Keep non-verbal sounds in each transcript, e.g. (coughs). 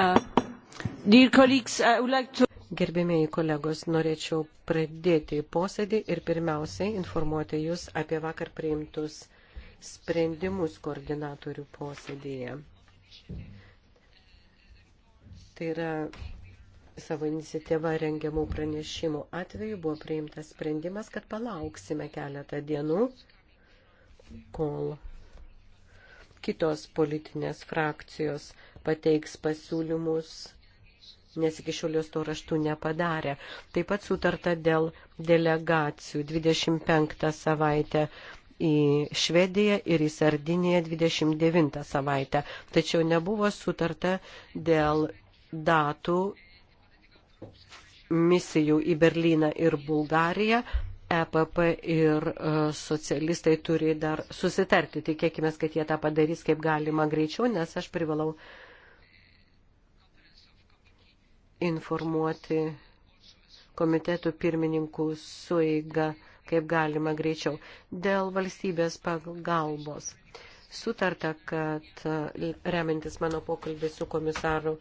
Uh, Gerbėmėjai kolegos, norėčiau pradėti posėdį ir pirmiausiai informuoti Jūs apie vakar priimtus sprendimus koordinatorių posėdėje. Tai yra savo iniciatyva rengiamų pranešimų atveju buvo priimtas sprendimas, kad palauksime keletą dienų, kol kitos politinės frakcijos pateiks pasiūlymus, nes iki šiol jos to raštų nepadarė. Taip pat sutarta dėl delegacijų 25 savaitę į Švediją ir į Sardiniją 29 savaitę. Tačiau nebuvo sutarta dėl datų misijų į Berliną ir Bulgariją EPP ir e, socialistai turi dar susitarti. Tikėkime, kad jie tą padarys kaip galima greičiau, nes aš privalau informuoti komitetų pirmininkų suiga kaip galima greičiau. Dėl valstybės pagalbos sutarta, kad e, remintis mano pokalbį su komisaru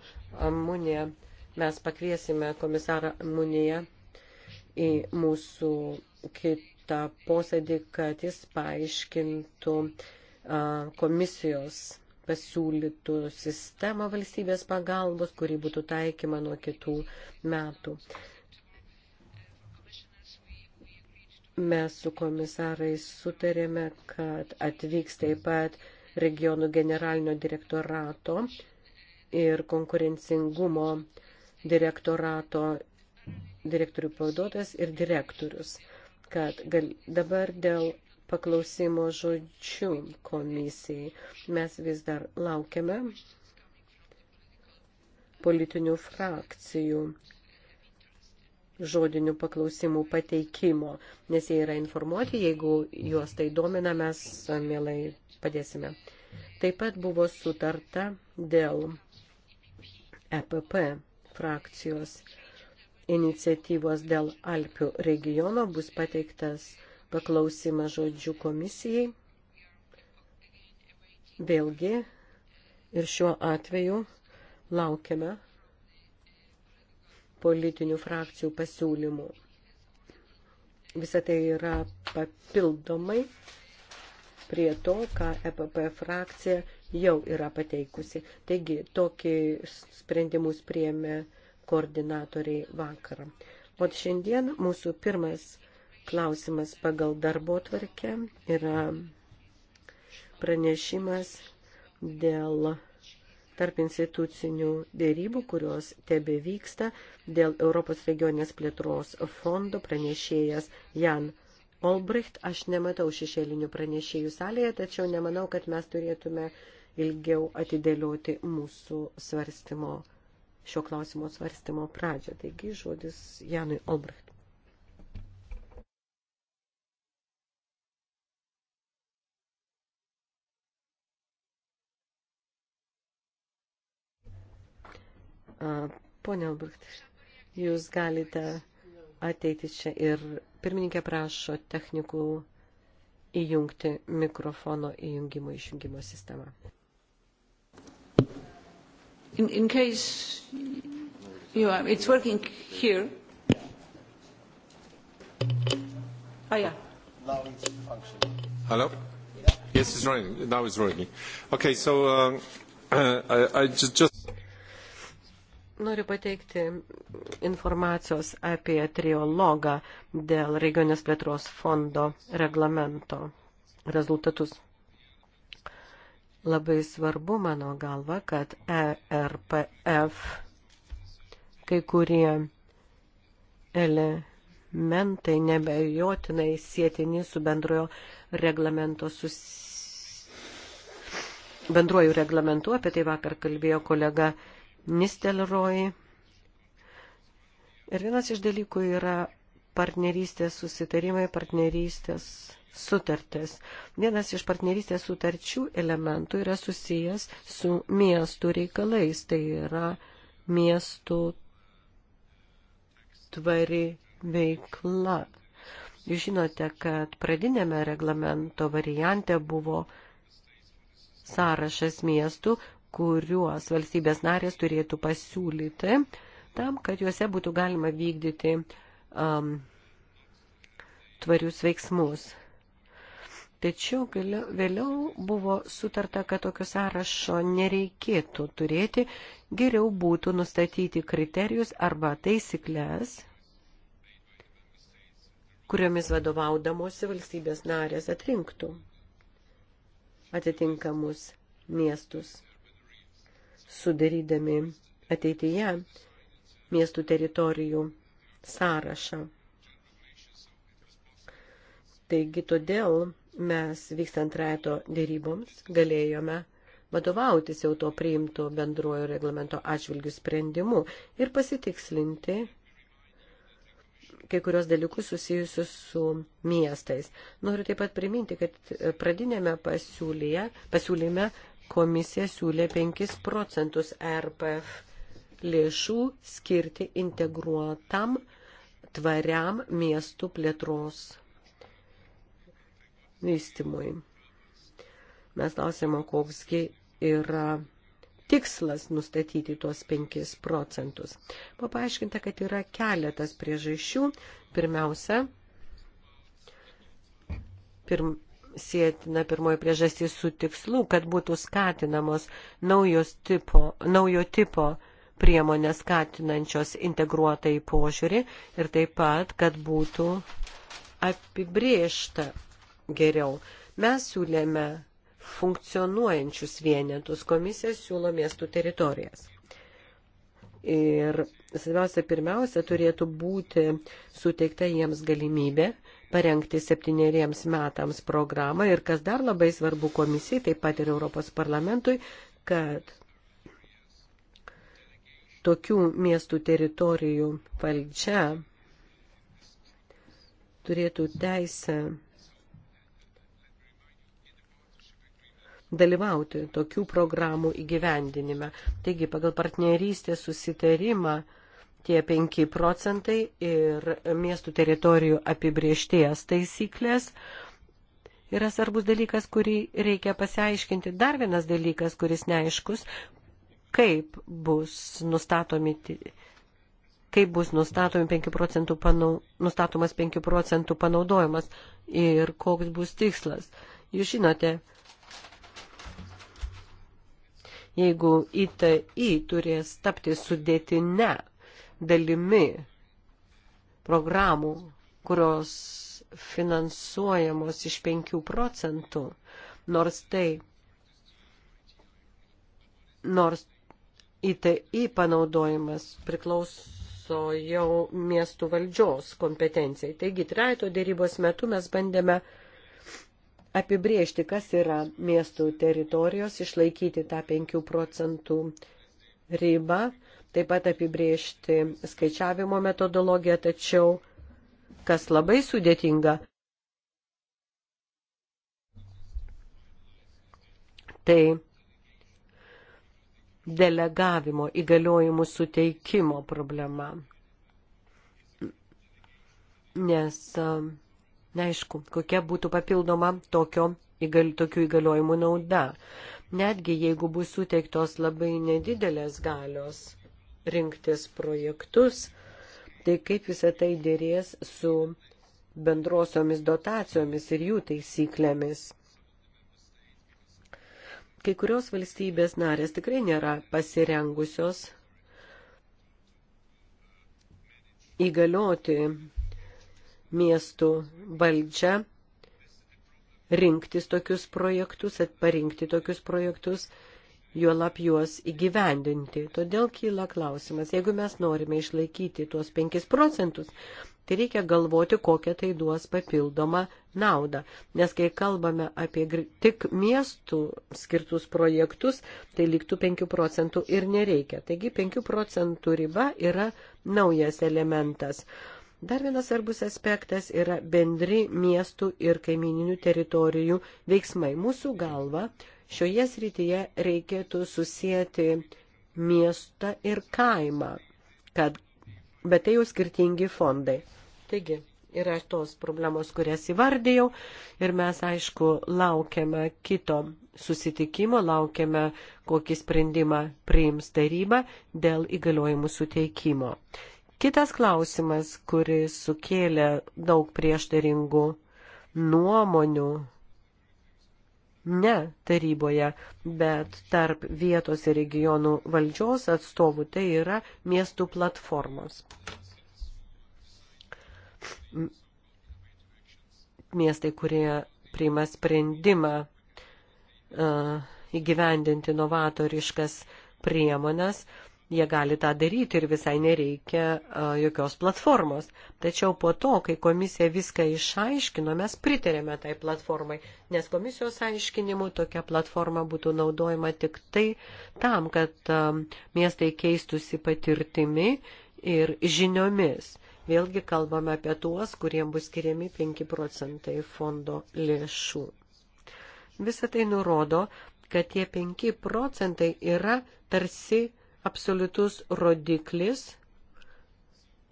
Munija, mes pakviesime komisarą Muniją į mūsų kitą posėdį, kad jis paaiškintų komisijos pasiūlytų sistemą valstybės pagalbos, kuri būtų taikyma nuo kitų metų. Mes su komisarais sutarėme, kad atvyks taip pat regionų generalinio direktorato ir konkurencingumo direktorato direktorių pavaduotojas ir direktorius kad gal, dabar dėl paklausimo žodžių komisijai mes vis dar laukiame politinių frakcijų žodinių paklausimų pateikimo, nes jie yra informuoti, jeigu juos tai domina, mes mielai padėsime. Taip pat buvo sutarta dėl EPP frakcijos iniciatyvos dėl Alpių regiono bus pateiktas paklausimas žodžių komisijai. Vėlgi ir šiuo atveju laukiame politinių frakcijų pasiūlymų. Visą tai yra papildomai prie to, ką EPP frakcija jau yra pateikusi. Taigi, tokį sprendimus priėmė uh, koordinatoriai vakarą. O šiandien mūsų pirmas klausimas pagal darbo tvarkę yra pranešimas dėl tarp institucinių dėrybų, kurios tebe vyksta dėl Europos regionės plėtros fondo pranešėjas Jan Olbricht. Aš nematau šešėlinių pranešėjų salėje, tačiau nemanau, kad mes turėtume ilgiau atidėlioti mūsų svarstymo šio klausimo svarstymo pradžią. Taigi žodis Janui Olbrecht. Pone Albrecht, jūs galite ateiti čia ir pirmininkė prašo technikų įjungti mikrofono įjungimo išjungimo sistemą. In, in case you are, it's working here. Oh, yeah. Now it's functioning. Hello? Yeah. Yes, it's running. Now it's working. Okay, so um, uh, (clears throat) I, I just, just Noriu pateikti informacijos apie triologą dėl regionės plėtros fondo reglamento rezultatus. Labai svarbu, mano galva, kad ERPF kai kurie elementai nebejotinai sėtini su bendrojo reglamento sus... bendruoju reglamentu, apie tai vakar kalbėjo kolega Nistelroj. Ir vienas iš dalykų yra partnerystės susitarimai, partnerystės sutartis. Vienas iš partnerystės sutarčių elementų yra susijęs su miestų reikalais, tai yra miestų tvari veikla. Jūs žinote, kad pradinėme reglamento variante buvo sąrašas miestų, kuriuos valstybės narės turėtų pasiūlyti tam, kad juose būtų galima vykdyti um, tvarius veiksmus. Tačiau vėliau buvo sutarta, kad tokio sąrašo nereikėtų turėti, geriau būtų nustatyti kriterijus arba taisyklės, kuriomis vadovaudamosi valstybės narės atrinktų atitinkamus miestus, sudarydami ateityje miestų teritorijų sąrašą. Taigi todėl mes vykstant reto dėryboms galėjome vadovautis jau to priimto bendrojo reglamento atžvilgių sprendimu ir pasitikslinti kai kurios dalykus susijusius su miestais. Noriu taip pat priminti, kad pradinėme pasiūlyje, pasiūlyme komisija siūlė 5 procentus RPF lėšų skirti integruotam tvariam miestų plėtros vystimui. Mes klausėme, koksgi yra tikslas nustatyti tuos 5 procentus. Buvo paaiškinta, kad yra keletas priežasčių. Pirmiausia, pirm, sėtina pirmoji priežastis su tikslu, kad būtų skatinamos tipo, naujo tipo priemonės skatinančios integruotą į požiūrį ir taip pat, kad būtų apibriešta geriau. Mes siūlėme funkcionuojančius vienetus, komisija siūlo miestų teritorijas. Ir svarbiausia, pirmiausia, turėtų būti suteikta jiems galimybė parengti septyneriems metams programą ir kas dar labai svarbu komisijai, taip pat ir Europos parlamentui, kad tokių miestų teritorijų valdžia turėtų teisę dalyvauti tokių programų įgyvendinime. Taigi, pagal partnerystės susitarimą tie 5 procentai ir miestų teritorijų apibriešties taisyklės yra svarbus dalykas, kurį reikia pasiaiškinti. Dar vienas dalykas, kuris neaiškus, kaip bus nustatomi kaip bus nustatomi 5 procentų panau, nustatomas 5 procentų panaudojimas ir koks bus tikslas. Jūs žinote, jeigu ITI turės tapti sudėtinę dalimi programų, kurios finansuojamos iš 5 procentų, nors tai, nors ITI panaudojimas priklauso jau miestų valdžios kompetencijai. Taigi, trejato dėrybos metu mes bandėme uh, apibriežti, kas yra miestų teritorijos, išlaikyti tą 5 procentų ribą, taip pat apibriežti skaičiavimo metodologiją, tačiau, kas labai sudėtinga, tai delegavimo įgaliojimų suteikimo problema. Nes uh, Neaišku, kokia būtų papildoma tokio, įgal, tokių įgaliojimų nauda. Netgi jeigu bus suteiktos labai nedidelės galios rinktis projektus, tai kaip visą tai dėrės su bendrosiomis dotacijomis ir jų taisyklėmis. Kai kurios valstybės narės tikrai nėra pasirengusios įgalioti miestų valdžia rinktis tokius projektus, parinkti tokius projektus, juolap juos įgyvendinti. Todėl kyla klausimas, jeigu mes norime išlaikyti tuos 5 procentus, tai reikia galvoti, kokią tai duos papildomą naudą. Nes kai kalbame apie tik miestų skirtus projektus, tai liktų 5 procentų ir nereikia. Taigi 5 procentų riba yra naujas elementas. Dar vienas svarbus aspektas yra bendri miestų ir kaimininių teritorijų veiksmai. Mūsų galva šioje srityje reikėtų susijęti miestą ir kaimą, kad, bet tai jau skirtingi fondai. Taigi, yra tos problemos, kurias įvardėjau ir mes, aišku, laukiame kito susitikimo, laukiame, kokį sprendimą priims taryba dėl įgaliojimų suteikimo. Kitas klausimas, kuris sukėlė daug prieštaringų nuomonių, ne taryboje, bet tarp vietos ir regionų valdžios atstovų, tai yra miestų platformos. Miestai, kurie priima sprendimą uh, įgyvendinti novatoriškas priemonės, uh, jie gali tą daryti ir visai nereikia jokios platformos. Tačiau po to, kai komisija viską išaiškino, mes pritarėme tai platformai, nes komisijos aiškinimu tokia platforma būtų naudojama tik tai tam, kad miestai keistusi patirtimi ir žiniomis. Vėlgi kalbame apie tuos, kuriems bus skiriami 5 procentai fondo lėšų. Visą tai nurodo, kad tie 5 procentai yra tarsi absoliutus rodiklis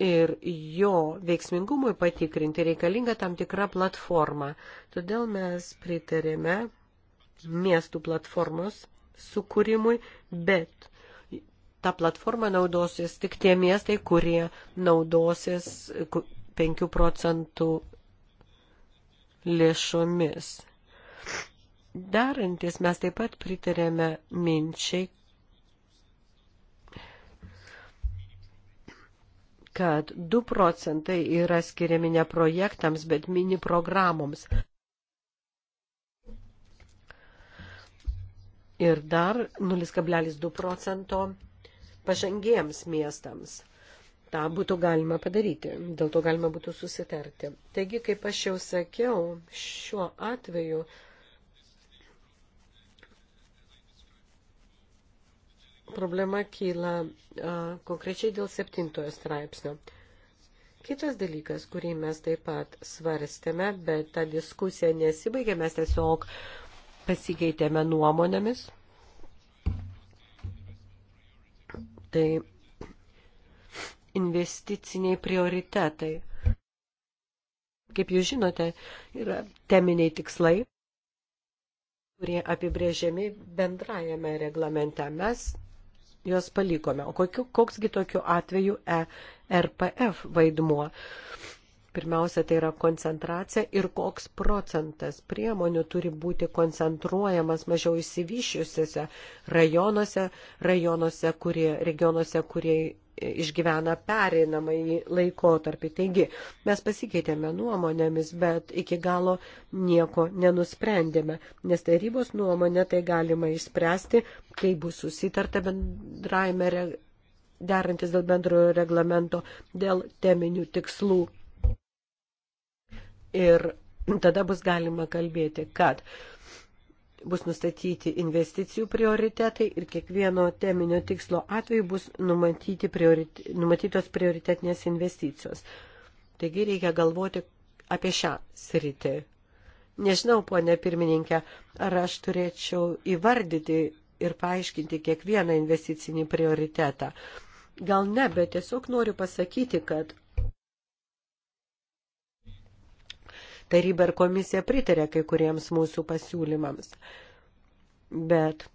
ir jo veiksmingumui patikrinti reikalinga tam tikra platforma. Todėl mes pritarėme miestų platformos sukūrimui, bet tą platformą naudosis tik tie miestai, kurie naudosis 5 procentų lėšomis. Darantis mes taip pat pritarėme minčiai, kad 2 procentai yra skiriami ne projektams, bet mini programoms. Ir dar 0,2 procento pažangiems miestams. Ta būtų galima padaryti, dėl to galima būtų susitarti. Taigi, kaip aš jau sakiau, šiuo atveju problema kyla konkrečiai dėl septintojo straipsnio. Kitas dalykas, kurį mes taip pat svarstėme, bet ta diskusija nesibaigė, mes tiesiog pasikeitėme nuomonėmis. Tai investiciniai prioritetai. Kaip jūs žinote, yra teminiai tikslai, kurie apibrėžiami bendrajame reglamente. Mes juos palikome. O kokiu, koksgi tokiu atveju ERPF vaidmuo? Pirmiausia, tai yra koncentracija ir koks procentas priemonių turi būti koncentruojamas mažiau įsivyšiusiuose rajonuose, rajonuose kurie, regionuose, kurie išgyvena pereinamąjį laikotarpį. Taigi, mes pasikeitėme nuomonėmis, bet iki galo nieko nenusprendėme, nes tarybos nuomonę tai galima išspręsti, kai bus susitarta bendraime derantis dėl bendrojo reglamento, dėl teminių tikslų. Ir tada bus galima kalbėti, kad uh, bus nustatyti investicijų prioritetai ir kiekvieno teminio tikslo atveju bus priorite, numatytos prioritetinės investicijos. Taigi reikia galvoti apie šią sritį. Nežinau, ponė pirmininkė, ar aš turėčiau įvardyti ir paaiškinti kiekvieną investicinį prioritetą. Gal ne, bet tiesiog noriu pasakyti, kad taryba ir komisija pritarė kai kuriems mūsų pasiūlymams. Bet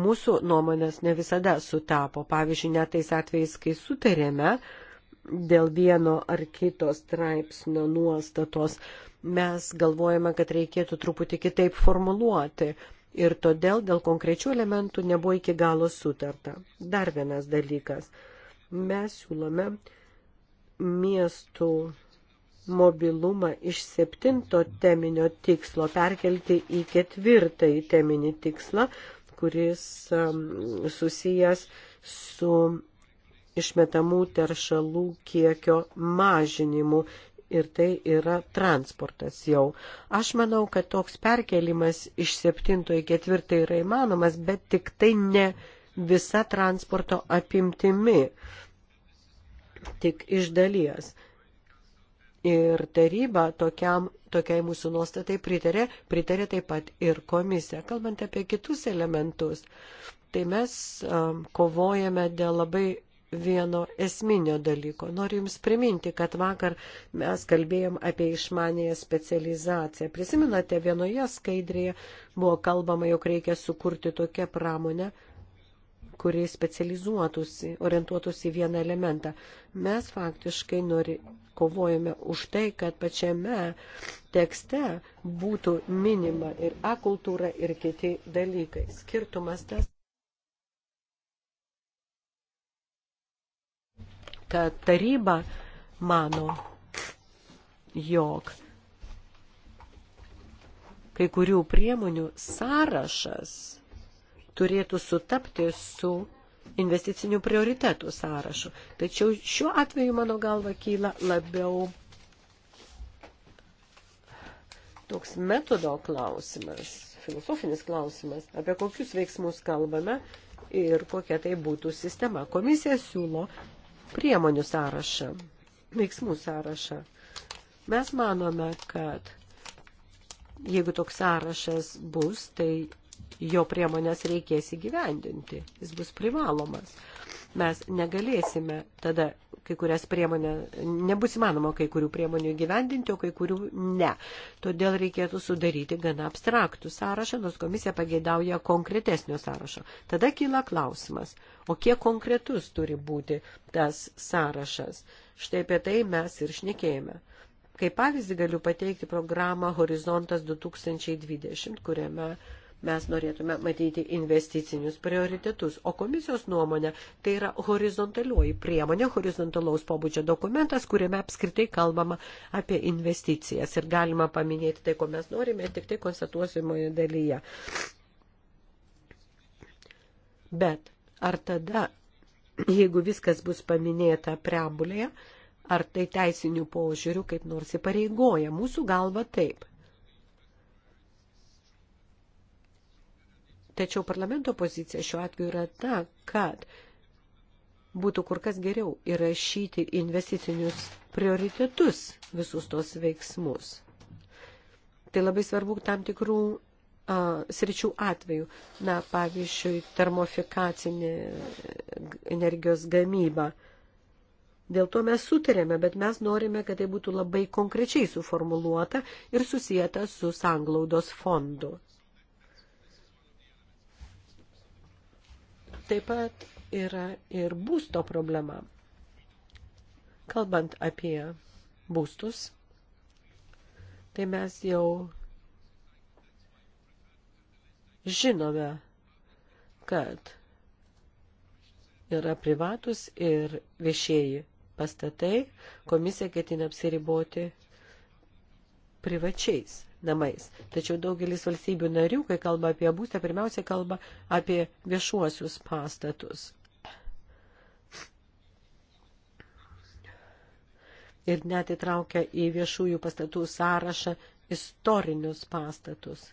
mūsų nuomonės ne visada sutapo. Pavyzdžiui, net tais atvejais, kai sutarėme dėl vieno ar kitos straipsnio nuostatos, mes galvojame, kad reikėtų truputį kitaip formuluoti. Ir todėl dėl konkrečių elementų nebuvo iki galo sutarta. Dar vienas dalykas. Mes siūlome miestų mobilumą iš septinto teminio tikslo perkelti į ketvirtąjį teminį tikslą, kuris um, susijęs su išmetamų teršalų kiekio mažinimu. Ir tai yra transportas jau. Aš manau, kad toks perkelimas iš septinto į ketvirtą yra įmanomas, bet tik tai ne visa transporto apimtimi tik iš dalies. Ir taryba tokiam, tokiai mūsų nuostatai pritarė, pritarė taip pat ir komisija. Kalbant apie kitus elementus, tai mes um, kovojame dėl labai vieno esminio dalyko. Noriu Jums priminti, kad vakar mes kalbėjom apie išmanėją specializaciją. Prisiminate, vienoje skaidrėje buvo kalbama, jog reikia sukurti tokią pramonę, kuri specializuotųsi, orientuotųsi į vieną elementą. Mes faktiškai nori, kovojame už tai, kad pačiame tekste būtų minima ir A kultūra ir kiti dalykai. Skirtumas tas, kad taryba mano, jog kai kurių priemonių sąrašas turėtų sutapti su investicinių prioritetų sąrašu. Tačiau šiuo atveju, mano galva, kyla labiau toks metodo klausimas, filosofinis klausimas, apie kokius veiksmus kalbame ir kokia tai būtų sistema. Komisija siūlo priemonių sąrašą, veiksmų sąrašą. Mes manome, kad jeigu toks sąrašas bus, tai jo priemonės reikės įgyvendinti. Jis bus privalomas. Mes negalėsime tada kai kurias priemonę, nebus įmanoma kai kurių priemonių įgyvendinti, o kai kurių ne. Todėl reikėtų sudaryti gana abstraktų sąrašą, nors komisija pageidauja konkretesnio sąrašo. Tada kyla klausimas, o kiek konkretus turi būti tas sąrašas. Štai apie tai mes ir šnekėjome. Kaip pavyzdį galiu pateikti programą Horizontas 2020, kuriame mes norėtume matyti investicinius prioritetus. O komisijos nuomonė tai yra horizontalioji priemonė, horizontalaus pobūdžio dokumentas, kuriame apskritai kalbama apie investicijas. Ir galima paminėti tai, ko mes norime, tik tai konstatuosimoje dalyje. Bet ar tada, jeigu viskas bus paminėta preambulėje, ar tai teisinių požiūrių kaip nors įpareigoja? Mūsų galva taip. Tačiau parlamento pozicija šiuo atveju yra ta, kad būtų kur kas geriau įrašyti investicinius prioritetus visus tos veiksmus. Tai labai svarbu tam tikrų a, sričių atveju. Na, pavyzdžiui, termofikacinė energijos gamyba. Dėl to mes sutarėme, bet mes norime, kad tai būtų labai konkrečiai suformuluota ir susijęta su sanglaudos fondu. Taip pat yra ir būsto problema. Kalbant apie būstus, tai mes jau žinome, kad yra privatus ir viešieji pastatai, komisija ketina apsiriboti privačiais namais. Tačiau daugelis valstybių narių, kai kalba apie būstą, pirmiausia kalba apie viešuosius pastatus. Ir net įtraukia į viešųjų pastatų sąrašą istorinius pastatus.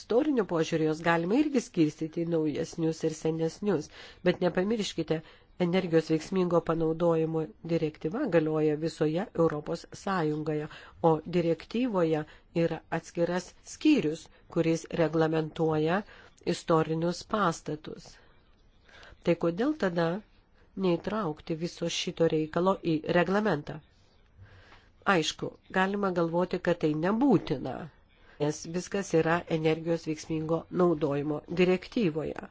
Istorinių požiūrį jos galima irgi skirstyti į naujesnius ir senesnius, bet nepamirškite, energijos veiksmingo panaudojimo direktyva galioja visoje Europos Sąjungoje, o direktyvoje yra atskiras skyrius, kuris reglamentuoja istorinius pastatus. Tai kodėl tada neįtraukti viso šito reikalo į reglamentą? Aišku, galima galvoti, kad tai nebūtina, nes viskas yra energijos veiksmingo naudojimo direktyvoje.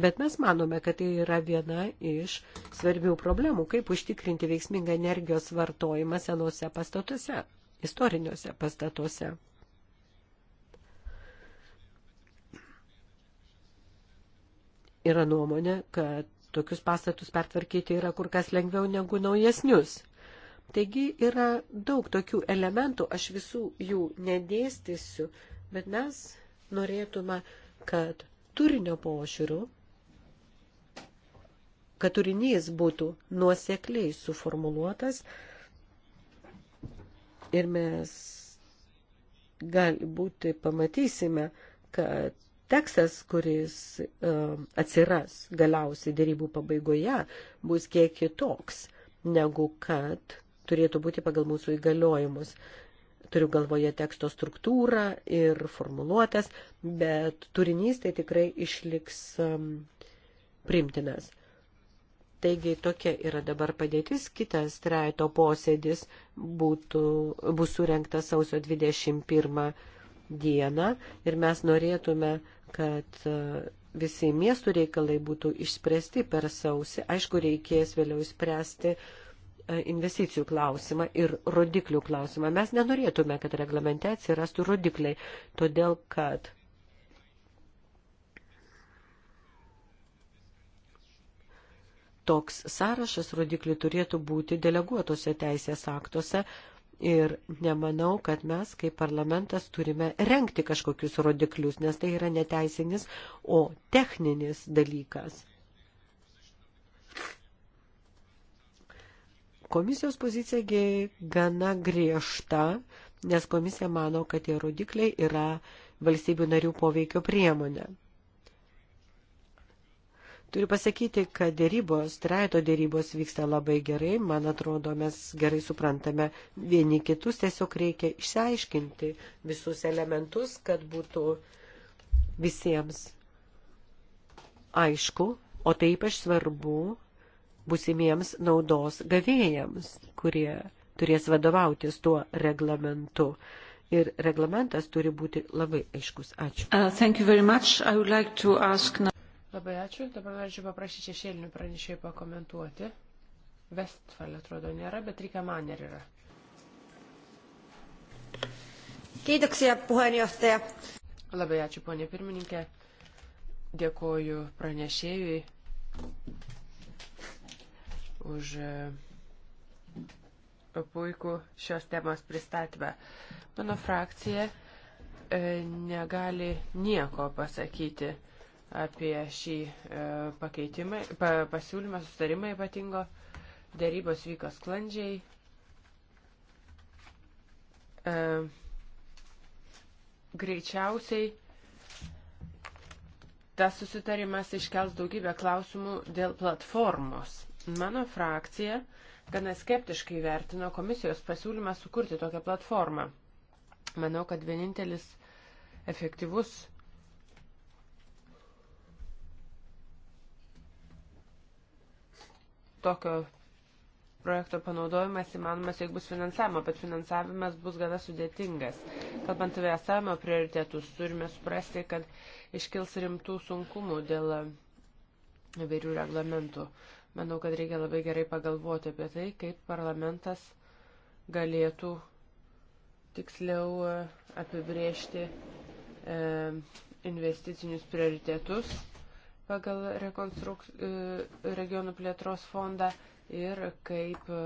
Bet mes manome, kad tai yra viena iš svarbių problemų, kaip užtikrinti veiksmingą energijos vartojimą senose pastatuose, istoriniuose pastatuose. Yra nuomonė, kad tokius pastatus pertvarkyti yra kur kas lengviau negu naujesnius. Taigi yra daug tokių elementų, aš visų jų nedėstysiu, bet mes norėtume, kad turinio pošiūrių kad turinys būtų nuosekliai suformuluotas ir mes gali būti pamatysime, kad tekstas, kuris uh, atsiras galiausiai dėrybų pabaigoje, bus kiek kitoks, negu kad turėtų būti pagal mūsų įgaliojimus. Turiu galvoje teksto struktūrą ir formuluotės, bet turinys tai tikrai išliks um, e, primtinas. Taigi tokia yra dabar padėtis. Kitas trejato posėdis būtų, bus surinktas sausio 21 dieną ir mes norėtume, kad e, visi miestų reikalai būtų išspręsti per sausį. Aišku, reikės vėliau spręsti e, investicijų klausimą ir rodiklių klausimą. Mes nenorėtume, kad reglamente atsirastų rodikliai, todėl kad toks sąrašas rodiklių turėtų būti deleguotose teisės aktuose ir nemanau, kad mes kaip parlamentas turime renkti kažkokius rodiklius, nes tai yra neteisinis, o techninis dalykas. Komisijos pozicija gana griežta, nes komisija mano, kad tie rodikliai yra valstybių narių poveikio priemonė. Turiu pasakyti, kad dėrybos, trejato dėrybos vyksta labai gerai, man atrodo, mes gerai suprantame vieni kitus, tiesiog reikia išsiaiškinti visus elementus, kad būtų visiems aišku, o tai ypač svarbu busimiems naudos gavėjams, kurie turės vadovautis tuo reglamentu. Ir reglamentas turi būti labai aiškus. Ačiū. Uh, Labai ačiū. Dabar norėčiau paprašyti šešėlinių pranešėjų pakomentuoti. Vestfalė atrodo nėra, bet reikia man ir yra. Kiitoksia puheenjohtaja. Labai ačiū ponė pirmininkė. Dėkoju pranešėjui už e, puikų šios temos pristatymą. Mano frakcija e, negali nieko pasakyti apie šį e, pakeitimą, pa, pasiūlymą, sustarimą ypatingo. Dėrybos vyko sklandžiai. E, greičiausiai tas susitarimas iškels daugybę klausimų dėl platformos. Mano frakcija gana skeptiškai vertino komisijos pasiūlymą sukurti tokią platformą. Manau, kad vienintelis efektyvus tokio projekto panaudojimas įmanomas, jeigu bus finansavimo, bet finansavimas bus gana sudėtingas. Kalbant apie esamo prioritetus, turime suprasti, kad iškils rimtų sunkumų dėl įvairių reglamentų. Manau, kad reikia labai gerai pagalvoti apie tai, kaip parlamentas galėtų tiksliau e, apibriežti e, investicinius prioritetus pagal rekonstruk... E, regionų plėtros fondą ir kaip e,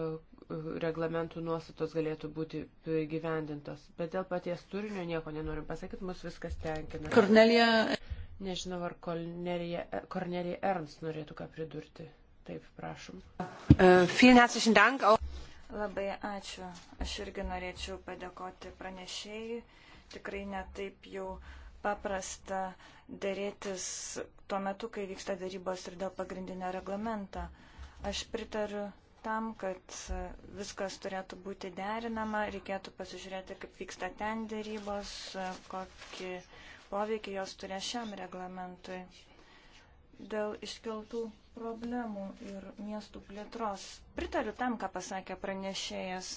reglamentų nuostatos galėtų būti gyvendintos. Bet dėl paties turinio nieko nenorim pasakyti, mus viskas tenkina. Kornelija. Nežinau, ar Kornelija, e, Kornelija Ernst norėtų ką pridurti. Taip, prašom. Labai ačiū. Aš irgi norėčiau padėkoti pranešėjai. Tikrai netaip jau. Uh, paprasta dėrėtis tuo metu, kai vyksta darybos ir dėl pagrindinio reglamento. Aš pritariu tam, kad viskas turėtų būti derinama, reikėtų pasižiūrėti, kaip vyksta ten dėrybos, kokį poveikį jos turės šiam reglamentui. Dėl iškeltų problemų ir miestų plėtros. Pritariu tam, ką pasakė pranešėjas.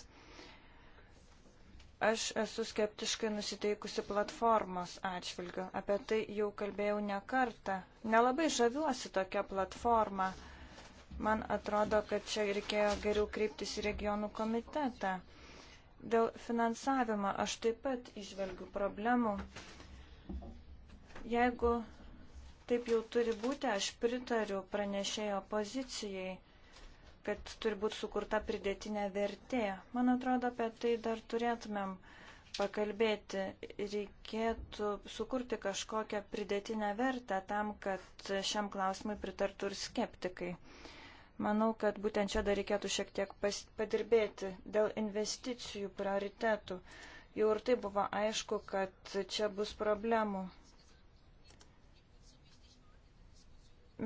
Aš esu skeptiškai nusiteikusi platformos atžvilgiu. Apie tai jau kalbėjau ne kartą. Nelabai žaviuosi tokia platforma. Man atrodo, kad čia reikėjo geriau kreiptis į regionų komitetą. Dėl finansavimo aš taip pat išvelgiu problemų. Jeigu taip jau turi būti, aš pritariu pranešėjo pozicijai kad turi būti sukurta pridėtinė vertė. Man atrodo, apie tai dar turėtumėm pakalbėti. Reikėtų sukurti kažkokią pridėtinę vertę tam, kad šiam klausimui pritartų ir skeptikai. Manau, kad būtent čia dar reikėtų šiek tiek pas, padirbėti dėl investicijų prioritetų. Jau ir tai buvo aišku, kad čia bus problemų.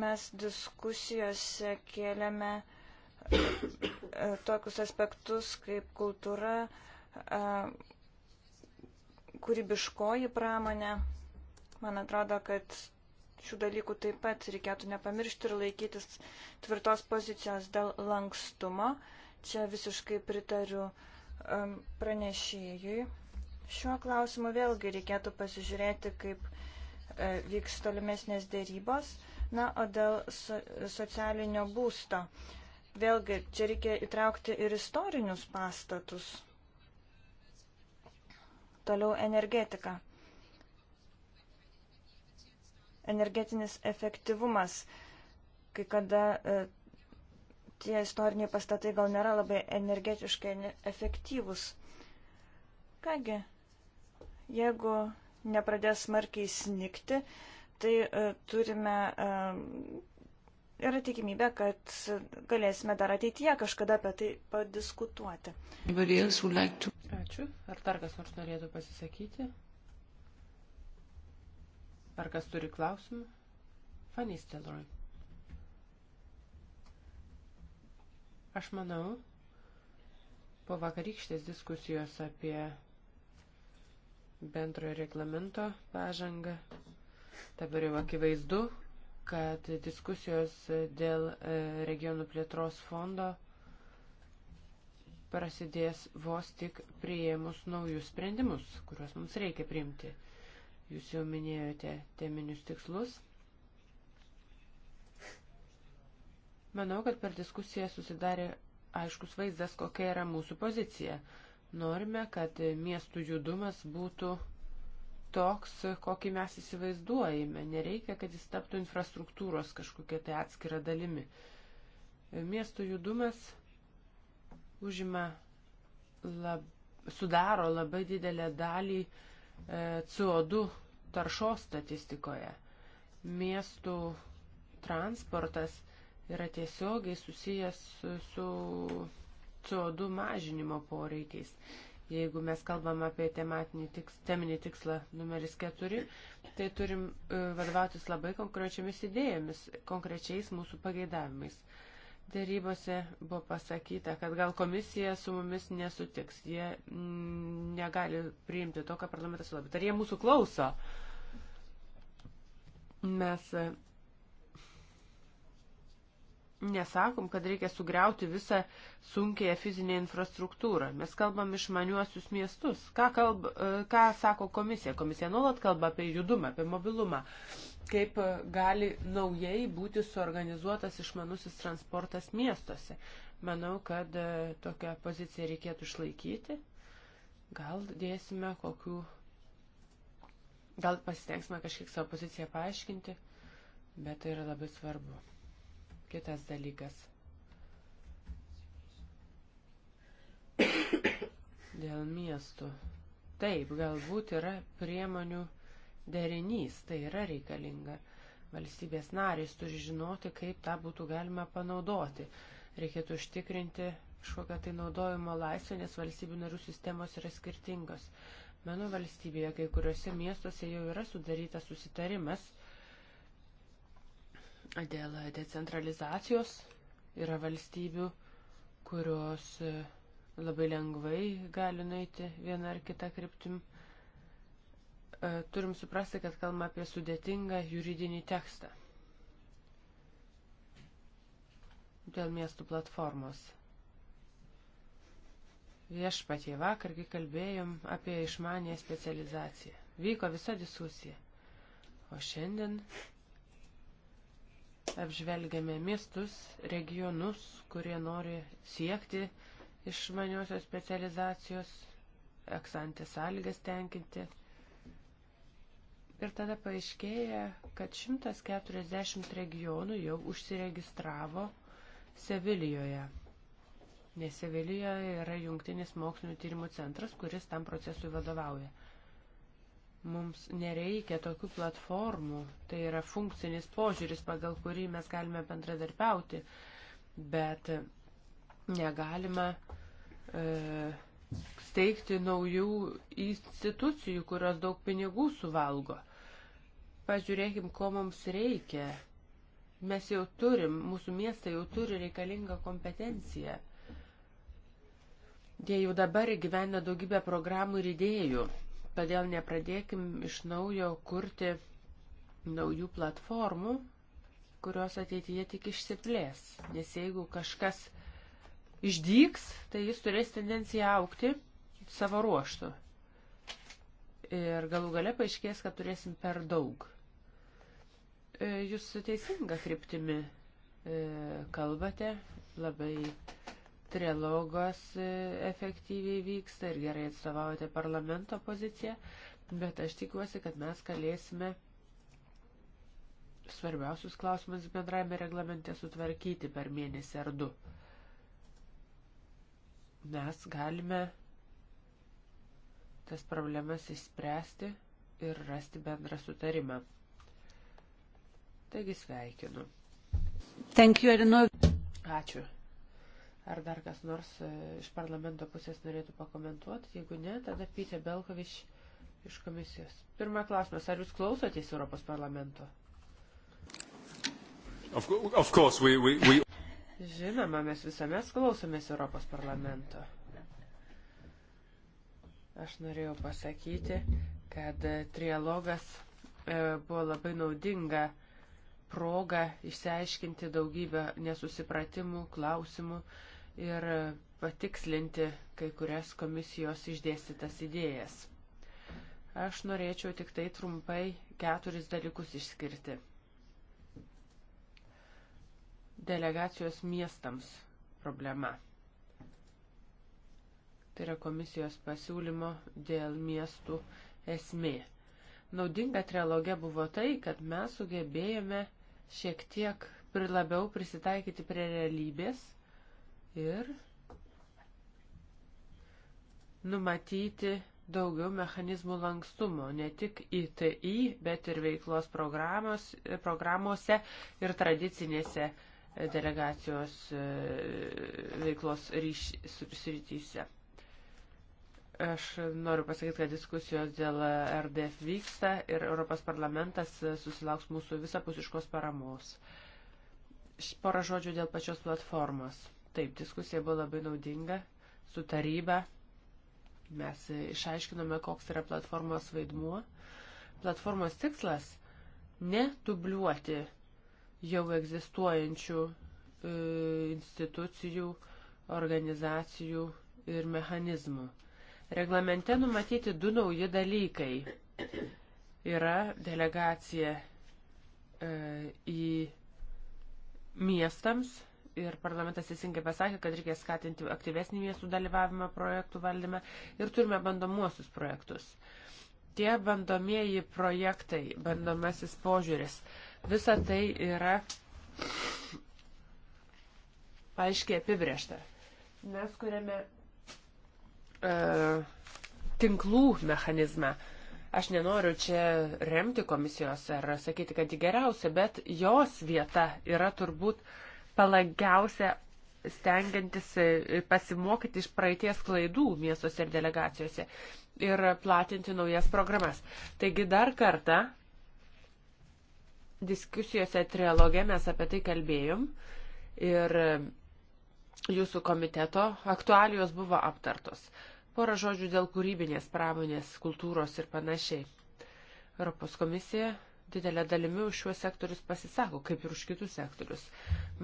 Mes diskusijose kėlėme (coughs) tokius aspektus kaip kultūra, kūrybiškoji pramonė. Man atrodo, kad šių dalykų taip pat reikėtų nepamiršti ir laikytis tvirtos pozicijos dėl lankstumo. Čia visiškai pritariu um, pranešėjui. Šiuo klausimu vėlgi reikėtų pasižiūrėti, kaip e, vyks tolimesnės dėrybos. Na, o dėl so, socialinio būsto. E, Vėlgi, čia reikia įtraukti ir istorinius pastatus. Toliau energetika. Energetinis efektyvumas. Kai kada e, tie istoriniai pastatai gal nėra labai energetiškai efektyvus. Kągi, jeigu nepradės smarkiai snikti, tai e, turime e, yra tikimybė, kad galėsime dar ateityje kažkada apie tai padiskutuoti. Ačiū. Ar dar kas nors norėtų pasisakyti? Ar kas turi klausimų? Fanny Stelroy. Aš manau, po vakarykštės diskusijos apie bendrojo reglamento pažangą, dabar jau akivaizdu, kad diskusijos dėl e, regionų plėtros fondo prasidės vos tik priėmus naujus sprendimus, kuriuos mums reikia priimti. Jūs jau minėjote teminius tikslus. Manau, kad per diskusiją susidarė aiškus vaizdas, kokia yra mūsų pozicija. Norime, kad miestų judumas būtų toks, kokį mes įsivaizduojame. Nereikia, kad jis taptų infrastruktūros kažkokia tai atskira dalimi. Miestų judumas užima lab, sudaro labai didelę dalį e, CO2 taršos statistikoje. Miestų transportas yra tiesiogiai susijęs su, su CO2 mažinimo poreikiais. Jeigu mes kalbam apie tiks, teminį tikslą numeris 4, tai turim e, vadovautis labai konkrečiamis idėjomis, konkrečiais mūsų pageidavimais. Darybose buvo pasakyta, kad gal komisija su mumis nesutiks, jie mm, negali priimti to, ką parlamentas sulabė. Ar jie mūsų klauso? Mes e, nesakom, kad reikia sugriauti visą sunkiai fizinę infrastruktūrą. Mes kalbam išmaniuosius miestus. Ką, kalb, e, ką sako komisija? Komisija nuolat kalba apie judumą, apie mobilumą. Kaip e, gali naujai būti suorganizuotas išmanusis transportas miestuose. Manau, kad e, tokią poziciją reikėtų išlaikyti. Gal dėsime kokių. Gal pasitengsime kažkiek savo poziciją paaiškinti, bet tai yra labai svarbu. Kitas dalykas. Dėl miestų. Taip, galbūt yra priemonių derinys, tai yra reikalinga. Valstybės narys turi žinoti, kaip tą būtų galima panaudoti. Reikėtų užtikrinti kažkokią tai naudojimo laisvę, nes valstybių narių sistemos yra skirtingos. Mano valstybėje kai kuriuose miestuose jau yra sudarytas susitarimas Dėl decentralizacijos yra valstybių, kurios e, labai lengvai gali nueiti vieną ar kitą kryptim. E, turim suprasti, kad kalbame apie sudėtingą juridinį tekstą. Dėl miestų platformos. Viešpatie vakargi kalbėjom apie išmanę specializaciją. Vyko visa diskusija. O šiandien apžvelgiame miestus, regionus, kurie nori siekti išmaniosios specializacijos, eksantės sąlygas tenkinti. Ir tada paaiškėja, kad 140 regionų jau užsiregistravo Sevilijoje. Nes Sevilijoje yra jungtinis mokslinio tyrimų centras, kuris tam procesui vadovauja. Mums nereikia tokių platformų. Tai yra funkcinis požiūris, pagal kurį mes galime bendradarbiauti. Bet e, negalime e, steigti naujų institucijų, kurios daug pinigų suvalgo. Pažiūrėkim, ko mums reikia. Mes jau turim, mūsų miestai jau turi reikalingą kompetenciją. Jie jau dabar įgyvena daugybę programų ir idėjų. Todėl nepradėkim iš naujo kurti naujų platformų, kurios ateityje tik išsiplės. Nes jeigu kažkas išdyks, tai jis turės tendenciją aukti savo ruoštų. Ir galų gale paaiškės, kad turėsim per daug. E, jūs teisinga kryptimi e, kalbate, labai trilogas e, efektyviai vyksta ir gerai atstovaujate parlamento poziciją, bet aš tikiuosi, kad mes galėsime svarbiausius klausimus bendraime reglamente sutvarkyti per mėnesį ar du. Mes galime tas problemas išspręsti ir rasti bendrą sutarimą. Taigi sveikinu. Thank you, Ačiū. Ar dar kas nors e, iš parlamento pusės norėtų pakomentuoti? Jeigu ne, tada Pytė Belkovič iš komisijos. Pirma klausimas, ar jūs klausotės Europos parlamento? Of, of course, we, we, we... Žinoma, mes visuomet klausomės Europos parlamento. Aš norėjau pasakyti, kad trialogas e, buvo labai naudinga proga išsiaiškinti daugybę nesusipratimų, klausimų. E, ir patikslinti kai kurias komisijos išdėstytas idėjas. Aš norėčiau tik tai trumpai keturis dalykus išskirti. Delegacijos miestams problema. Tai yra komisijos pasiūlymo dėl miestų esmė. Naudinga trilogė buvo tai, kad mes sugebėjome šiek tiek labiau prisitaikyti prie realybės ir numatyti daugiau mechanizmų lankstumo, ne tik ITI, bet ir veiklos programuose ir tradicinėse delegacijos e, veiklos ryšyse. Aš noriu pasakyti, kad diskusijos dėl RDF vyksta ir Europos parlamentas susilauks mūsų visapusiškos paramos. Porą žodžių dėl pačios platformos. Taip, diskusija buvo labai naudinga su taryba. Mes išaiškinome, koks yra platformos vaidmuo. Platformos tikslas - nedubliuoti jau egzistuojančių e, institucijų, organizacijų ir mechanizmų. Reglamente numatyti du nauji dalykai. Yra delegacija e, į miestams ir parlamentas teisingai pasakė, kad reikia skatinti aktyvesnį miestų dalyvavimą projektų valdyme ir turime bandomuosius projektus. Tie bandomieji projektai, bandomasis požiūris, visa tai yra aiškiai apibriešta. Mes kuriame e, tinklų mechanizmą. Aš nenoriu čia remti komisijos ar sakyti, kad ji geriausia, bet jos vieta yra turbūt e, palankiausia stengiantis e, e, pasimokyti iš praeities klaidų miestuose ir delegacijose ir platinti naujas programas. Taigi dar kartą diskusijose trialoge mes apie tai kalbėjom ir jūsų komiteto aktualijos buvo aptartos. Porą žodžių dėl kūrybinės pramonės, kultūros ir panašiai. Europos komisija didelę dalimi už šiuos sektorius pasisako, kaip ir už kitus sektorius.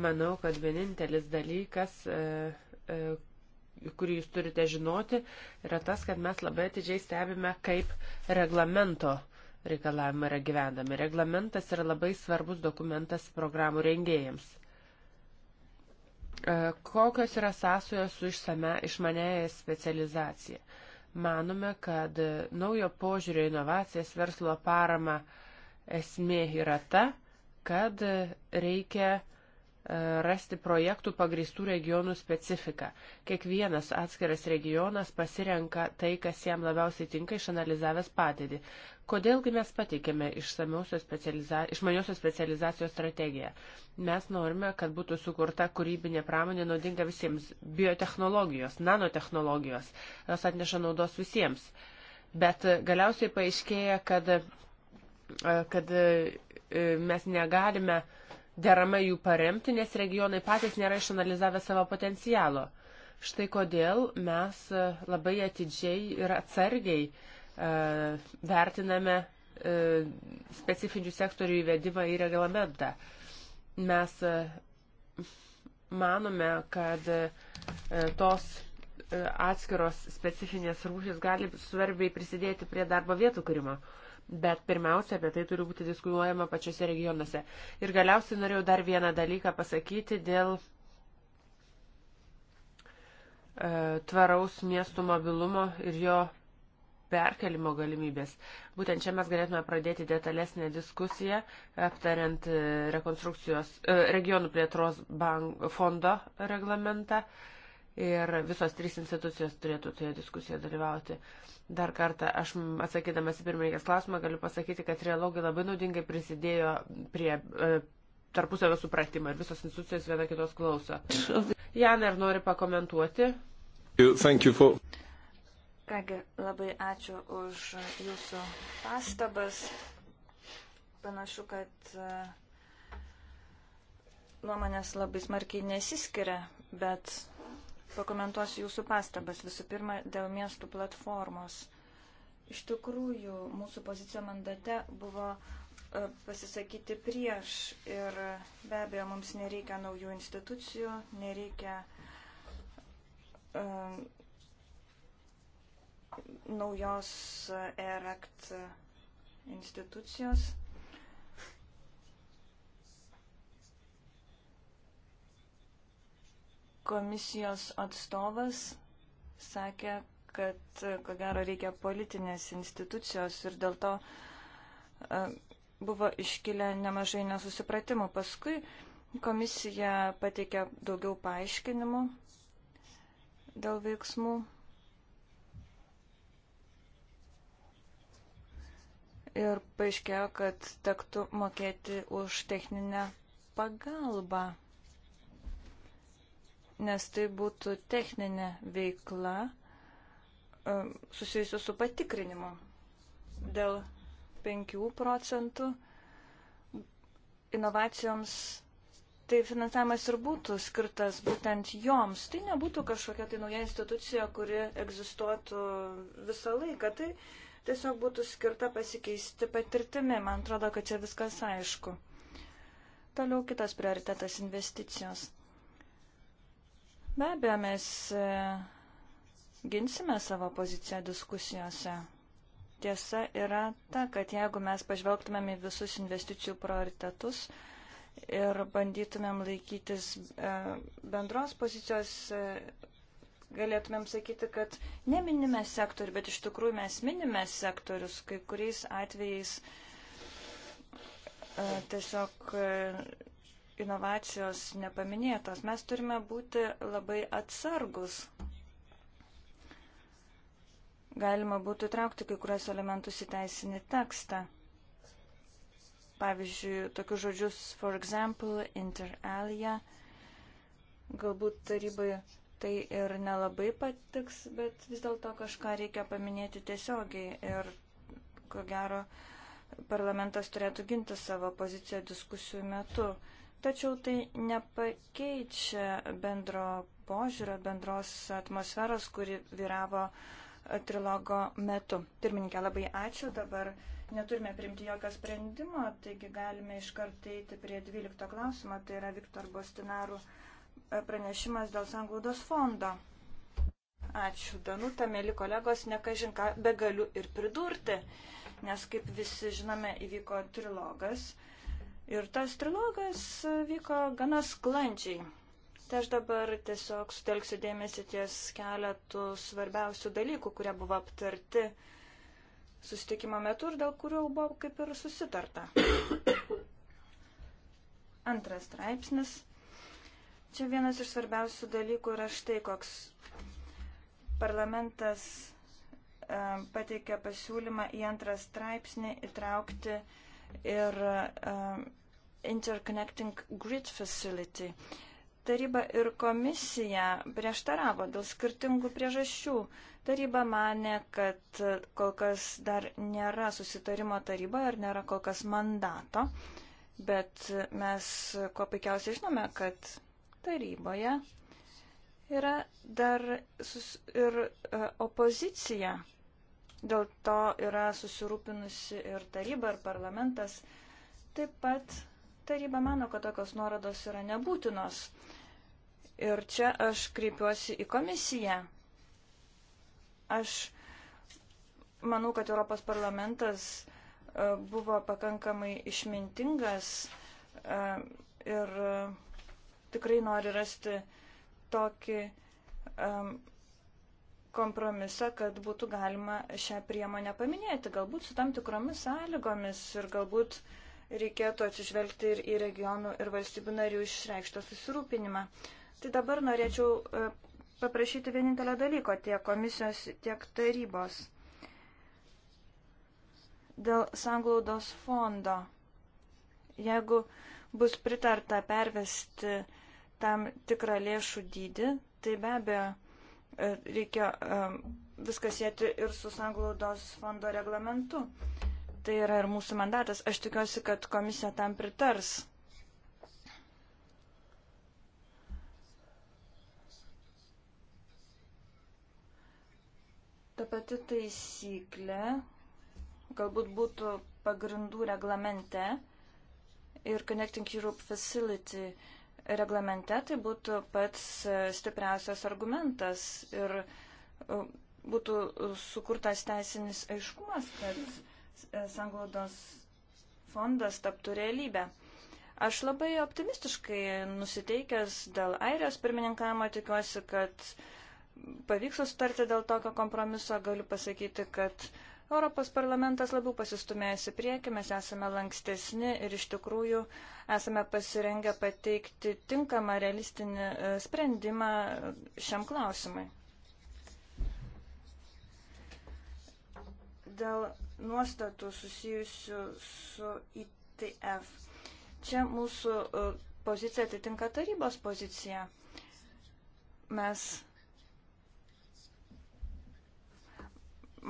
Manau, kad vienintelis dalykas, e, e, kurį jūs turite žinoti, yra tas, kad mes labai atidžiai stebime, kaip reglamento reikalavimai yra gyvendami. Reglamentas yra labai svarbus dokumentas programų rengėjams. E, kokios yra sąsojos su išsame išmanėja specializacija? Manome, kad naujo požiūrio inovacijas verslo parama uh, Esmė yra ta, kad reikia e, rasti projektų pagristų regionų specifiką. Kiekvienas atskiras regionas pasirenka tai, kas jam labiausiai tinka išanalizavęs padėdį. Kodėlgi mes pateikėme specializa... išmaniosios specializacijos strategiją? Mes norime, kad būtų sukurta kūrybinė pramonė naudinga visiems - biotehnologijos, nanotehnologijos, jos atneša naudos visiems. Bet galiausiai paaiškėja, kad E, kad e, e, mes negalime deramai jų paremti, nes regionai patys nėra išanalizavę savo potencialo. Štai kodėl mes labai atidžiai ir atsargiai vertiname specifinių sektorių įvedimą į reglamentą. Mes manome, kad tos atskiros specifinės rūšis gali svarbiai prisidėti prie darbo vietų kūrimo. Bet pirmiausia, apie tai turi būti diskutuojama pačiose regionuose. Ir galiausiai norėjau dar vieną dalyką pasakyti dėl e, tvaraus miestų mobilumo ir jo perkelimo galimybės. Būtent čia mes galėtume pradėti detalesnę diskusiją, aptariant e, rekonstrukcijos e, regionų plėtros bank, fondo reglamentą. Uh, ir visos trys institucijos turėtų toje diskusijoje dalyvauti. Dar kartą, aš atsakydamas į pirmininkės klausimą, galiu pasakyti, kad trialogai labai naudingai prisidėjo prie e, tarpusavio supratimo ir visos institucijos viena kitos klauso. Jana, ar nori pakomentuoti? Thank you for... Kągi, labai ačiū už jūsų pastabas. Panašu, kad e, nuomonės labai smarkiai nesiskiria, bet pakomentuosiu jūsų pastabas. Visų pirma, dėl miestų platformos. Iš tikrųjų, mūsų pozicija mandate buvo e, pasisakyti prieš ir be abejo mums nereikia naujų institucijų, nereikia um, naujos ERACT institucijos. Komisijos atstovas sakė, kad ko gero reikia politinės institucijos ir dėl to e, buvo iškilę nemažai nesusipratimų. Paskui komisija pateikė daugiau paaiškinimų dėl veiksmų. Ir paaiškėjo, kad tektų mokėti už techninę pagalbą nes tai būtų techninė veikla e, susijusiu su patikrinimu. Dėl 5 procentų inovacijoms tai finansavimas ir būtų skirtas būtent joms. Tai nebūtų kažkokia tai nauja institucija, kuri egzistuotų visą laiką. Tai tiesiog būtų skirta pasikeisti patirtimi. Man atrodo, kad čia viskas aišku. Toliau kitas prioritetas - investicijos. Be abejo, mes e, ginsime savo poziciją diskusijose. Tiesa yra ta, kad jeigu mes pažvelgtumėm į visus investicijų prioritetus ir bandytumėm laikytis e, bendros pozicijos, e, galėtumėm sakyti, kad neminime sektorių, bet iš tikrųjų mes minime sektorius, kai kuriais atvejais tiesiog inovacijos nepaminėtos. Mes turime būti labai atsargus. Galima būtų traukti kai kurias elementus į teisinį tekstą. Pavyzdžiui, tokius žodžius, for example, inter alia. Galbūt tarybai tai ir nelabai patiks, bet vis dėlto kažką reikia paminėti tiesiogiai. Ir ko gero, parlamentas turėtų ginti savo poziciją diskusijų metu. Uh, Tačiau tai nepakeičia bendro požiūrio, bendros atmosferos, kuri vyravo e, trilogo metu. Pirmininkė, labai ačiū. Dabar neturime primti jokio sprendimo, taigi galime iš karto eiti prie 12 klausimo. Tai yra Viktor Bostinarų e, pranešimas dėl sanglaudos fondo. Ačiū, Danuta, mėly kolegos, nekažinką begaliu ir pridurti, nes kaip visi žinome, įvyko trilogas Ir tas trilogas vyko gana sklandžiai. Tai aš dabar tiesiog sutelksiu dėmesį ties keletų svarbiausių dalykų, kurie buvo aptarti susitikimo metu ir dėl kurių buvo kaip ir susitarta. Antras straipsnis. Čia vienas iš svarbiausių dalykų yra štai koks parlamentas e, pateikė pasiūlymą į antrą straipsnį įtraukti e, ir uh, Interconnecting Grid Facility. Taryba ir komisija prieštaravo dėl skirtingų priežasčių. Taryba mane, kad kol kas dar nėra susitarimo taryba ir nėra kol kas mandato, bet mes kuo puikiausiai žinome, kad taryboje yra dar sus, ir uh, opozicija Dėl to yra susirūpinusi ir taryba, ir parlamentas. Taip pat taryba mano, kad tokios nuorodos yra nebūtinos. Ir čia aš kreipiuosi į komisiją. Aš manau, kad Europos parlamentas e, buvo pakankamai išmintingas e, ir e, tikrai nori rasti tokį kompromisą, kad būtų galima šią priemonę paminėti, galbūt su tam tikromis sąlygomis ir galbūt reikėtų atsižvelgti ir į regionų ir valstybių narių išreikštą susirūpinimą. Tai dabar norėčiau e, paprašyti vienintelio dalyko tiek komisijos, tiek tarybos dėl sanglaudos fondo. Jeigu bus pritarta pervesti tam tikrą lėšų dydį, tai be abejo E, reikia e, viską sėti ir su sanglaudos fondo reglamentu. Tai yra ir mūsų mandatas. Aš tikiuosi, kad komisija tam pritars. Ta pati taisyklė galbūt būtų pagrindų reglamente ir Connecting Europe Facility uh, reglamente, tai būtų pats stipriausias argumentas ir e, būtų sukurtas teisinis aiškumas, kad e, sanglaudos fondas taptų realybę. Aš labai optimistiškai nusiteikęs dėl Airijos pirmininkavimo, tikiuosi, kad pavyks sustarti dėl tokio kompromiso, galiu pasakyti, kad Europos parlamentas labiau pasistumėjęs į priekį, mes esame lankstesni ir iš tikrųjų uh, Esame pasirengę pateikti tinkamą realistinį e, sprendimą šiam klausimui. Dėl nuostatų susijusių su ITF. Čia mūsų e, pozicija atitinka tarybos poziciją. Mes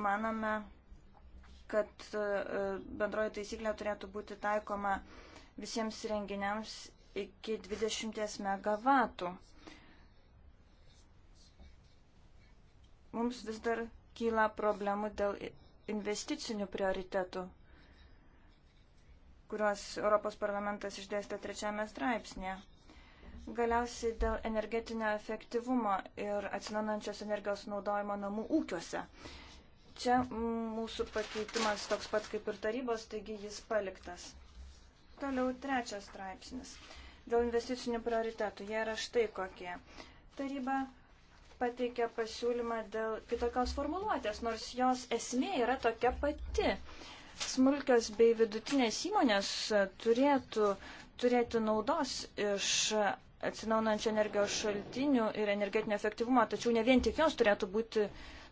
manome, kad e, bendroji taisyklė turėtų būti taikoma uh, visiems renginiams iki 20 MW. Mums vis dar kyla problemų dėl investicinių prioritetų, kuriuos Europos parlamentas išdėstė trečiame straipsnėje. Galiausiai dėl energetinio efektyvumo ir atsinaujančios energijos naudojimo namų ūkiuose. Čia mūsų pakeitimas toks pat kaip ir tarybos, taigi jis paliktas. Toliau trečias straipsnis. Dėl investicinių prioritetų jie yra štai kokie. Taryba pateikė pasiūlymą dėl kitokios formuluotės, nors jos esmė yra tokia pati. Smulkios bei vidutinės įmonės turėtų turėti naudos iš atsinaunančių energijos šaltinių ir energetinio efektyvumo, tačiau ne vien tik jos turėtų, būti,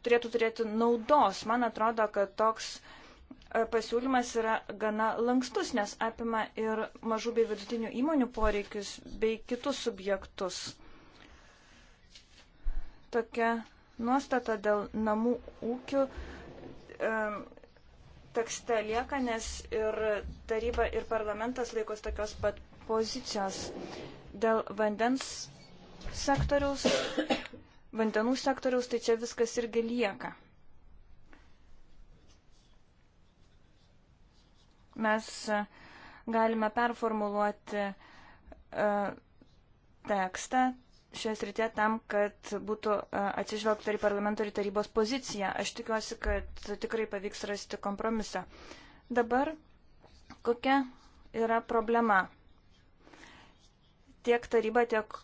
turėtų turėti naudos. Man atrodo, kad toks uh, E, pasiūlymas yra gana lankstus, nes apima ir mažų bei vidutinių įmonių poreikius bei kitus subjektus. Tokia nuostata dėl namų ūkių e, tekste lieka, nes ir taryba ir parlamentas laikos tokios pat pozicijos dėl vandens sektoriaus, vandenų sektoriaus, tai čia viskas irgi lieka. mes e, galime performuluoti e, tekstą šioje srityje tam, kad būtų e, atsižvelgta ir parlamento ir tarybos pozicija. Aš tikiuosi, kad tikrai pavyks rasti kompromisą. Dabar kokia yra problema? Tiek taryba, tiek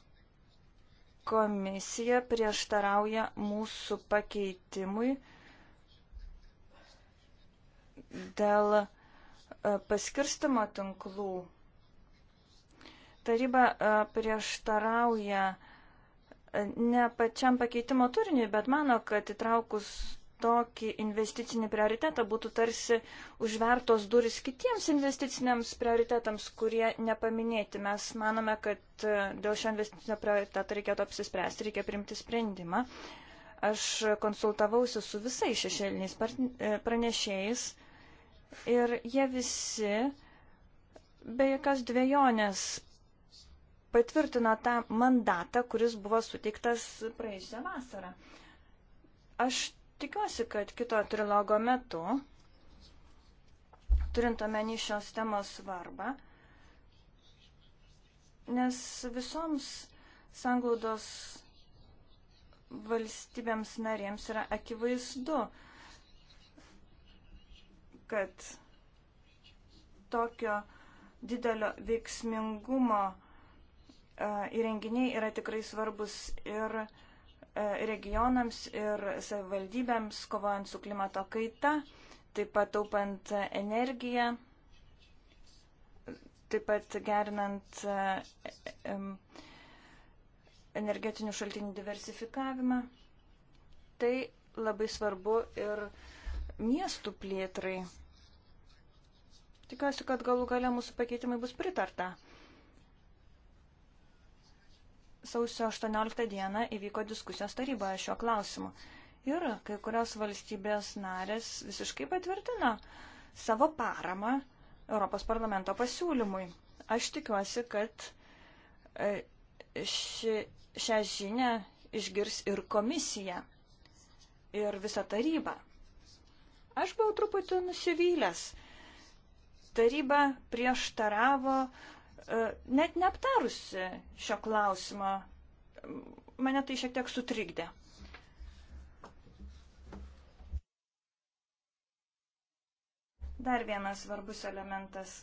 komisija prieštarauja mūsų pakeitimui dėl uh, E, paskirstimo tinklų. Taryba e, prieštarauja e, ne pačiam pakeitimo turiniui, bet mano, kad įtraukus tokį investicinį prioritetą būtų tarsi užvertos duris kitiems investiciniams prioritetams, kurie nepaminėti. Mes manome, kad dėl šio investicinio prioriteto reikėtų apsispręsti, reikia primti sprendimą. Aš konsultavausi su visais šešėliniais pranešėjais Ir jie visi be jokios dviejonės patvirtino tą mandatą, kuris buvo suteiktas praėjusią vasarą. Aš tikiuosi, kad kito trilogo metu, turint omeny šios temos svarbą, nes visoms sanglaudos valstybėms narėms yra akivaizdu, kad tokio didelio veiksmingumo e, įrenginiai yra tikrai svarbus ir e, regionams, ir savivaldybėms, kovojant su klimato kaita, taip pat taupant energiją, taip pat gerinant e, energetinių šaltinių diversifikavimą. Tai labai svarbu ir miestų plėtrai. Tikiuosi, kad galų gale mūsų pakeitimai bus pritarta. Sausio 18 dieną įvyko diskusijos taryboje šiuo klausimu. Ir kai kurios valstybės narės visiškai patvirtino savo paramą Europos parlamento pasiūlymui. Aš tikiuosi, kad e, ši, šią žinę išgirs ir komisija, ir visa taryba. Aš buvau truputį nusivylęs Taryba prieštaravo, e, net neaptarusi šio klausimo. Mane tai šiek tiek sutrikdė. Dar vienas svarbus elementas.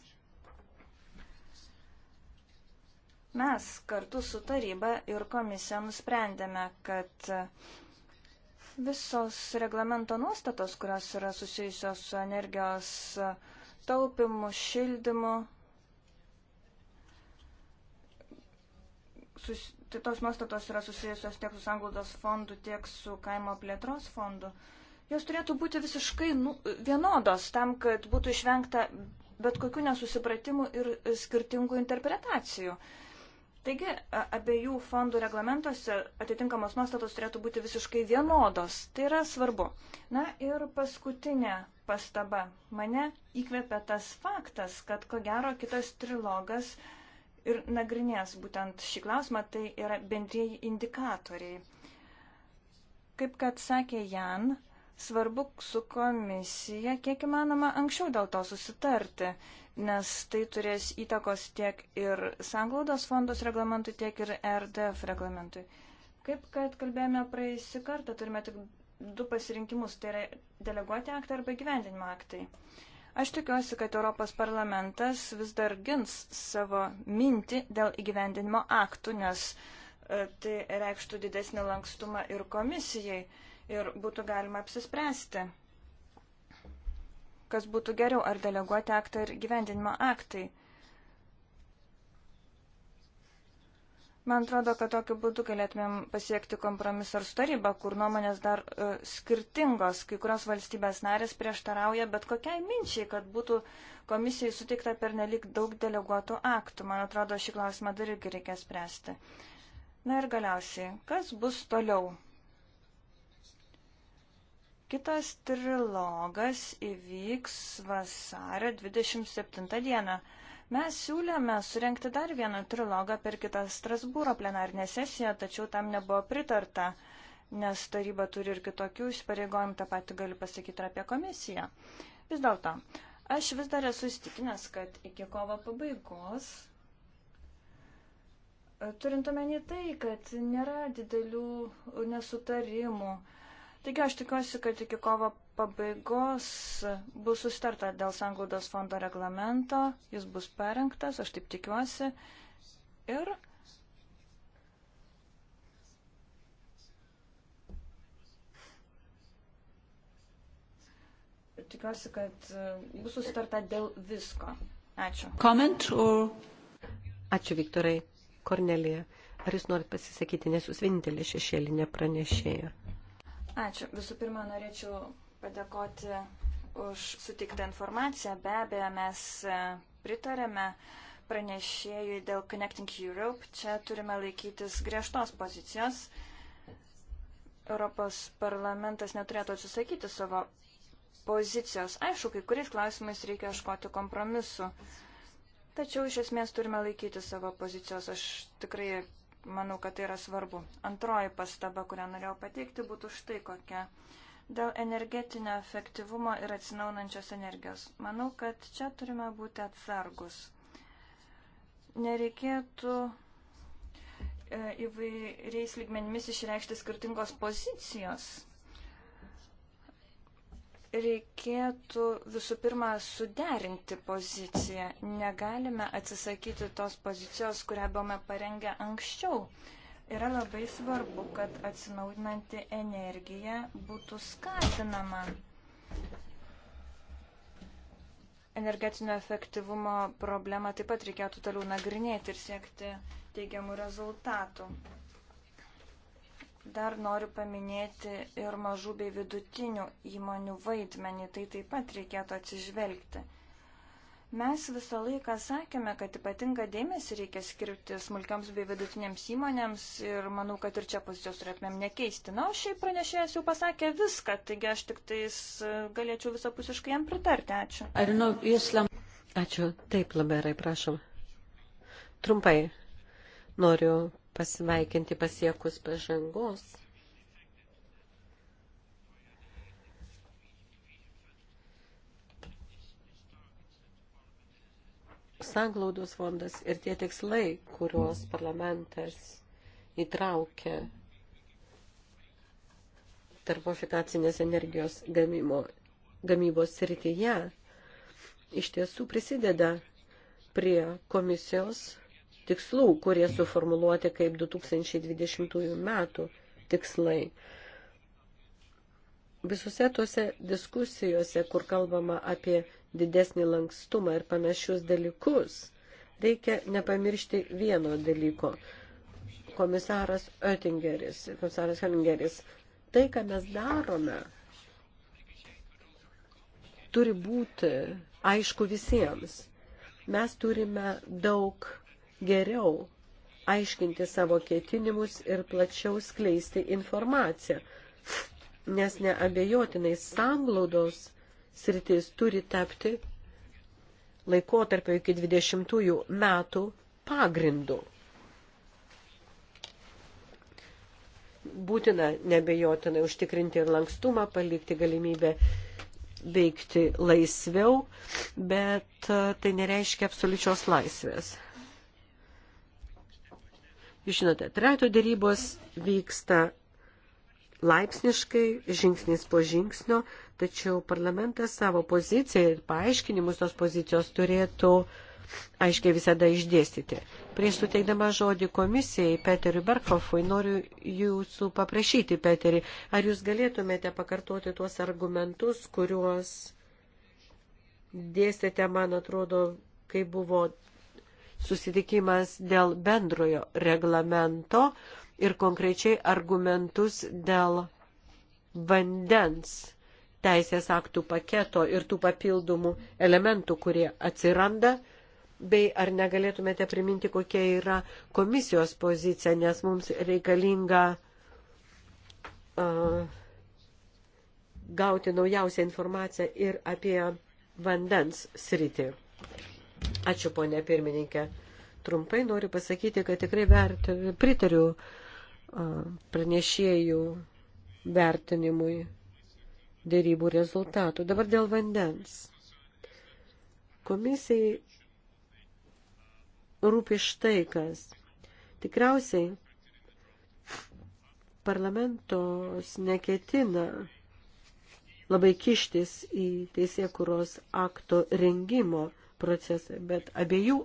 Mes kartu su taryba ir komisija nusprendėme, kad visos reglamento nuostatos, kurios yra susijusios su energijos uh, taupimu, šildymu. Sus, tai tos nuostatos yra susijusios tiek su sanglaudos fondu, tiek su kaimo plėtros fondu. Jos turėtų būti visiškai nu, vienodos tam, kad būtų išvengta bet kokių nesusipratimų ir skirtingų interpretacijų. Uh, Taigi, abiejų fondų reglamentuose atitinkamos nuostatos turėtų būti visiškai vienodos. Tai yra svarbu. Na ir paskutinė pastaba. Mane įkvėpė tas faktas, kad ko gero kitas trilogas ir nagrinės būtent šį klausimą, tai yra bendrieji indikatoriai. Kaip kad sakė Jan, svarbu su komisija kiek įmanoma anksčiau dėl to susitarti nes tai turės įtakos tiek ir sanglaudos fondos reglamentui, tiek ir RDF reglamentui. Kaip kad kalbėjome praeisį kartą, turime tik du pasirinkimus, tai yra deleguoti aktą arba gyvendinimo aktai. Aš tikiuosi, kad Europos parlamentas vis dar gins savo mintį dėl įgyvendinimo aktų, nes e, tai reikštų didesnį lankstumą ir komisijai ir būtų galima apsispręsti kas būtų geriau, ar deleguoti aktą ir gyvendinimo aktai. Man atrodo, kad tokiu būdu galėtumėm pasiekti kompromisą ar sutarybą, kur nuomonės dar uh, skirtingos, kai kurios valstybės narės prieštarauja bet kokiai minčiai, kad būtų komisijai suteikta per nelik daug deleguotų aktų. Man atrodo, šį klausimą dar irgi reikia spręsti. Na ir galiausiai, kas bus toliau? Kitas trilogas įvyks vasario 27 dieną. Mes siūlėme surenkti dar vieną trilogą per kitą Strasbūro plenarinę sesiją, tačiau tam nebuvo pritarta, nes taryba turi ir kitokių įsipareigojimų, tą patį galiu pasakyti ir apie komisiją. Vis dėlto, aš vis dar esu įstikinęs, kad iki kovo pabaigos Turint omeny tai, kad nėra didelių nesutarimų, Taigi aš tikiuosi, kad iki kovo pabaigos bus sustarta dėl sanglaudos fondo reglamento, jis bus parengtas, aš taip tikiuosi. Ir tikiuosi, kad e, bus sustarta dėl visko. Ačiū. Comment or... Ačiū, Viktorai. Kornelija, ar jūs norit pasisakyti, nes jūs vienintelė šešėlinė pranešėja? Ačiū. Visų pirma, norėčiau padėkoti už sutiktą informaciją. Be abejo, mes e, pritarėme pranešėjui dėl Connecting Europe. Čia turime laikytis griežtos pozicijos. Europos parlamentas neturėtų atsisakyti savo pozicijos. Aišku, kai kuriais klausimais reikia iškoti kompromisu. Tačiau iš esmės turime laikyti savo pozicijos. Aš tikrai Manau, kad tai yra svarbu. Antroji pastaba, kurią norėjau pateikti, būtų štai kokia. Dėl energetinio efektyvumo ir atsinaunančios energijos. Manau, kad čia turime būti atsargus. Nereikėtų e, įvairiais lygmenimis išreikšti skirtingos pozicijos reikėtų visų pirma suderinti poziciją. Negalime atsisakyti tos pozicijos, kurią buvome parengę anksčiau. Yra labai svarbu, kad atsinaudinanti energija būtų skatinama. Energetinio efektyvumo problemą taip pat reikėtų toliau nagrinėti ir siekti teigiamų rezultatų. Dar noriu paminėti ir mažų bei vidutinių įmonių vaidmenį, tai taip pat reikėtų atsižvelgti. Mes visą laiką sakėme, kad ypatinga dėmesį reikia skirti smulkiams bei vidutinėms įmonėms ir manau, kad ir čia pozicijos turėtumėm nekeisti. Na, o šiaip pranešėjas jau pasakė viską, taigi aš tik tais e, galėčiau visapusiškai jam pritarti. Ačiū. Ar nu, islam... Ačiū. Taip, labai gerai, prašom. Trumpai noriu pasveikinti pasiekus pažangos. Sanglaudos fondas ir tie tikslai, kuriuos parlamentas įtraukė termofikacinės energijos gamimo, gamybos srityje, iš tiesų prisideda prie komisijos tikslų, kurie suformuluoti kaip 2020 metų tikslai. Visose tose diskusijose, kur kalbama apie didesnį lankstumą ir panašius dalykus, reikia nepamiršti vieno dalyko. Komisaras Oettingeris, komisaras Hengeris, tai, ką mes darome, turi būti aišku visiems. Mes turime daug geriau aiškinti savo ketinimus ir plačiau skleisti informaciją, nes neabejotinai sanglaudos sritis turi tapti laikotarpio iki 20 metų pagrindu. Būtina nebejotinai užtikrinti ir lankstumą, palikti galimybę veikti laisviau, bet e, tai nereiškia absoliučios laisvės. Jūs žinote, trato dėrybos vyksta laipsniškai, žingsnis po žingsnio, tačiau parlamentas savo poziciją ir paaiškinimus tos pozicijos turėtų aiškiai visada išdėstyti. Prieš suteikdama žodį komisijai Peteriui Berkhoffui noriu jūsų paprašyti, Peteri, ar jūs galėtumėte pakartoti tuos argumentus, kuriuos dėstėte, man atrodo, kai buvo susitikimas dėl bendrojo reglamento ir konkrečiai argumentus dėl vandens teisės aktų paketo ir tų papildomų elementų, kurie atsiranda, bei ar negalėtumėte priminti, kokia yra komisijos pozicija, nes mums reikalinga uh, gauti naujausią informaciją ir apie vandens sritį. Ačiū, ponė pirmininkė. Trumpai noriu pasakyti, kad tikrai vert, pritariu pranešėjų vertinimui dėrybų rezultatų. Dabar dėl vandens. Komisijai rūpi štai kas. Tikriausiai parlamentos neketina labai kištis į teisėkuros akto rengimo procesą, bet abiejų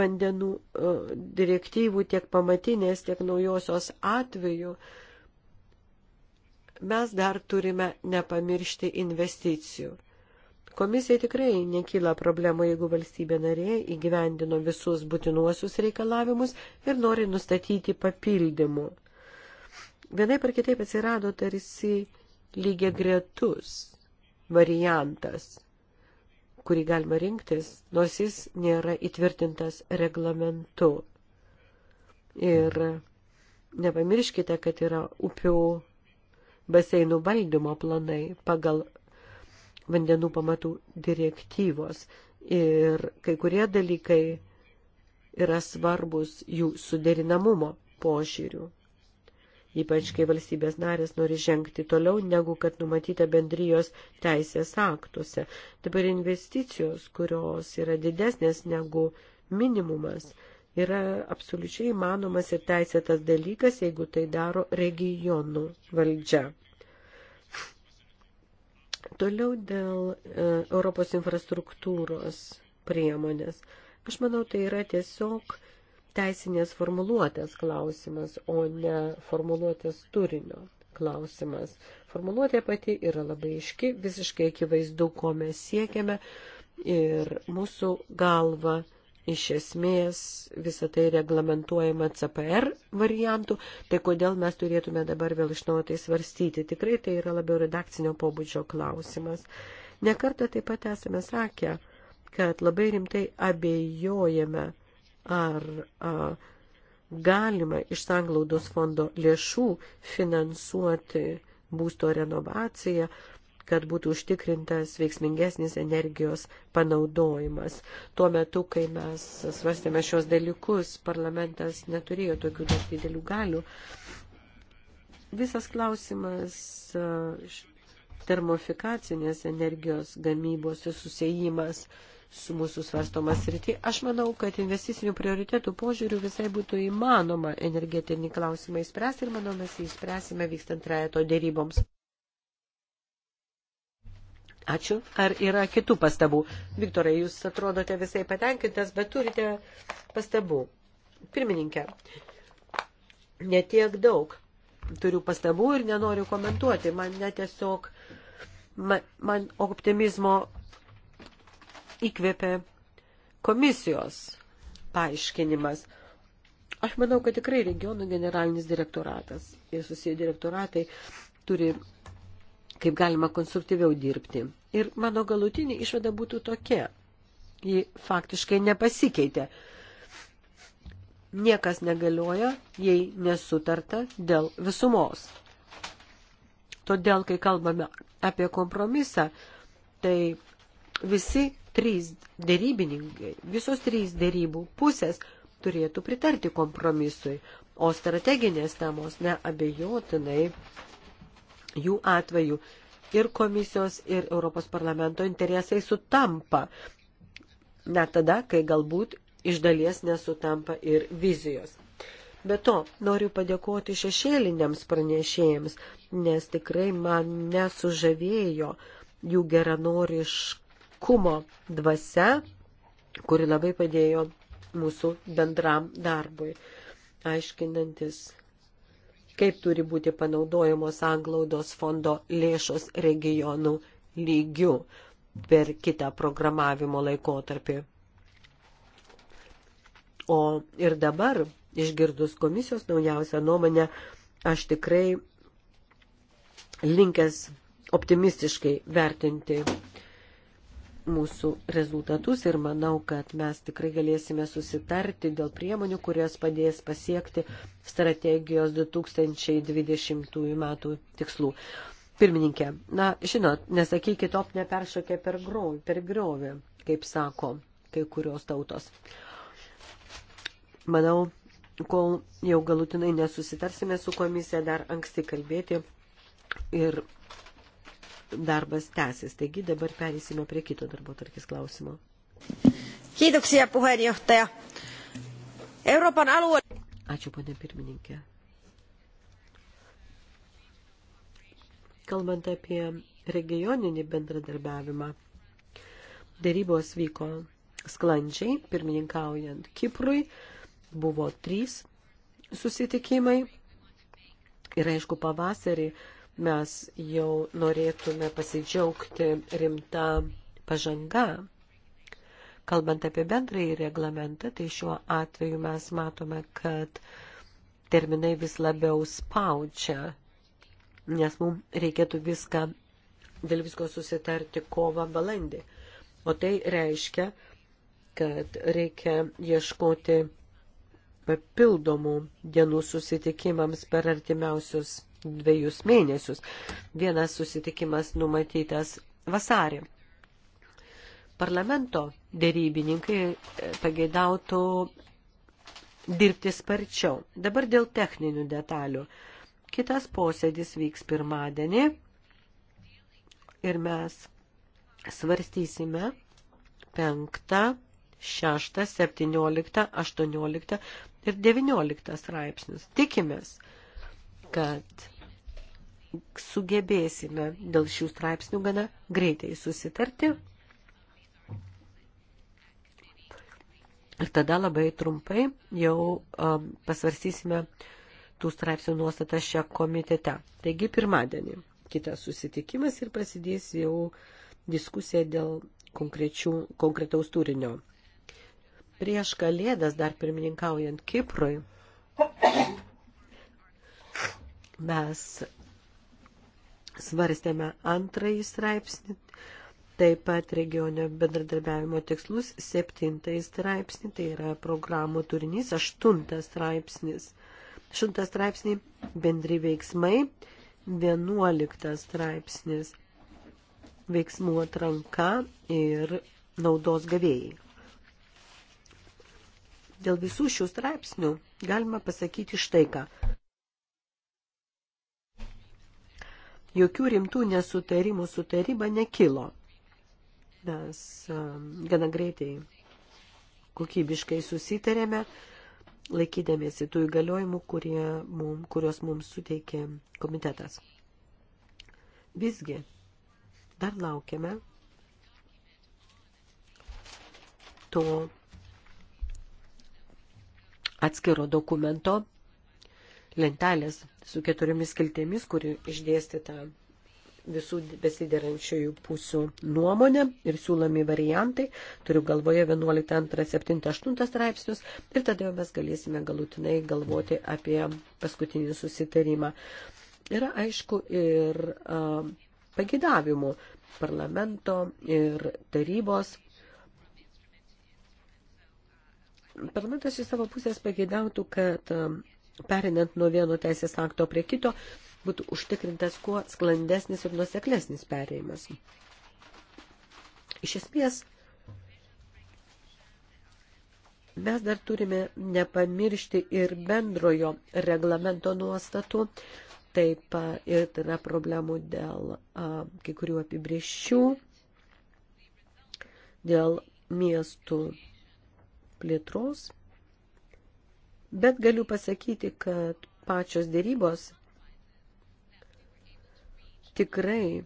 vandenų e, direktyvų tiek pamatinės, tiek naujosios atveju mes dar turime nepamiršti investicijų. Komisija tikrai nekyla problemų, jeigu valstybė narė įgyvendino visus būtinuosius reikalavimus ir nori nustatyti papildymų. Vienai par kitaip atsirado tarsi lygiai gretus variantas kurį galima rinktis, nors jis nėra įtvirtintas reglamentu. Ir nepamirškite, kad yra upių baseinų valdymo planai pagal vandenų pamatų direktyvos. Ir kai kurie dalykai yra svarbus jų suderinamumo požiūrių ypač kai valstybės narės nori žengti toliau, negu kad numatyta bendrijos teisės aktuose. Dabar investicijos, kurios yra didesnės negu minimumas, yra absoliučiai įmanomas ir teisėtas dalykas, jeigu tai daro regionų valdžia. Toliau dėl e, Europos infrastruktūros priemonės. Aš manau, tai yra tiesiog teisinės formuluotės klausimas, o ne formuluotės turinio klausimas. Formuluotė pati yra labai iški, visiškai akivaizdu, ko mes siekiame ir mūsų galva iš esmės visą tai reglamentuojama CPR variantų, tai kodėl mes turėtume dabar vėl iš naujo tai svarstyti. Tikrai tai yra labiau redakcinio pobūdžio klausimas. Nekartą taip pat esame sakę, kad labai rimtai abejojame ar a, galima iš sanglaudos fondo lėšų finansuoti būsto renovaciją, kad būtų užtikrintas veiksmingesnis energijos panaudojimas. Tuo metu, kai mes svarstėme šios dalykus, parlamentas neturėjo tokių dar didelių galių. Visas klausimas termofikacinės energijos gamybos susijimas uh, su mūsų svarstomas rytį. Aš manau, kad investicinių prioritėtų požiūrių visai būtų įmanoma energetinį klausimą įspręsti ir manau, mes jį įspręsime vykstant trajeto dėryboms. Ačiū. Ar yra kitų pastabų? Viktorai, jūs atrodote visai patenkintas, bet turite pastabų. Pirmininkė, netiek daug turiu pastabų ir nenoriu komentuoti. Man netiesiog, man, man optimizmo įkvėpė komisijos paaiškinimas. Aš manau, kad tikrai regionų generalinis direktoratas ir susiję direktoratai turi kaip galima konstruktyviau dirbti. Ir mano galutinė išvada būtų tokia. Ji faktiškai nepasikeitė. Niekas negalioja, jei nesutarta dėl visumos. Todėl, kai kalbame apie kompromisą, tai visi trys dėrybininkai, visos trys dėrybų pusės turėtų pritarti kompromisui, o strateginės temos neabejotinai jų atveju ir komisijos, ir Europos parlamento interesai sutampa, net tada, kai galbūt iš dalies nesutampa ir vizijos. Be to, noriu padėkoti šešėliniams pranešėjams, nes tikrai man nesužavėjo jų geranoriškai kumo dvasia, kuri labai padėjo mūsų bendram darbui, aiškinantis, kaip turi būti panaudojamos anglaudos fondo lėšos regionų lygių per kitą programavimo laikotarpį. O ir dabar, išgirdus komisijos naujausią nuomonę, aš tikrai linkęs optimistiškai vertinti mūsų rezultatus ir manau, kad mes tikrai galėsime susitarti dėl priemonių, kurios padės pasiekti strategijos 2020 metų tikslų. Pirmininkė, na, žinot, nesakykit op neperšokė per, grov, per griovį, kaip sako kai kurios tautos. Manau, kol jau galutinai nesusitarsime su komisija, dar anksti kalbėti ir darbas tęsis. Taigi dabar perėsime prie kito darbo tarkis klausimo. Kiitoksia puheenjohtaja. Euroopan alue. Ačiū, ponė pirmininkė. Kalbant apie regioninį bendradarbiavimą, darybos vyko sklandžiai, pirmininkaujant Kiprui, buvo trys susitikimai ir aišku pavasarį mes jau norėtume pasidžiaugti rimta pažanga. Kalbant apie bendrąjį reglamentą, tai šiuo atveju mes matome, kad terminai vis labiau spaudžia, nes mums reikėtų viską, dėl visko susitarti kovą balandį. O tai reiškia, kad reikia ieškoti papildomų dienų susitikimams per artimiausius dviejus mėnesius. Vienas susitikimas numatytas vasarį. Parlamento dėrybininkai e, pageidautų dirbti sparčiau. Dabar dėl techninių detalių. Kitas posėdis vyks pirmadienį ir mes svarstysime 5, 6, 17, 18 ir 19 straipsnius. Tikimės, kad sugebėsime dėl šių straipsnių gana greitai susitarti. Ir tada labai trumpai jau um, pasvarsysime tų straipsnių nuostatas šią komitete. Taigi pirmadienį kitas susitikimas ir prasidės jau diskusija dėl konkretaus turinio. Prieš kalėdas dar pirmininkaujant Kiprui mes svarstėme antrąjį straipsnį, taip pat regionio bendradarbiavimo tikslus, septintąjį straipsnį, tai yra programų turinys, aštuntas straipsnis. Šimtas straipsnį bendri veiksmai, vienuoliktas straipsnis veiksmų atranka ir naudos gavėjai. Dėl visų šių straipsnių galima pasakyti štai ką. jokių rimtų nesutarimų su taryba nekilo, nes um, gana greitai kokybiškai susitarėme, laikydamėsi tų įgaliojimų, kurie mum, kurios mums suteikė komitetas. Visgi, dar laukiame to atskiro dokumento lentelės su keturiomis kiltėmis, kuri išdėstyta visų besiderančiųjų pusių nuomonė ir siūlomi variantai, turiu galvoje 11, 2, 7, 8 straipsnius ir tada jau mes galėsime galutinai galvoti apie paskutinį susitarimą. Yra aišku ir a, pagidavimų parlamento ir tarybos. Parlamentas iš savo pusės pagidautų, kad a, perinant nuo vieno teisės akto prie kito, būtų užtikrintas kuo sklandesnis ir nuseklesnis perėjimas. Iš esmės, mes dar turime nepamiršti ir bendrojo reglamento nuostatų, taip ir tai yra problemų dėl a, kai kurių apibrieščių, dėl miestų plėtros Bet galiu pasakyti, kad pačios dėrybos tikrai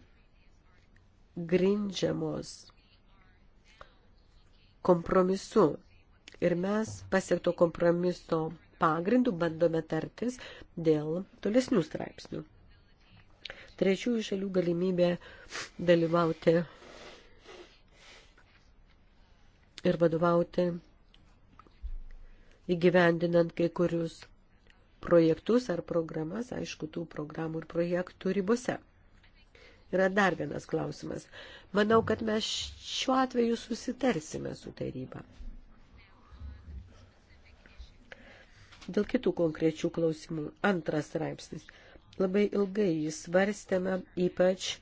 grindžiamos kompromisu. Ir mes pasiekto kompromiso pagrindų bandome tartis dėl tolesnių straipsnių. Trečiųjų šalių galimybė dalyvauti ir vadovauti įgyvendinant kai kurius projektus ar programas, aišku, tų programų ir projektų ribose. Yra dar vienas klausimas. Manau, kad mes šiuo atveju susitarsime su taryba. Dėl kitų konkrečių klausimų. Antras straipsnis. Labai ilgai jis svarstėme, ypač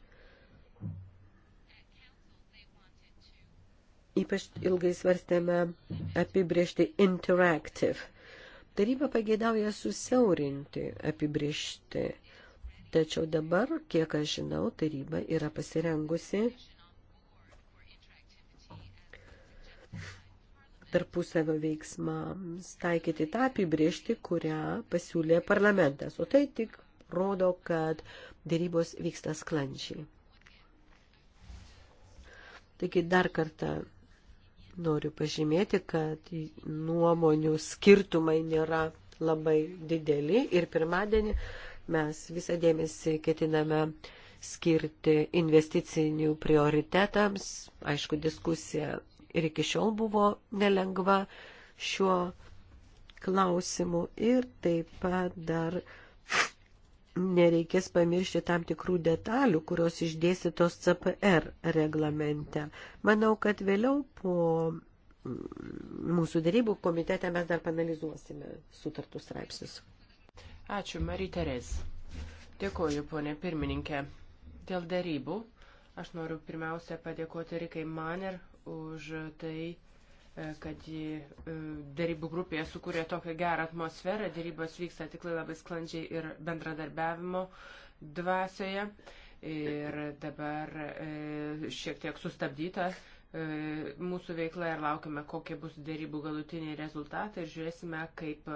Ypač ilgai svarstėme apibriežti interactive. Taryba pageidauja susiaurinti apibriežti. Tačiau dabar, kiek aš žinau, taryba yra pasirengusi tarpusavio veiksmams taikyti tą apibriežtį, kurią pasiūlė parlamentas. O tai tik rodo, kad dėrybos vyksta sklančiai. Taigi dar kartą Noriu pažymėti, kad nuomonių skirtumai nėra labai dideli ir pirmadienį mes visą dėmesį ketiname skirti investicinių prioritetams. Aišku, diskusija ir iki šiol buvo nelengva šiuo klausimu ir taip pat dar nereikės pamiršti tam tikrų detalių, kurios išdėstytos CPR reglamente. Manau, kad vėliau po mm, mūsų darybų komitete mes dar panalizuosime sutartų straipsnius. Ačiū, Marija Terez. Dėkoju, ponė pirmininkė. Dėl darybų aš noriu pirmiausia padėkoti Rikai Maner už tai, E, kad e, dėrybų grupėje sukūrė tokią gerą atmosferą, dėrybos vyksta tikrai labai sklandžiai ir bendradarbiavimo dvasioje. Ir dabar e, šiek tiek sustabdyta mūsų veikla ir laukime, kokie bus dėrybų galutiniai rezultatai ir žiūrėsime, kaip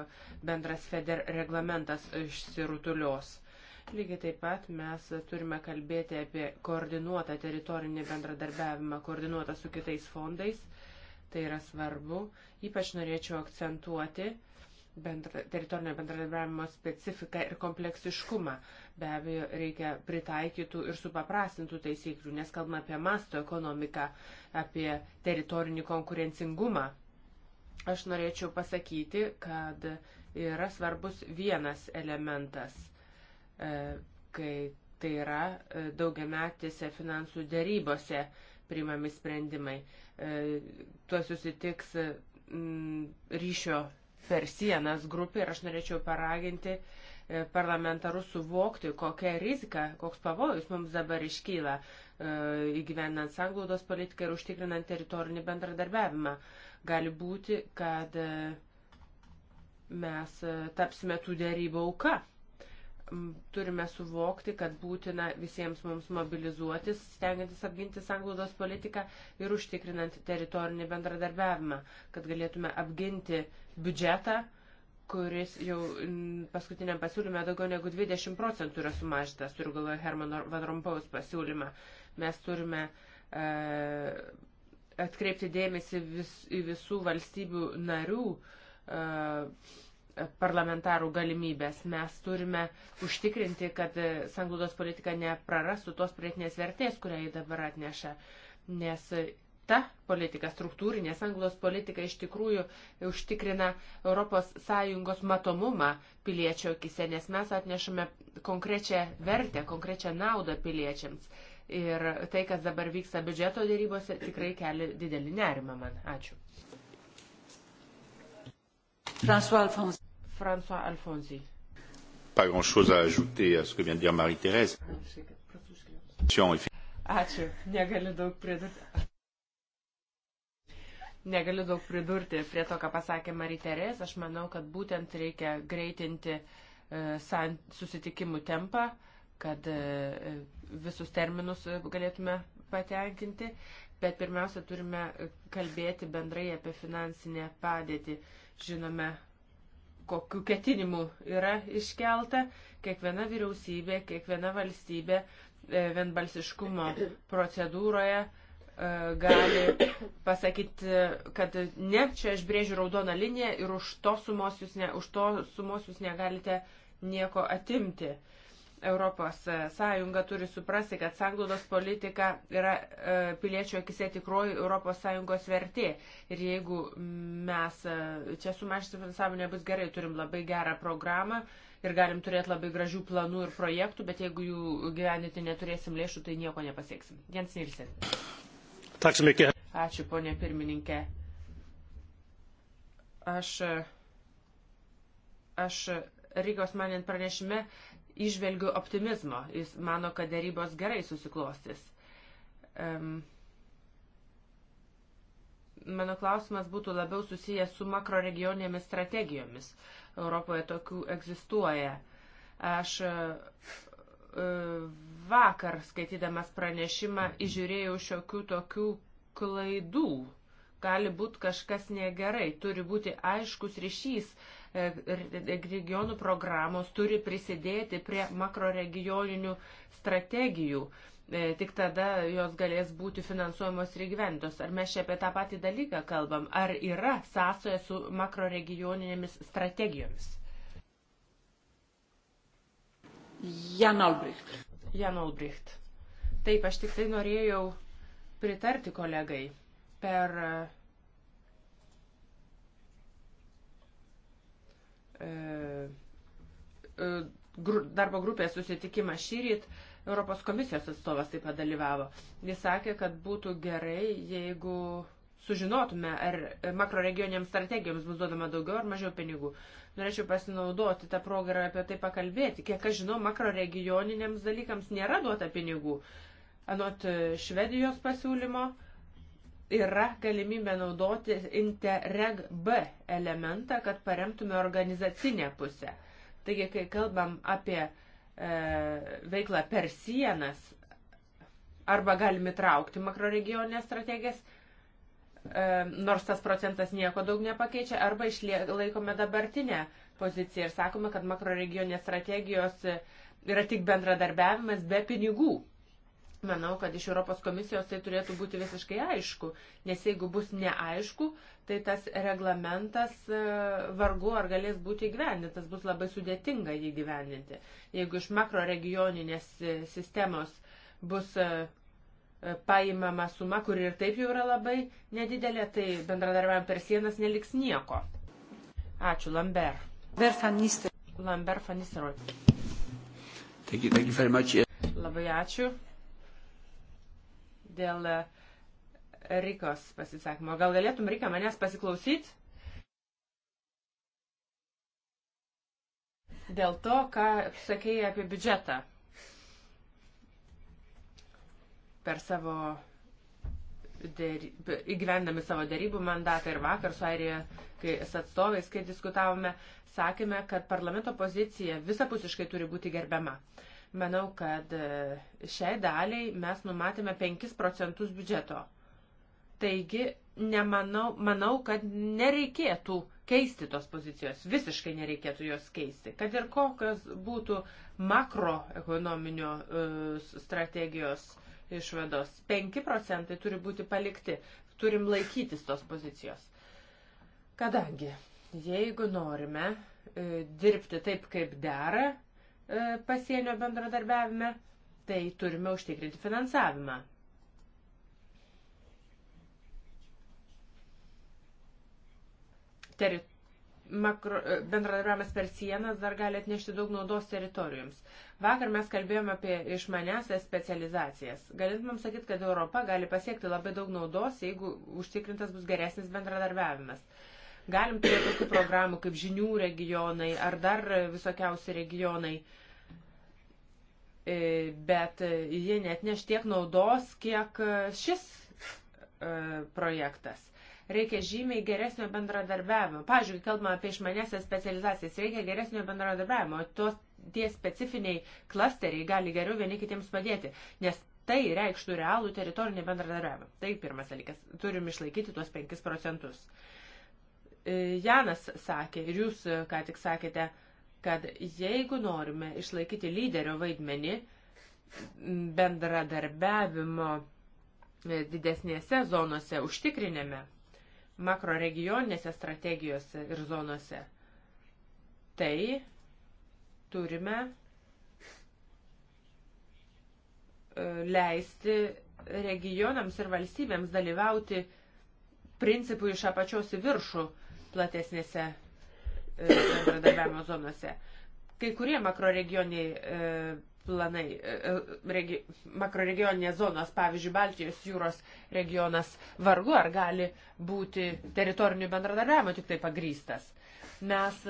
bendras FEDER reglamentas išsirutulios. Lygiai taip pat mes turime kalbėti apie koordinuotą teritorinį bendradarbiavimą, koordinuotą su kitais fondais. E, tai yra svarbu. Ypač norėčiau akcentuoti bendra, teritorinio bendradarbiavimo specifiką ir kompleksiškumą. Be abejo, reikia pritaikytų ir supaprastintų taisyklių, nes kalbame apie masto ekonomiką, apie teritorinį konkurencingumą. Aš norėčiau pasakyti, kad yra svarbus vienas elementas, e, kai tai yra e, daugiametėse finansų dėrybose priimami sprendimai. E, tuo susitiks mm, ryšio per sienas grupė ir aš norėčiau paraginti e, parlamentarus suvokti, kokia rizika, koks pavojus mums dabar iškyla e, įgyvendant sanglaudos politiką ir užtikrinant teritorinį bendradarbiavimą. Gali būti, kad mes tapsime tų dėrybų auka turime suvokti, kad būtina visiems mums mobilizuotis, stengiantis apginti sanglaudos politiką ir užtikrinant teritorinį bendradarbiavimą, kad galėtume apginti biudžetą, kuris jau paskutiniam pasiūlyme daugiau negu 20 procentų yra sumažintas, turiu galvoje Hermano Vadrompaus pasiūlymą. Mes turime e, atkreipti dėmesį vis, į visų valstybių narių e, parlamentarų galimybės. Mes turime užtikrinti, kad sanglaudos politika neprarastų tos pridėtinės vertės, kurią jį dabar atneša. Nes ta politika, struktūrinė sanglaudos politika iš tikrųjų užtikrina ES matomumą piliečio akise, nes mes atnešame konkrečią vertę, konkrečią naudą piliečiams. Ir tai, kas dabar vyksta biudžeto dėrybose, tikrai kelia didelį nerimą man. Ačiū. François Alfons. François Alfonsi. Pas grand chose à ajouter à ce que vient de dire Marie-Thérèse. Ačiū, negaliu daug pridurti. Negaliu daug pridurti prie to, ką pasakė Marie-Terės. Aš manau, kad būtent reikia greitinti e, susitikimų tempą, kad e, visus terminus e, galėtume patenkinti. Bet pirmiausia, turime kalbėti bendrai apie finansinę padėtį. Žinome, kokiu ketinimu yra iškelta. Kiekviena vyriausybė, kiekviena valstybė e, vienbalsiškumo procedūroje e, gali pasakyti, e, kad ne, čia aš brėžiu raudoną liniją ir už to sumos jūs, ne, už to sumos jūs negalite nieko atimti. Uh, ES turi suprasti, kad sanglaudos politika yra e, piliečio akise tikroji ES vertė. Ir jeigu mes e, čia sumažinsim finansavimą, nebus gerai, turim labai gerą programą ir galim turėti labai gražių planų ir projektų, bet jeigu jų gyveninti neturėsim lėšų, tai nieko nepasieksim. Jens Nilsen. Ačiū, ponė pirmininkė. Aš, e, aš Rygos manint pranešime išvelgiu optimizmo. Jis mano, kad darybos gerai susiklostis. Um, mano klausimas būtų labiau susijęs su makroregioninėmis strategijomis. Europoje tokių egzistuoja. Aš e, e, vakar skaitydamas pranešimą įžiūrėjau šiokių tokių klaidų. Gali būti kažkas negerai, turi būti aiškus ryšys E, regionų programos turi prisidėti prie makroregioninių strategijų. E, tik tada jos galės būti finansuojamos ir gyventos. Ar mes čia apie tą patį dalyką kalbam? Ar yra sąsoja su makroregioninėmis strategijomis? Jan Albrecht. Jan Albrecht. Taip, aš tik tai norėjau pritarti kolegai per E, e, darbo grupės susitikimą šyryt Europos komisijos atstovas taip pat dalyvavo. Jis sakė, kad būtų gerai, jeigu sužinotume, ar makroregioniniams strategijoms bus duodama daugiau ar mažiau pinigų. Norėčiau pasinaudoti tą progą ir apie tai pakalbėti. Kiek aš žinau, makroregioniniams dalykams nėra duota pinigų. Anot Švedijos pasiūlymo, uh, yra galimybė naudoti Interreg B elementą, kad paremtume organizacinę pusę. Taigi, kai kalbam apie e, veiklą per sienas, arba galim įtraukti makroregioninės strategijas, e, nors tas procentas nieko daug nepakeičia, arba išlaikome dabartinę poziciją ir sakome, kad makroregioninės strategijos e, yra tik bendradarbiavimas be pinigų. Manau, kad iš Europos komisijos tai turėtų būti visiškai aišku, nes jeigu bus neaišku, tai tas reglamentas e, vargu ar galės būti įgyvendintas, bus labai sudėtinga jį gyvendinti. Jeigu iš makro regioninės e, sistemos bus e, paimama suma, kuri ir taip jau yra labai nedidelė, tai bendradarbiavim per sienas neliks nieko. Ačiū, Lambert. Lambert Fanisteroj. Lambert Fanisteroj. Labai ačiū dėl e, Rikos pasisakymo. Gal galėtum, Rika, manęs pasiklausyti? Dėl to, ką sakėjai apie biudžetą. Per savo įgyvendami savo darybų mandatą ir vakar su Airija, kai su atstovais, kai diskutavome, sakėme, kad parlamento pozicija visapusiškai turi būti gerbiama. Uh, Manau, kad e, šiai daliai mes numatėme 5 procentus biudžeto. Taigi, nemanau, manau, kad nereikėtų keisti tos pozicijos, visiškai nereikėtų jos keisti. Kad ir kokios būtų makroekonominio e, strategijos išvados, 5 procentai turi būti palikti, turim laikytis tos pozicijos. Kadangi, jeigu norime e, dirbti taip, kaip dera, E, pasienio bendradarbiavime, tai turime užtikrinti finansavimą. Teri makro, e, bendradarbiavimas per sienas dar gali atnešti daug naudos teritorijoms. Vakar mes kalbėjome apie išmanesias specializacijas. Galėtumėm sakyti, kad Europa gali pasiekti labai daug naudos, jeigu užtikrintas bus geresnis bendradarbiavimas. Galim turėti tokių programų kaip žinių regionai ar dar visokiausi regionai, e, bet jie net neš tiek naudos, kiek šis e, projektas. Reikia žymiai geresnio bendradarbiavimo. Pavyzdžiui, kalbame apie išmanesias specializacijas, reikia geresnio bendradarbiavimo. Tos tie specifiniai klasteriai gali geriau vieni kitiems padėti, nes tai reikštų realų teritorinį bendradarbiavimą. Tai pirmas dalykas. Turim išlaikyti tuos 5 procentus. Uh, E, Janas sakė ir jūs e, ką tik sakėte, kad jeigu norime išlaikyti lyderio vaidmenį bendradarbiavimo e, didesnėse zonose užtikrinėme, makroregioninėse strategijose ir zonose, tai turime leisti regionams ir valstybėms dalyvauti principų iš apačios į viršų platesnėse e, bendradarbiavimo zonose. Kai kurie makroregioniniai e, planai, e, regi, makroregioninės zonos, pavyzdžiui, Baltijos jūros regionas vargu ar gali būti teritorinių bendradarbiavimo tik tai pagrystas. Mes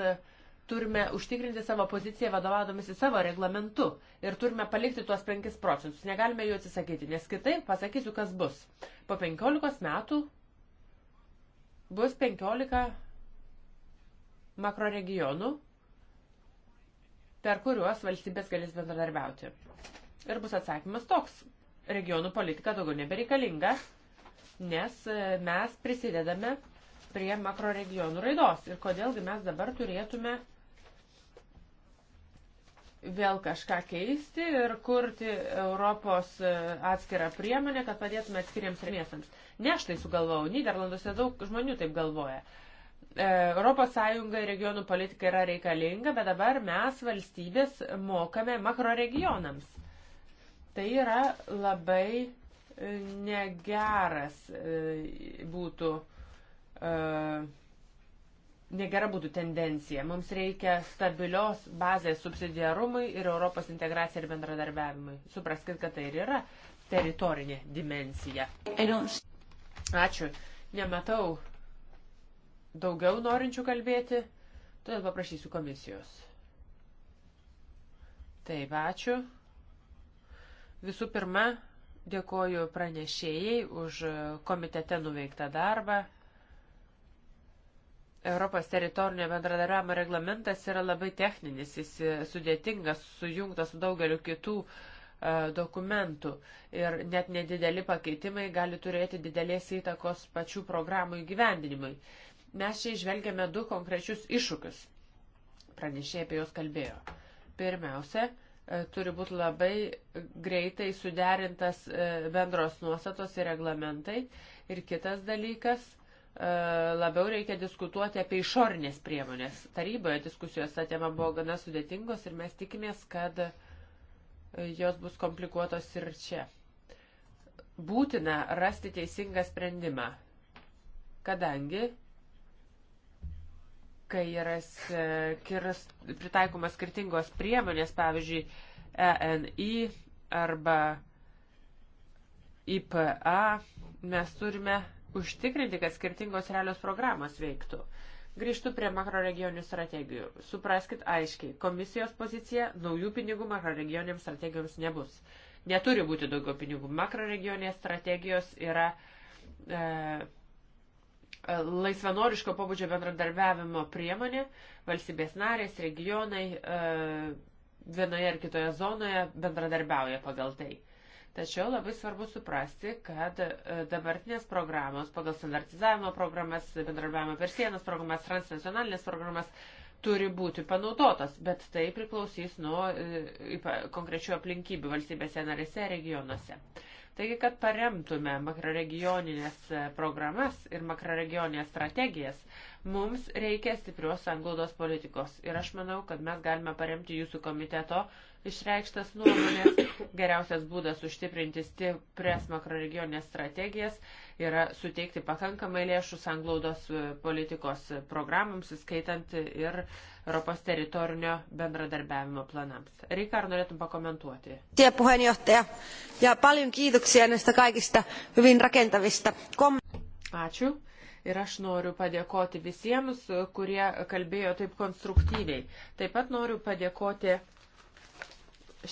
turime užtikrinti savo poziciją vadovaudomisi savo reglamentu ir turime palikti tuos 5 procentus. Negalime jų atsisakyti, nes kitaip pasakysiu, kas bus. Po 15 metų bus 15 makroregionų, per kuriuos valstybės galės bendradarbiauti. Ir bus atsakymas toks. Regionų politika daugiau nebereikalinga, nes e, mes prisidedame prie makroregionų raidos. Ir kodėlgi mes dabar turėtume vėl kažką keisti ir kurti Europos e, atskirą priemonę, kad padėtume atskiriems remiesams. Ne aš tai sugalvojau, Niderlanduose daug žmonių taip galvoja. Uh, E, Europos Sąjunga regionų politika yra reikalinga, bet dabar mes valstybės mokame makroregionams. Tai yra labai negeras e, būtų, e, negera būtų tendencija. Mums reikia stabilios bazės subsidiarumui ir Europos integracijai ir bendradarbiavimui. Supraskit, kad tai ir yra teritorinė dimensija. Ačiū. Nematau daugiau norinčių kalbėti, todėl paprašysiu komisijos. Taip, ačiū. Visų pirma, dėkoju pranešėjai už komitete nuveiktą darbą. Europos teritorinio bendradarbiavimo reglamentas yra labai techninis, jis sudėtingas, sujungtas su daugeliu kitų e, dokumentų ir net nedideli pakeitimai gali turėti didelės įtakos pačių programų įgyvendinimui. Mes čia išvelgiame du konkrečius iššūkius. Pranešėjai apie juos kalbėjo. Pirmiausia, e, turi būti labai greitai suderintas e, bendros nuostatos ir reglamentai. Ir kitas dalykas, e, labiau reikia diskutuoti apie išornės priemonės. Taryboje diskusijos ta tema buvo gana sudėtingos ir mes tikimės, kad jos bus komplikuotos ir čia. Būtina rasti teisingą sprendimą, kadangi kai yra skirs, e, pritaikomas skirtingos priemonės, pavyzdžiui, ENI arba IPA, mes turime užtikrinti, kad skirtingos realios programos veiktų. Grįžtu prie makroregioninių strategijų. Supraskit aiškiai, komisijos pozicija naujų pinigų makroregioniniams strategijoms nebus. Neturi būti daugiau pinigų. Makroregioninės strategijos yra e, laisvanoriško pobūdžio bendradarbiavimo priemonė, valstybės narės, regionai e, vienoje ar kitoje zonoje bendradarbiauja pagal tai. Tačiau labai svarbu suprasti, kad e, dabartinės programos pagal standartizavimo programas, bendradarbiavimo per sienas programas, transnacionalinės programas turi būti panaudotos, bet tai priklausys nuo e, konkrečių aplinkybių valstybėse narėse regionuose. regionuose. Taigi, kad paremtume makroregioninės e, programas ir makroregioninės strategijas, mums reikia stiprios sanglaudos politikos. Ir aš manau, kad mes galime paremti jūsų komiteto išreikštas nuomonės. (coughs) Geriausias būdas užtiprinti stiprias makroregioninės strategijas yra suteikti pakankamai lėšų sanglaudos e, politikos programams, įskaitant ir Europos teritorinio bendradarbiavimo planams. Reika, ar norėtum pakomentuoti? Tie puheenjohtaja, ja paljon kiitoksia näistä kaikista hyvin rakentavista kom... Ačiū. Ir aš noriu padėkoti visiems, kurie kalbėjo taip konstruktyviai. Taip pat noriu padėkoti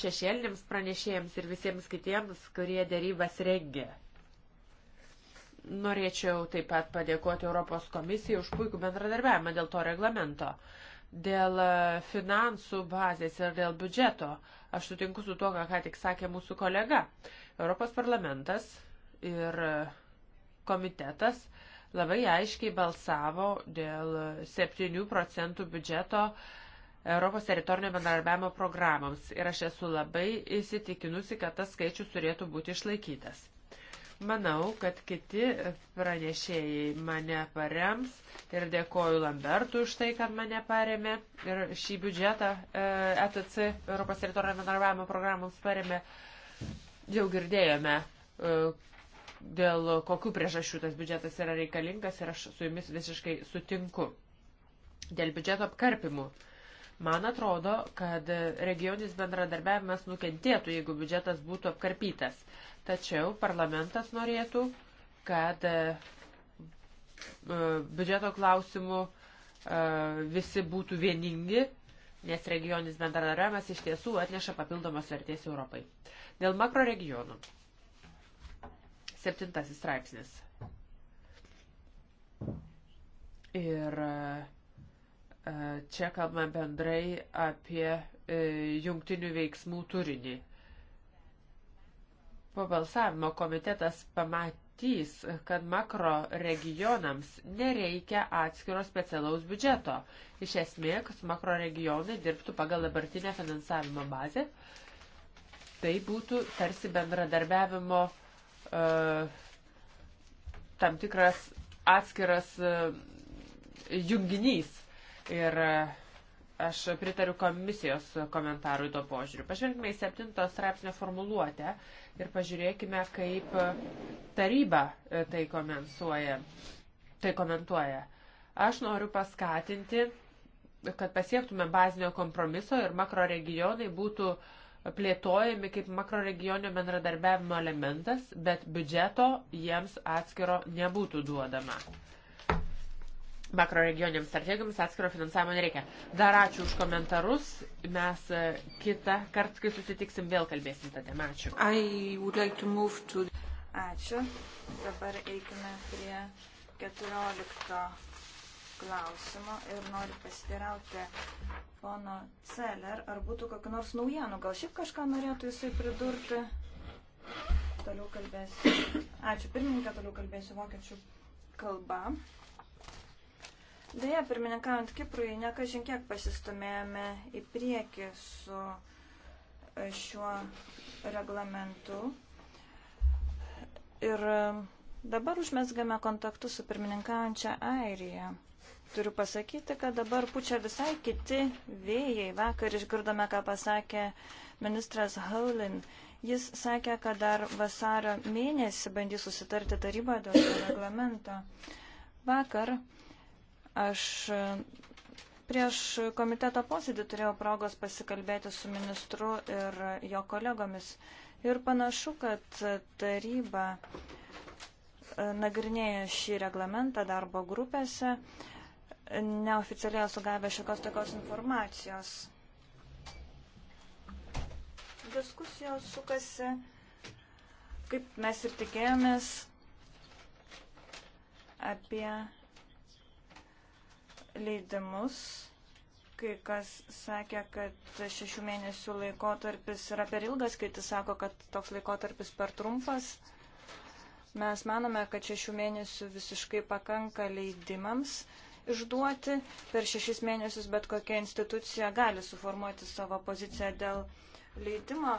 šešėlinėms pranešėjams ir visiems kitiems, kurie dėrybas rengė. Norėčiau taip pat padėkoti Europos komisijai už puikų bendradarbiavimą dėl to reglamento. Dėl e, finansų bazės ir dėl biudžeto aš sutinku su to, ką tik sakė mūsų kolega. Europos parlamentas ir e, komitetas labai aiškiai balsavo dėl 7 procentų biudžeto Europos teritorinio bendradarbiavimo programams ir aš esu labai įsitikinusi, kad tas skaičius turėtų būti išlaikytas. Manau, kad kiti pranešėjai mane parems ir dėkoju Lambertui už tai, kad mane paremė ir šį biudžetą ETC, e Europos teritorinio bendravimo programams paremė. Jau girdėjome, e, dėl kokių priežasčių tas biudžetas yra reikalingas ir aš su jumis visiškai sutinku. Dėl biudžeto apkarpimų. Uh, Man atrodo, kad regioninis bendradarbiavimas nukentėtų, jeigu biudžetas būtų apkarpytas. Tačiau parlamentas norėtų, kad e, e, biudžeto klausimų e, visi būtų vieningi, nes regioninis bendradarbiavimas iš tiesų atneša papildomos vertės Europai. Dėl makroregionų. Septintasis straipsnis. Ir uh, E, čia kalbame bendrai apie e, jungtinių veiksmų turinį. Po balsavimo komitetas pamatys, kad makro regionams nereikia atskiro specialaus biudžeto. Iš esmės, kad makro regionai dirbtų pagal dabartinę finansavimo bazę. Tai būtų tarsi bendradarbiavimo uh, tam tikras atskiras uh, junginys Ir e, aš pritariu komisijos komentarui to požiūriu. Pažvelgime į septinto straipsnio formuluotę ir pažiūrėkime, kaip taryba e, tai, tai komentuoja. Aš noriu paskatinti, kad pasiektume bazinio kompromiso ir makroregionai būtų plėtojami kaip makroregionio bendradarbiavimo elementas, bet biudžeto jiems atskiro nebūtų duodama makroregioniams strategijoms atskiro finansavimo nereikia. Dar ačiū už komentarus. Mes e, kitą kartą, kai susitiksim, vėl kalbėsim tą temą. Ačiū. Like to to... Ačiū. Dabar eikime prie 14 klausimo ir noriu pasitirauti pono Celer, ar būtų kokiu nors naujienų. Gal šiaip kažką norėtų jisai pridurti? Toliau kalbėsiu. Ačiū pirmininkė, toliau kalbėsiu vokiečių kalba. Deja, pirmininkaujant Kiprui, nekažin kiek pasistumėjome į priekį su e, šiuo reglamentu. Ir e, dabar užmesgame kontaktus su pirmininkaujančia Airija. Turiu pasakyti, kad dabar pučia visai kiti vėjai. Vakar išgirdome, ką pasakė ministras Haulin. Jis sakė, kad dar vasario mėnesį bandys susitarti taryboje dėl šio reglamento. Vakar Aš e, prieš komiteto posėdį turėjau progos pasikalbėti su ministru ir jo kolegomis. Ir panašu, kad taryba e, nagrinėja šį reglamentą darbo grupėse, neoficialiai sugavę šiokios tokios informacijos. Diskusijos sukasi, kaip mes ir tikėjomės, apie leidimus. Kai kas sakė, kad šešių mėnesių laikotarpis yra per ilgas, kiti sako, kad toks laikotarpis per trumpas. Mes manome, kad šešių mėnesių visiškai pakanka leidimams išduoti. Per šešis mėnesius bet kokia institucija gali suformuoti savo poziciją dėl leidimo.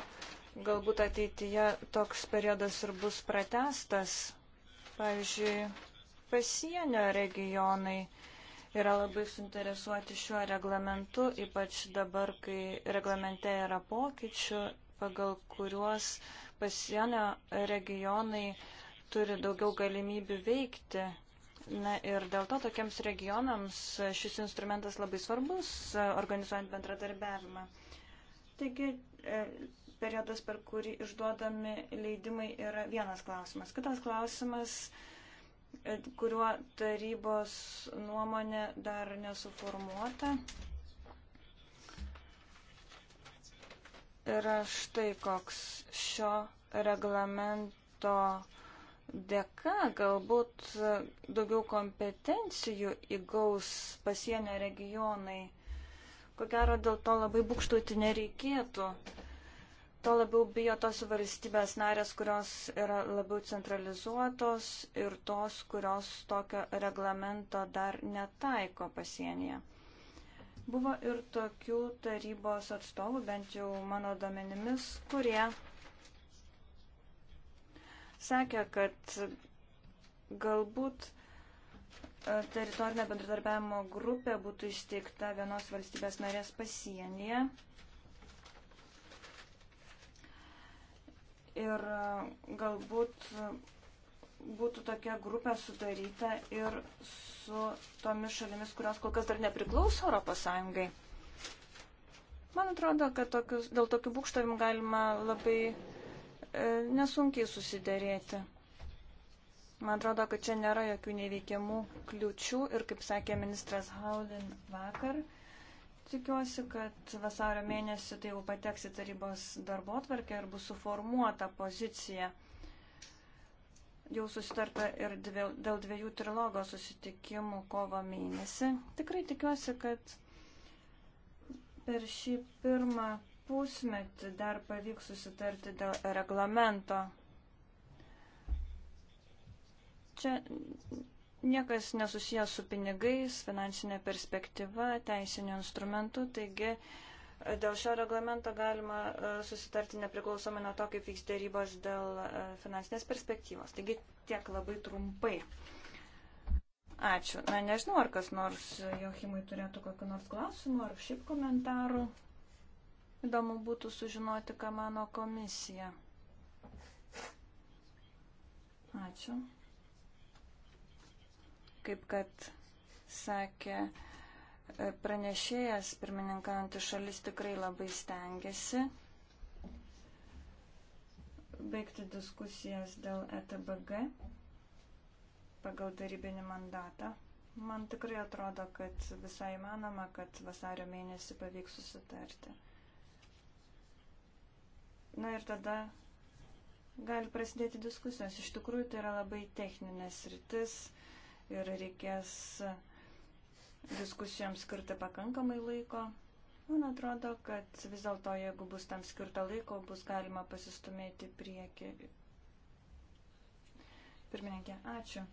Galbūt ateityje toks periodas ir bus pratestas. Pavyzdžiui, pasienio regionai yra labai suinteresuoti šiuo reglamentu, ypač dabar, kai reglamente yra pokyčių, pagal kuriuos pasienio regionai turi daugiau galimybių veikti. Na ir dėl to tokiems regionams šis instrumentas labai svarbus, organizuojant bendradarbiavimą. Taigi, e, periodas, per kurį išduodami leidimai, yra vienas klausimas. Kitas klausimas kuriuo tarybos nuomonė dar nesuformuota. Yra štai koks šio reglamento dėka galbūt daugiau kompetencijų įgaus pasienio regionai. Ko gero dėl to labai būkštauti nereikėtų to labiau bijo tos valstybės narės, kurios yra labiau centralizuotos ir tos, kurios tokio reglamento dar netaiko pasienyje. Buvo ir tokių tarybos atstovų, bent jau mano domenimis, kurie sakė, kad galbūt e, teritorinio bendradarbiavimo grupė būtų įsteigta vienos valstybės narės pasienyje ir e, galbūt e, būtų tokia grupė sudaryta ir su tomis šalimis, kurios kol kas dar nepriklauso Europos Sąjungai. Man atrodo, kad tokius, dėl tokių būkštavimų galima labai e, nesunkiai susidėrėti. Man atrodo, kad čia nėra jokių neveikiamų kliučių ir, kaip sakė ministras Haudin vakar, e, Tikiuosi, kad vasario mėnesį tai jau pateks į tarybos darbo atvarkę ir bus suformuota pozicija. Jau susitarta ir dvie, dėl dviejų trilogo susitikimų kovo mėnesį. Tikrai tikiuosi, kad per šį pirmą pusmetį dar pavyks susitarti dėl reglamento. Čia Niekas nesusijęs su pinigais, finansinė perspektyva, teisiniu instrumentu, taigi e, dėl šio reglamento galima e, susitarti nepriklausomai nuo to, kaip vyks dėrybos dėl e, finansinės perspektyvos. Taigi tiek labai trumpai. Ačiū. Na, nežinau, ar kas nors Jochimui turėtų kokiu nors klausimu ar šiaip komentaru. Įdomu būtų sužinoti, ką mano komisija. Ačiū kaip kad sakė e, pranešėjas, pirmininkaujantis šalis tikrai labai stengiasi baigti diskusijas dėl ETBG pagal darybinį mandatą. Man tikrai atrodo, kad visai manoma, kad vasario mėnesį pavyks susitarti. Na ir tada gali prasidėti diskusijos. Iš tikrųjų, tai yra labai techninės rytis ir reikės diskusijoms skirti pakankamai laiko. Man atrodo, kad vis dėlto, jeigu bus tam skirta laiko, bus galima pasistumėti prieki. Pirmininkė, ačiū.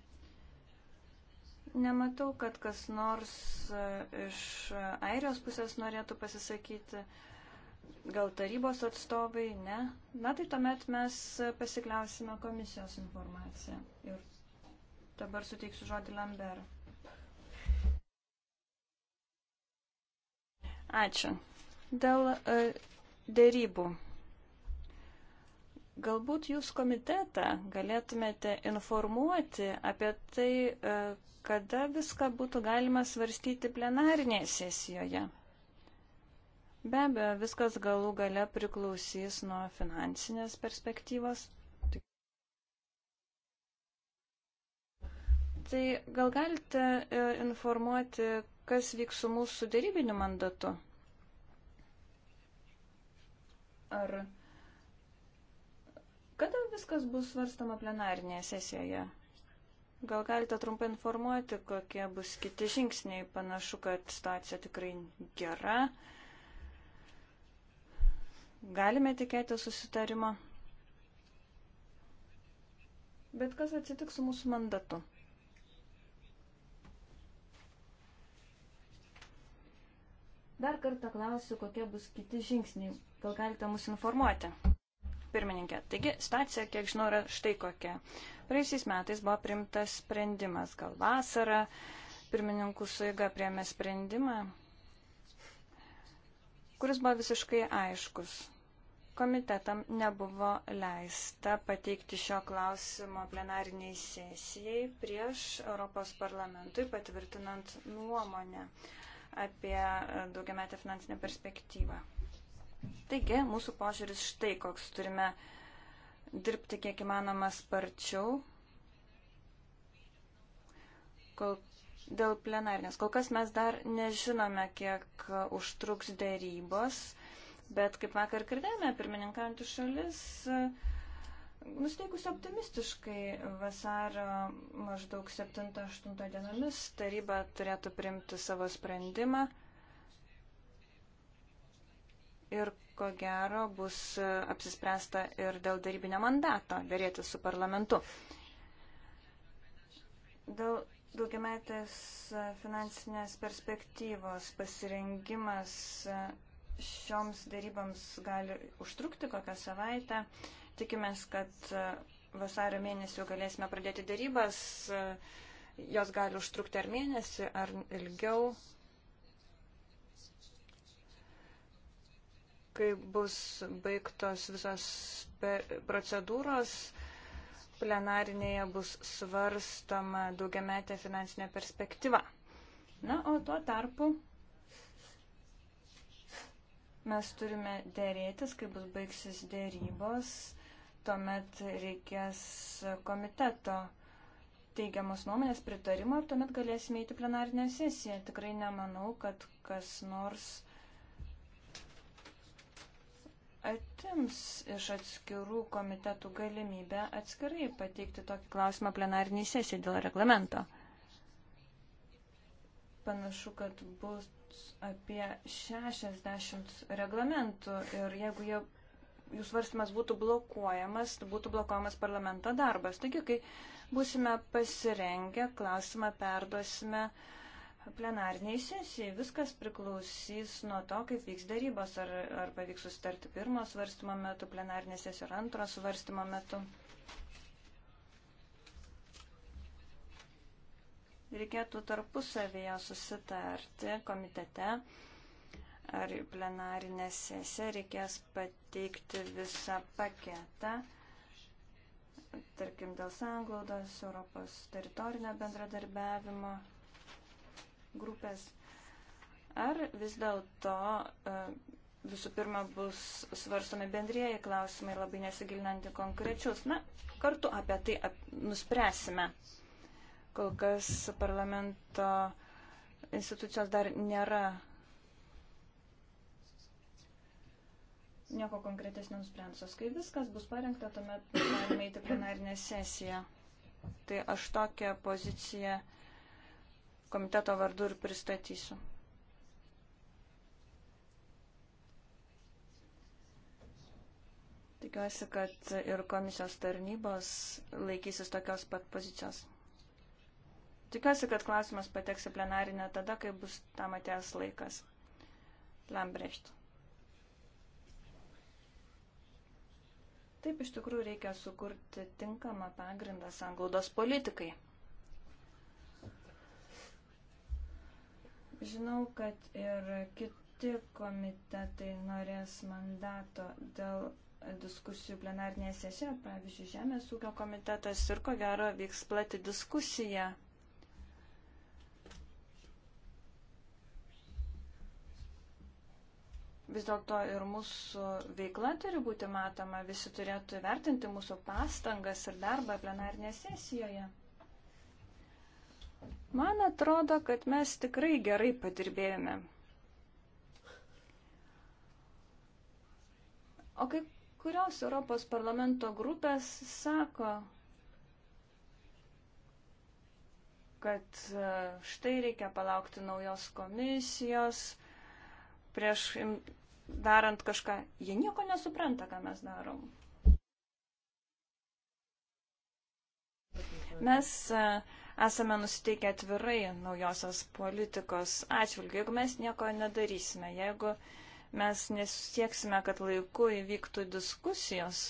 Nematau, kad kas nors e, iš Airijos pusės norėtų pasisakyti. Gal tarybos atstovai, ne? Na tai tuomet mes pasikliausime komisijos informaciją ir Dabar suteiksiu žodį Lambert. Ačiū. Dėl e, dėrybų. Galbūt jūs komitetą galėtumėte informuoti apie tai, e, kada viską būtų galima svarstyti plenarinėje sesijoje. Be abejo, viskas galų gale priklausys nuo finansinės perspektyvos. Tai gal galite e, informuoti, kas vyks su mūsų dėrybiniu mandatu? Ar kada viskas bus svarstama plenarinėje sesijoje? Gal galite trumpai informuoti, kokie bus kiti žingsniai? Panašu, kad situacija tikrai gera. Galime tikėti susitarimo. Bet kas atsitiks su mūsų mandatu? Dar kartą klausiu, kokie bus kiti žingsniai. Gal galite mus informuoti? Pirmininkė, taigi situacija, kiek žinau, yra štai kokia. Praėjusiais metais buvo primtas sprendimas, gal vasarą pirmininkų suiga priemė sprendimą, kuris buvo visiškai aiškus komitetam nebuvo leista pateikti šio klausimo plenariniai sesijai prieš Europos parlamentui patvirtinant nuomonę apie e, daugiametę finansinę perspektyvą. Taigi, mūsų požiūris štai koks turime dirbti kiek įmanoma sparčiau kol, dėl plenarnės. Kol kas mes dar nežinome, kiek e, užtruks dėrybos, bet kaip vakar girdėjome, pirmininkantų šalis uh, Nusteikusi optimistiškai, vasario maždaug 7-8 dienomis taryba turėtų primti savo sprendimą ir ko gero bus apsispręsta ir dėl darybinio mandato dėrėti su parlamentu. Dėl daugiametės finansinės perspektyvos pasirengimas šioms daryboms gali užtrukti kokią savaitę. Uh, Tikimės, kad e, vasario mėnesį jau galėsime pradėti darybas. E, jos gali užtrukti ar mėnesį, ar ilgiau. Kai bus baigtos visos procedūros, plenarinėje bus svarstama daugiametė finansinė perspektyva. Na, o tuo tarpu mes turime dėrėtis, kai bus baigsis dėrybos tuomet reikės komiteto teigiamos nuomonės pritarimo ir tuomet galėsime įti plenarinę sesiją. Tikrai nemanau, kad kas nors atims iš atskirų komitetų galimybę atskirai pateikti tokį klausimą plenarinį sesiją dėl reglamento. Panašu, kad bus apie 60 reglamentų ir jeigu jie jų svarstymas būtų blokuojamas, būtų blokuojamas parlamento darbas. Taigi, kai būsime pasirengę, klausimą perduosime plenarniai sesijai. Viskas priklausys nuo to, kaip vyks darybos, ar, ar pavyks sustarti pirmo svarstymo metu, plenarnės sesijos ar antro svarstymo metu. Reikėtų tarpusavėje susitarti komitete ar į plenarinę sesiją reikės pateikti visą paketą, tarkim, dėl sanglaudos, Europos teritorinio bendradarbiavimo grupės. Ar vis dėlto e, visų pirma bus svarstomi bendrieji klausimai, labai nesigilinanti konkrečius. Na, kartu apie tai ap nuspręsime. Kol kas parlamento institucijos dar nėra nieko konkretesnio nusprendusios. Kai viskas bus parengta, tuomet galime įti plenarinę sesiją. Tai aš tokią poziciją komiteto vardu ir pristatysiu. Tikiuosi, kad ir komisijos tarnybos laikysis tokios pat pozicijos. Tikiuosi, kad klausimas pateks į plenarinę tada, kai bus tam atėjęs laikas. Lambrecht. Taip iš tikrųjų reikia sukurti tinkamą pagrindą sanglaudos politikai. Žinau, kad ir kiti komitetai norės mandato dėl diskusijų plenarnėje sesijoje, pavyzdžiui, Žemės ūkio komitetas ir ko gero vyks plati diskusija vis dėlto ir mūsų veikla turi būti matoma, visi turėtų vertinti mūsų pastangas ir darbą plenarnėje sesijoje. Man atrodo, kad mes tikrai gerai padirbėjome. O kai kurios Europos parlamento grupės sako, kad e, štai reikia palaukti naujos komisijos, prieš darant kažką. Jie nieko nesupranta, ką mes darom. Mes e, esame nusiteikę atvirai naujosios politikos atžvilgių. Jeigu mes nieko nedarysime, jeigu mes nesieksime, kad laiku įvyktų diskusijos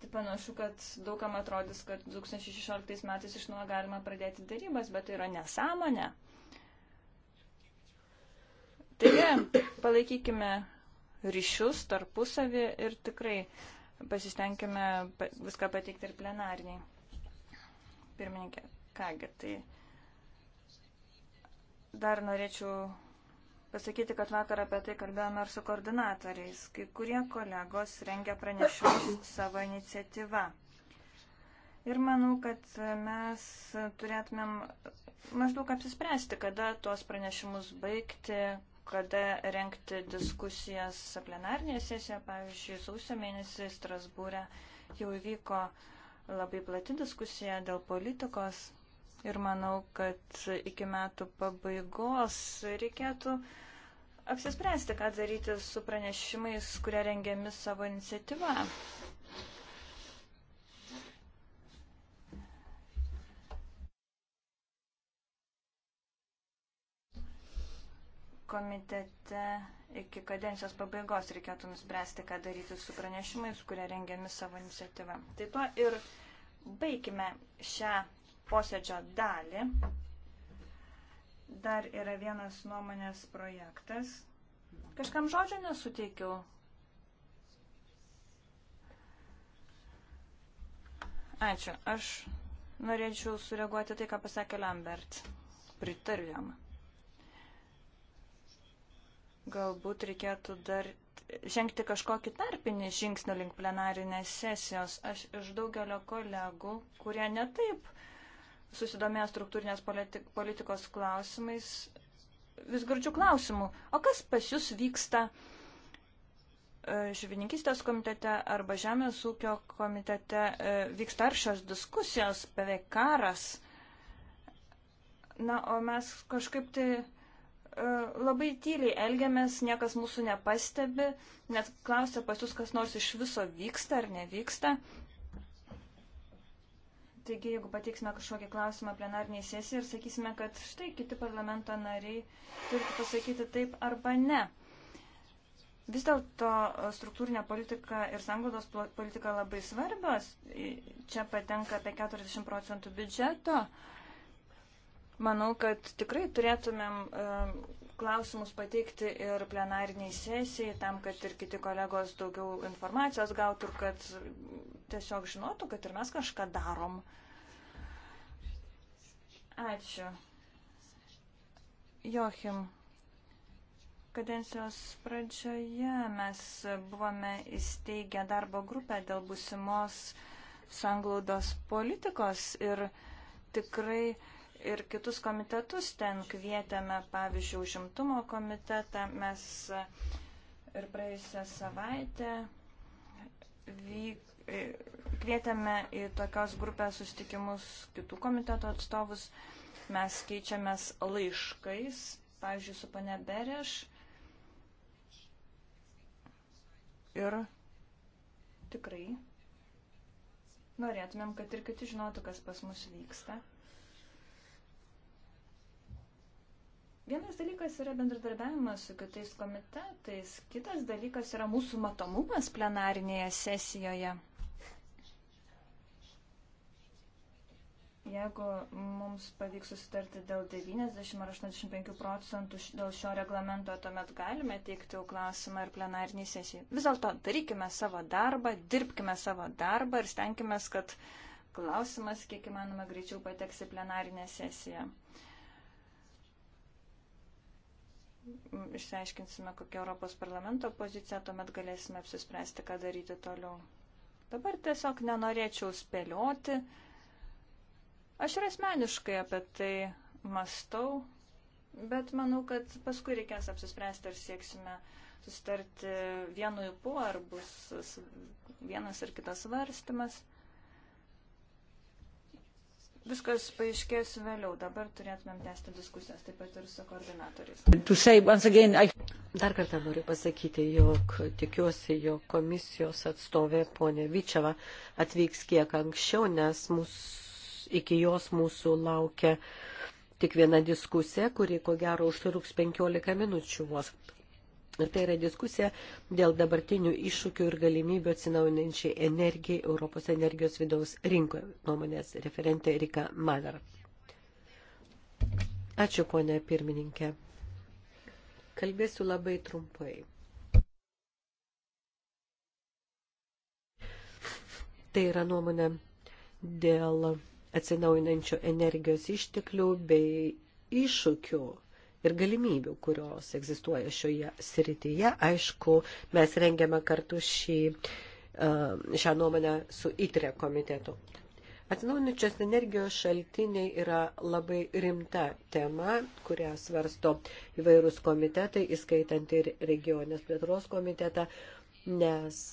Tai panašu, kad daugam atrodys, kad 2016 metais iš nuo galima pradėti darybas, bet tai yra nesąmonė. Taigi, palaikykime ryšius tarpusavį ir tikrai pasistengime viską pateikti ir plenarniai. Pirmininkė, kągi, tai dar norėčiau pasakyti, kad vakar apie tai kalbėjome ir su koordinatoriais. Kai kurie kolegos rengia pranešimus savo iniciatyvą. Ir manau, kad mes turėtumėm maždaug apsispręsti, kada tuos pranešimus baigti, kada renkti diskusijas plenarnėje sesijoje, pavyzdžiui, sausio mėnesį Strasbūrė jau įvyko labai plati diskusija dėl politikos Ir manau, kad iki metų pabaigos reikėtų apsispręsti, ką daryti su pranešimais, kurie rengiami savo iniciatyvą. Komitete iki kadencijos pabaigos reikėtų nuspręsti, ką daryti su pranešimais, kurie rengiami savo iniciatyvą. Tai tuo ir baigime šią posėdžio dalį. Dar yra vienas nuomonės projektas. Kažkam žodžio nesuteikiau. Ačiū. Aš norėčiau sureaguoti tai, ką pasakė Lambert. Pritariu jam. Galbūt reikėtų dar žengti kažkokį tarpinį žingsnį link plenarinės sesijos. Aš iš daugelio kolegų, kurie netaip susidomėję struktūrinės politikos klausimais, vis girdžiu klausimų, o kas pas jūs vyksta e, žuvininkistės komitete arba žemės ūkio komitete, e, vyksta aršios diskusijos, beveik karas. Na, o mes kažkaip tai e, labai tyliai elgiamės, niekas mūsų nepastebi, net klausia pas jūs, kas nors iš viso vyksta ar nevyksta. Taigi, jeigu pateiksime kažkokį klausimą plenarniai sesijai ir sakysime, kad štai kiti parlamento nariai turi pasakyti taip arba ne. Vis dėlto e, struktūrinė politika ir sanglaudos politika labai svarbios. Čia patenka apie 40 procentų biudžeto. Manau, kad tikrai turėtumėm e, klausimus pateikti ir plenariniai sesijai, tam, kad ir kiti kolegos daugiau informacijos gautų ir kad tiesiog žinotų, kad ir mes kažką darom. Ačiū. Jochim, kadencijos pradžioje mes buvome įsteigę darbo grupę dėl busimos sanglaudos politikos ir tikrai ir kitus komitetus ten kvietėme, pavyzdžiui, užimtumo komitetą. Mes ir praėjusią savaitę vyk, E, kvietėme į tokios grupės susitikimus kitų komiteto atstovus. Mes keičiamės laiškais, pavyzdžiui, su pane Bereš. Ir tikrai norėtumėm, kad ir kiti žinotų, kas pas mus vyksta. Vienas dalykas yra bendradarbiavimas su kitais komitetais, kitas dalykas yra mūsų matomumas plenarinėje sesijoje. Jeigu mums pavyks susitarti dėl 90 ar 85 procentų dėl šio reglamento, tuomet galime teikti jau klausimą ir plenarnį sesiją. Vis dėlto darykime savo darbą, dirbkime savo darbą ir stenkime, kad klausimas kiek įmanoma greičiau pateks į plenarinę sesiją. Išsiaiškinsime, kokia Europos parlamento pozicija, tuomet galėsime apsispręsti, ką daryti toliau. Dabar tiesiog nenorėčiau spėlioti Aš ir asmeniškai apie tai mastau, bet manau, kad paskui reikės apsispręsti, ar sieksime susitarti vienu įpu, ar bus vienas ar kitas varstimas. Viskas paaiškės vėliau. Dabar turėtumėm tęsti diskusijas taip pat ir su koordinatoriais. Again, I... Dar kartą noriu pasakyti, jog tikiuosi, jog komisijos atstovė ponė Vyčiava atvyks kiek anksčiau, nes mūsų Iki jos mūsų laukia tik viena diskusija, kuri ko gero užtruks 15 minučių vos. Ir tai yra diskusija dėl dabartinių iššūkių ir galimybių atsinaujinančiai energijai Europos energijos vidaus rinkoje, nuomonės referentė Rika Maler. Ačiū, ponė pirmininkė. Kalbėsiu labai trumpai. Tai yra nuomonė dėl atsinaujinančių energijos išteklių bei iššūkių ir galimybių, kurios egzistuoja šioje srityje. Aišku, mes rengiame kartu šį, e, šią nuomonę su ITRE komitetu. Atsinaujinančios energijos šaltiniai yra labai rimta tema, kurią svarsto įvairūs komitetai, įskaitant ir regionės plėtros komitetą, nes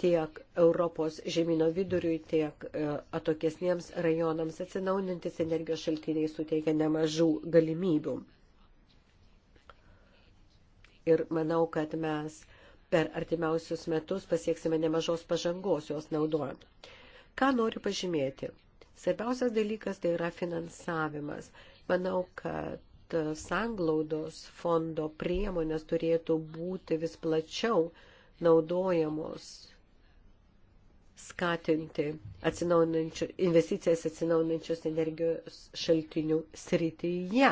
tiek Europos žemino viduriui, tiek e, atokesniems rajonams atsinaujantis energijos šaltiniai suteikia nemažų galimybių. Ir manau, kad mes per artimiausius metus pasieksime nemažos pažangos jos naudojant. Ką noriu pažymėti? Svarbiausias dalykas tai yra finansavimas. Manau, kad sanglaudos fondo priemonės turėtų būti vis plačiau naudojamos skatinti investicijas atsinaujinančios energijos šaltinių srityje,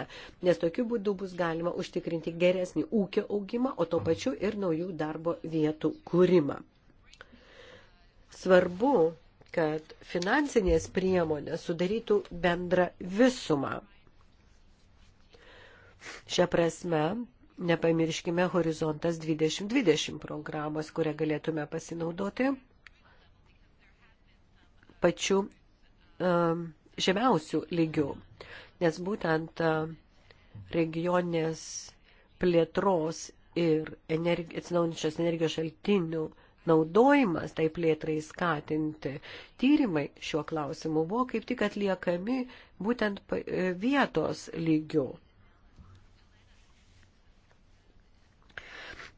nes tokiu būdu bus galima užtikrinti geresnį ūkio augimą, o to pačiu ir naujų darbo vietų kūrimą. Svarbu, kad finansinės priemonės sudarytų bendrą visumą. Šią prasme, nepamirškime Horizontas 2020 programos, kurią galėtume pasinaudoti pačiu e, žemiausių lygių, nes būtent e, regioninės plėtros ir energi, atsinaujinčios energijos šaltinių naudojimas tai plėtrai skatinti. Tyrimai šiuo klausimu buvo kaip tik atliekami būtent e, vietos lygių.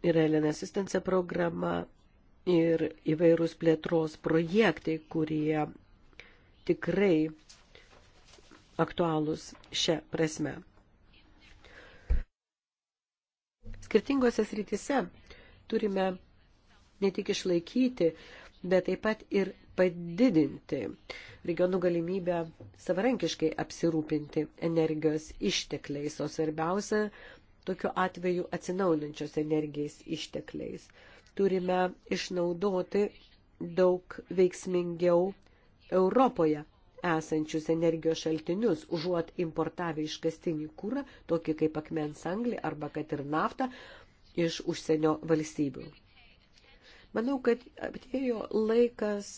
Ir Elena Asistencija programa ir įvairūs plėtros projektai, kurie tikrai aktualūs šią prasme. Skirtingose srityse turime ne tik išlaikyti, bet taip pat ir padidinti regionų galimybę savarankiškai apsirūpinti energijos ištekliais, o svarbiausia, tokiu atveju atsinaujinančios energijais ištekliais turime išnaudoti daug veiksmingiau Europoje esančius energijos šaltinius, užuot importavę iškastinį kūrą, tokį kaip akmens anglį arba kad ir naftą, iš užsienio valstybių. Manau, kad atėjo laikas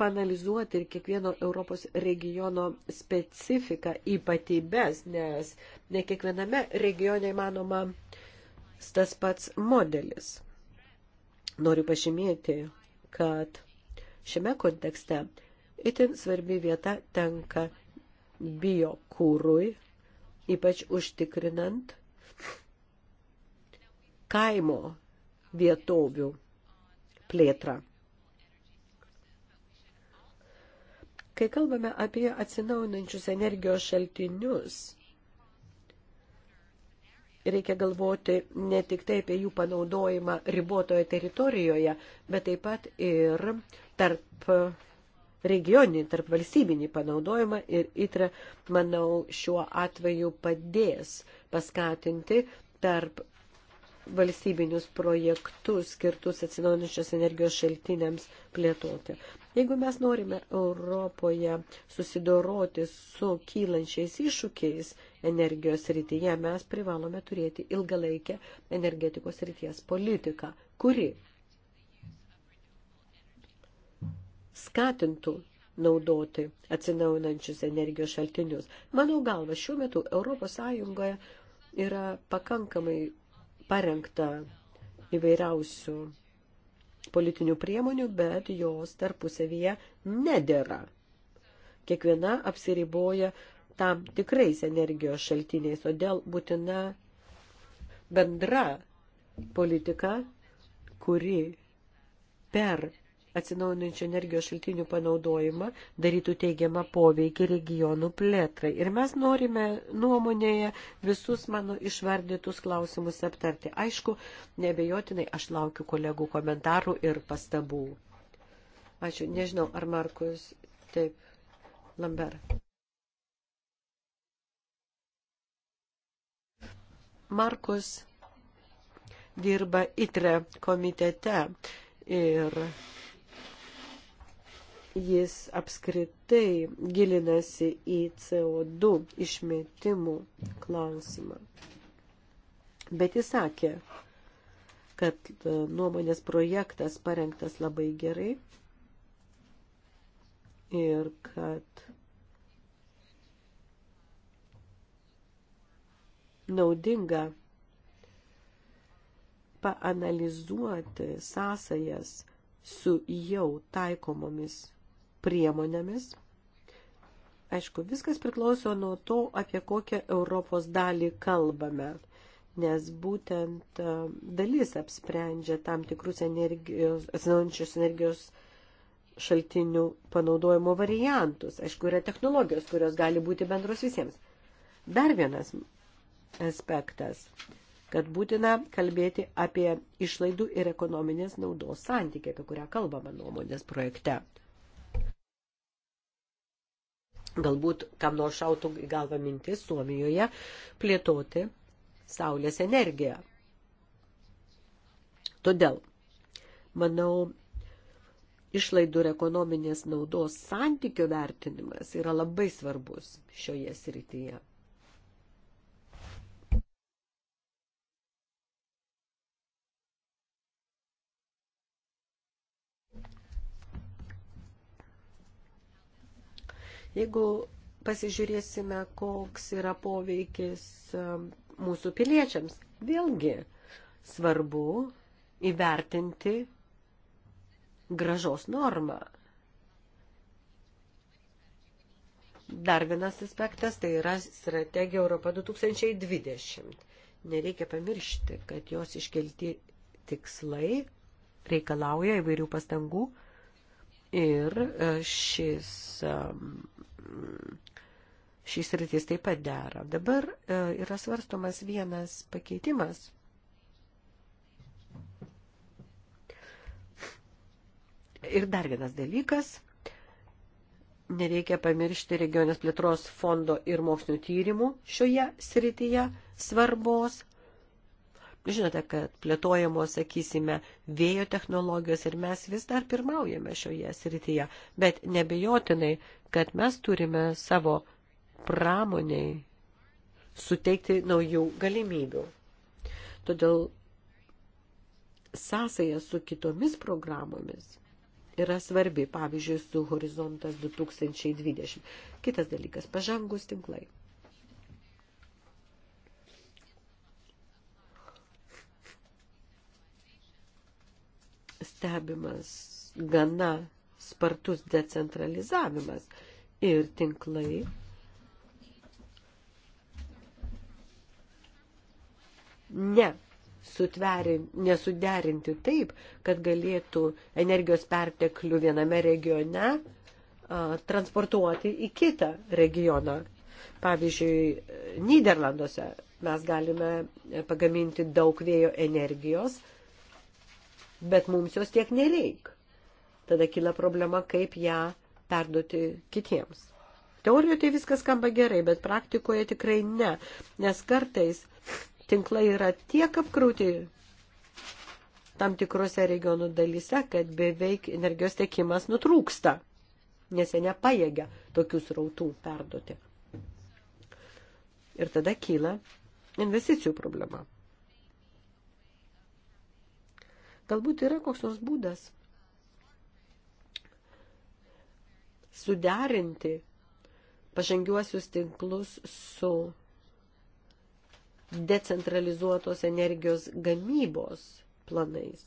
panalizuoti ir kiekvieno Europos regiono specifiką, ypatybės, nes ne kiekviename regione įmanoma tas pats modelis. Noriu pažymėti, kad šiame kontekste itin svarbi vieta tenka biokūrui, ypač užtikrinant kaimo vietovių plėtrą. Kai kalbame apie atsinaujinančius energijos šaltinius, reikia galvoti ne tik tai apie jų panaudojimą ribotoje teritorijoje, bet taip pat ir tarp regioninį, tarp valstybinį panaudojimą ir ITRA, manau, šiuo atveju padės paskatinti tarp valstybinius projektus skirtus atsinaujinančios energijos šaltiniams plėtoti. Jeigu mes norime Europoje susidoroti su kylančiais iššūkiais energijos rytyje, mes privalome turėti ilgalaikę energetikos ryties politiką, kuri skatintų naudoti atsinaujinančius energijos šaltinius. Mano galva, šiuo metu ES yra pakankamai parengta įvairiausių politinių priemonių, bet jos tarpusavyje nedėra. Kiekviena apsiriboja tam tikrais energijos šaltiniais, todėl būtina bendra politika, kuri per atsinaujinančių energijos šaltinių panaudojimą darytų teigiamą poveikį regionų plėtrai. Ir mes norime nuomonėje visus mano išvardytus klausimus aptarti. Aišku, nebejotinai aš laukiu kolegų komentarų ir pastabų. Ačiū. Nežinau, ar Markus. Taip. Lambert. Markus dirba ITRE komitete ir jis apskritai gilinasi į CO2 išmetimų klausimą. Bet jis sakė, kad e, nuomonės projektas parengtas labai gerai ir kad naudinga paanalizuoti sąsajas su jau taikomomis priemonėmis. Aišku, viskas priklauso nuo to, apie kokią Europos dalį kalbame, nes būtent e, dalis apsprendžia tam tikrus energijos, atsinaujančios energijos šaltinių panaudojimo variantus. Aišku, yra technologijos, kurios gali būti bendros visiems. Dar vienas aspektas kad būtina kalbėti apie išlaidų ir ekonominės naudos santykį, apie kurią kalbama nuomonės projekte. Galbūt kam nors šautų į galvą mintis Suomijoje plėtoti saulės energiją. Todėl, manau, išlaidų ir ekonominės naudos santykio vertinimas yra labai svarbus šioje srityje. Jeigu pasižiūrėsime, koks yra poveikis um, mūsų piliečiams, vėlgi svarbu įvertinti gražos normą. Dar vienas aspektas tai yra strategija Europa 2020. Nereikia pamiršti, kad jos iškelti tikslai reikalauja įvairių pastangų ir e, šis um, šis rytis taip pat dera. Dabar e, yra svarstomas vienas pakeitimas. Ir dar vienas dalykas. Nereikia pamiršti regionės plėtros fondo ir mokslinių tyrimų šioje srityje svarbos. Žinote, kad plėtojamos, sakysime, vėjo technologijos ir mes vis dar pirmaujame šioje srityje, bet nebejotinai kad mes turime savo pramoniai suteikti naujų galimybių. Todėl sąsaja su kitomis programomis yra svarbi, pavyzdžiui, su Horizontas 2020. Kitas dalykas – pažangus tinklai. Stebimas gana spartus decentralizavimas ir tinklai ne nesuderinti taip, kad galėtų energijos perteklių viename regione a, transportuoti į kitą regioną. Pavyzdžiui, Niderlanduose mes galime pagaminti daug vėjo energijos, bet mums jos tiek nereik tada kyla problema, kaip ją perduoti kitiems. Teorijoje tai viskas skamba gerai, bet praktikoje tikrai ne, nes kartais tinklai yra tiek apkrauti tam tikrose regionų dalyse, kad beveik energijos tiekimas nutrūksta, nes jie nepaėgia tokius rautų perduoti. Ir tada kyla investicijų problema. Galbūt yra koks nors būdas suderinti pažangiuosius tinklus su decentralizuotos energijos gamybos planais.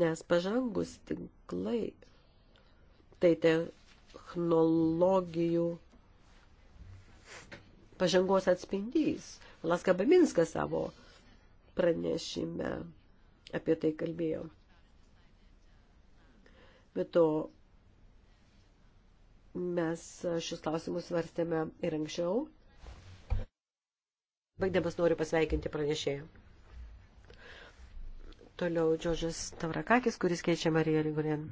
Nes pažangus tinklai tai technologijų pažangos atspindys. Laska Baminskas savo pranešime apie tai kalbėjo. Bet to mes šis klausimus svarstėme ir anksčiau. Baigdamas noriu pasveikinti pranešėją. Toliau Džiožas Tavrakakis, kuris keičia Mariją Rigurien.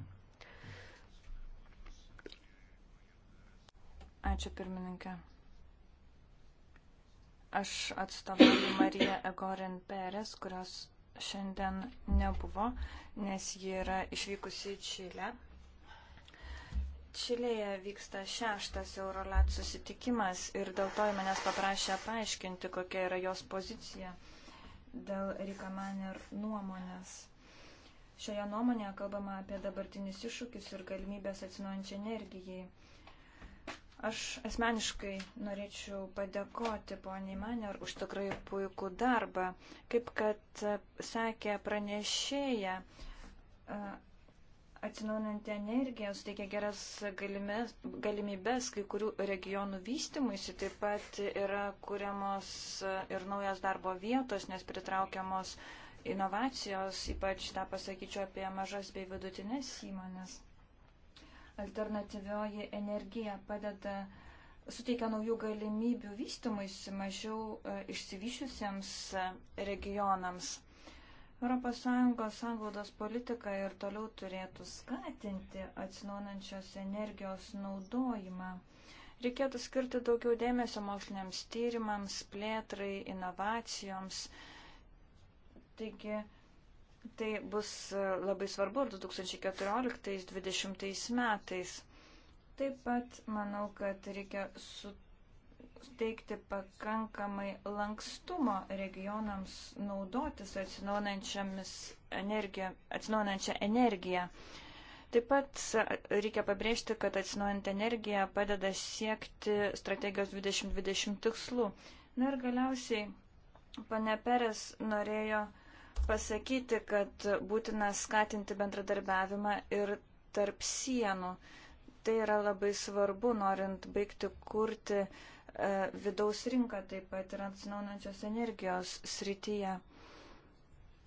Ačiū pirmininkė. Aš atstovauju Mariją Egorin Perez, kurios šiandien nebuvo, nes ji yra išvykusi į Čilę. Čilėje vyksta šeštas Eurolat susitikimas ir dėl to manęs paprašė paaiškinti, kokia yra jos pozicija dėl Rikamaner nuomonės. Šioje nuomonėje kalbama apie dabartinius iššūkius ir galimybės atsinaujančiai energijai. Aš asmeniškai norėčiau padėkoti poniai Maner už tikrai puikų darbą. Kaip kad e, sakė pranešėja, e, atsinaujinanti energija suteikia geras galimės, galimybės kai kurių regionų vystimuisi, taip pat yra kuriamos e, ir naujas darbo vietos, nes pritraukiamos inovacijos, ypač tą pasakyčiau apie mažas bei vidutinės įmonės. Alternatyvioji energija padeda, suteikia naujų galimybių vystimuisi mažiau e, išsivyšiusiems e, regionams. ES sanglaudos politika ir toliau turėtų skatinti atsinaujančios energijos naudojimą. Reikėtų skirti daugiau dėmesio moksliniams tyrimams, plėtrai, inovacijoms. Taigi, Tai bus e, labai svarbu 2014-2020 metais. Taip pat manau, kad reikia suteikti pakankamai lankstumo regionams naudotis energija, atsinaujinančią energiją. Taip pat e, reikia pabrėžti, kad atsinaujant energiją padeda siekti strategijos 2020 tikslų. Na ir galiausiai pane Peres norėjo pasakyti, kad būtina skatinti bendradarbiavimą ir tarp sienų. Tai yra labai svarbu, norint baigti kurti e, vidaus rinką taip pat ir atsinaunančios energijos srityje.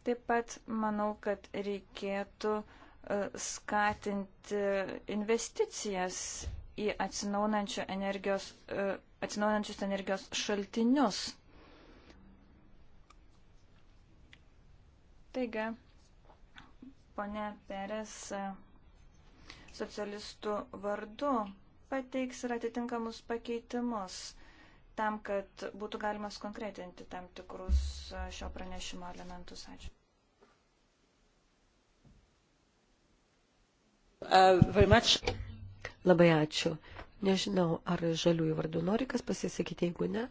Taip pat manau, kad reikėtų e, skatinti investicijas į atsinaunančius energijos, e, energijos šaltinius Taigi, ponė Peres socialistų vardu pateiks ir atitinkamus pakeitimus tam, kad būtų galima skonkretinti tam tikrus šio pranešimo elementus. Ačiū. Uh, Labai ačiū. Nežinau, ar žaliųjų vardų nori kas pasisakyti, jeigu ne,